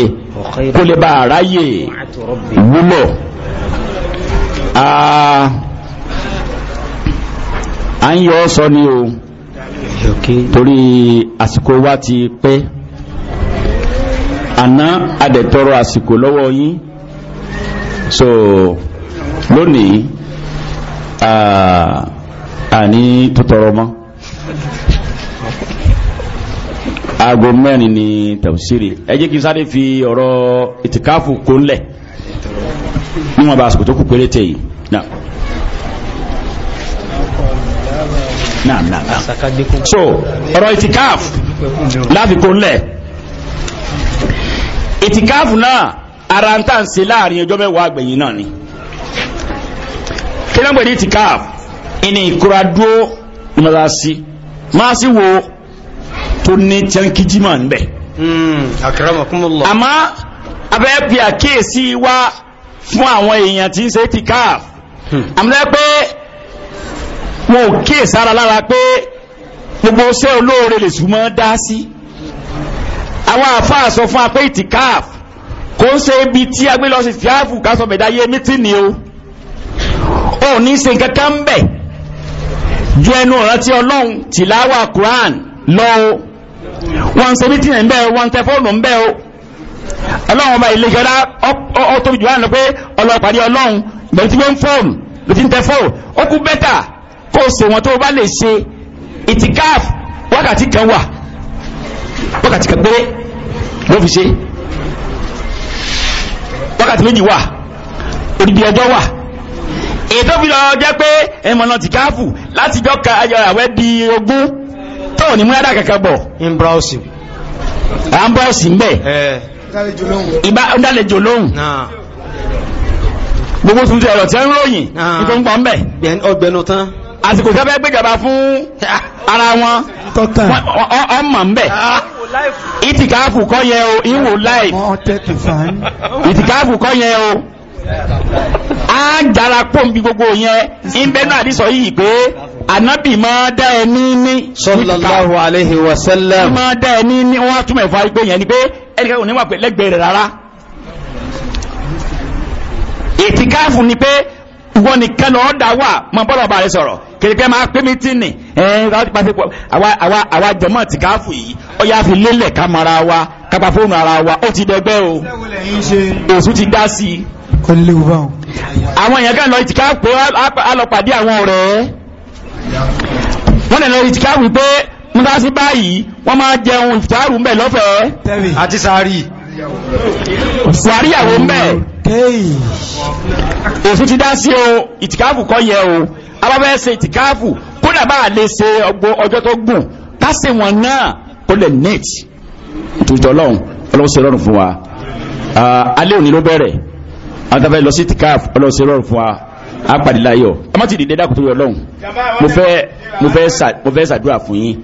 kó lè bá wúlọ̀ ah à ń yọ ọ́ sọ ni o torí àsìkò wa ti pẹ́ àná adẹ̀tọrọ àsìkò lọ́wọ́ yín so lónìí àní tọtọrọ mọ́ aago mẹ́rin ni tafsiri ẹ jẹ́ kí sáré fi ọ̀rọ̀ ìtìkáfù kó ńlẹ̀ níwọ̀n bá àsìkò tó kù péréte yìí náà. naam naam naam so ọ̀rọ̀ itikaf láfikún lẹ̀ itikaf náà ara ń tà ń ṣe láàrin ọjọ́ mẹ́wàá àgbẹ̀yìn náà ni kí ló ń pè ní itikaf ìní ìkura dúró ìmọ̀lásí máa sí wo tó ní tẹ́ńkìjì máa ń bẹ̀. àmọ́ abẹ́ àkíyèsí wa fún àwọn èèyàn tí ń ṣe itikaf hmm. àmọ́ pé wọn ò kíyè sára lára pé gbogbo iṣẹ́ olóore lè súnmọ́ dá sí àwọn àfáà sọ fún wa pé ìtìkáàf kò ń ṣe ibi tí a gbé lọ sí ìtìkáàf ká sọ bẹ̀dá yé mítì ni o ò ní ṣe nǹkan kan ń bẹ̀ ju ẹnu ìrántí ọlọ́run tìláwà Quran lọ o wọ́n ń ṣe mítì ń bẹ́ o wọ́n ń tẹ fóònù ń bẹ́ o ọlọ́run ọba ilé ìjọba ọ jù wá lọ pé ọlọ́pàá ọlọ́run bẹ̀rẹ̀ tí wọ́n ń fóònù ló kó o ṣe wọn tó o bá lè ṣe itikaf wákàtí kan wà wákàtí kan péré ló fi ṣe wákàtí méjì wà odidi ọjọ́ wà ètò fi lọ jẹ́ pé ẹmọ̀nà ti káàfù láti jọ ka ayọ̀rọ̀ àwẹ́ di ogún tó ní múládà kankan bọ̀ imbrausi imbrausi ń bẹ̀ ìbá ọdálejò lóhùn gbogbo tuntun ẹ̀rọ tí ó ń ròyìn ìfowópamọ́ ń bẹ̀ ọgbẹ̀nu tán àsìkò tí wọ́n fẹ́ gbéjọba fún ara wọn ọmọ ń bẹ̀ ìtìkáàfù kọ́ yẹ o ìwò láì ìtìkáàfù kọ́ yẹ o a jara pọ̀ nbí gbogbo yẹn ìbẹ́nu àdìsọ yìí pé anabi máa dá ẹni ní sallallahu alaihi wasallam máa dá ẹni ní wọ́n túnmọ̀ ẹ̀fọ́ àrígbó yẹn ni pé ẹnìkan kò ní wà pẹ̀lẹ́gbẹ̀ẹ́ rárá ìtìkáàfù ni pé ìwọ nìkan lọ dà wà mọ bọ́lọ̀ bá rẹ sọ̀rọ̀ kìrìkẹ́ máa pé mi tì ní àwa jọmọ́ ti káfù yìí ó yá fi lélẹ̀ ká mara wa kápá fóònù ara wa ó ti dẹgbẹ́ o òsù ti dá sí i. àwọn èèyàn kan lọ ti ká pé alọ́pàdé àwọn ọ̀rẹ́ wọ́n lè lọ ti ká wí pé mọ́sáàsì báyìí wọ́n máa jẹun ìfitaru ń bẹ̀ lọ́fẹ̀ẹ́ àti sàárì sàárì àwọn ń òfin ti dá sí o ìtìkáàfù kọ́ yẹ o abábẹ́ ṣe ìtìkáàfù kódà bá lè ṣe ọjọ́ tó gùn pàṣẹ wọn náà kó lè net ìtòjọ́ ọlọ́run ọlọ́run ṣe rọrùn fún wa alẹ́ òní ló bẹ̀rẹ̀ àtàfẹ́ lọ sí ìtìkáàfù ọlọ́run ṣe rọrùn fún wa apàdé láyọ̀ ọmọ ti dìde dákòtò ọlọ́run mo fẹ́ ṣàdúrà fún yín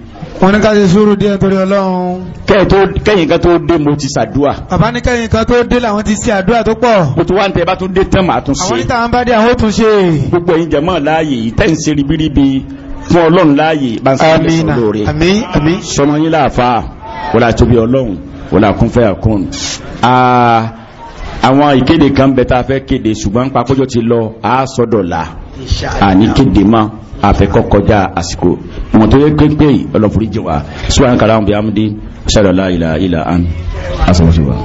wọ́n ní ká ṣe sùúrù díẹ̀ torí ọlọ́run kẹ́yìn kan tó dé mo ti ṣàdúà bàbá ní kẹ́yìn kan tó dé làwọn ti ṣe àdúà tó pọ̀ mo tún wá ń tẹ bá tún dé tán màá tún ṣe àwọn níta ń bá dé àwọn ó tún ṣe gbogbo ẹ̀yin jẹ̀mọ́ láàyè ìtẹ́ ń ṣe ribiribi fún ọlọ́run láàyè bá ń sáré sọ lóore sọmọ yín láàfa wọlé àtúbí ọlọ́run wọlé àkúnfẹ́ àkún àwọn ìkéde kan bẹ̀ tá a fẹ́ kéde ṣùgbọ́n pápọ́jọ́ ti lọ àásọdọ̀la àfẹ́kọ́ kọjá àsìkò ìwọ̀n tó yẹ pépé ọlọ́foríjì wa subhanaka Allahumma bihamdik ashhadu an la ilaha illa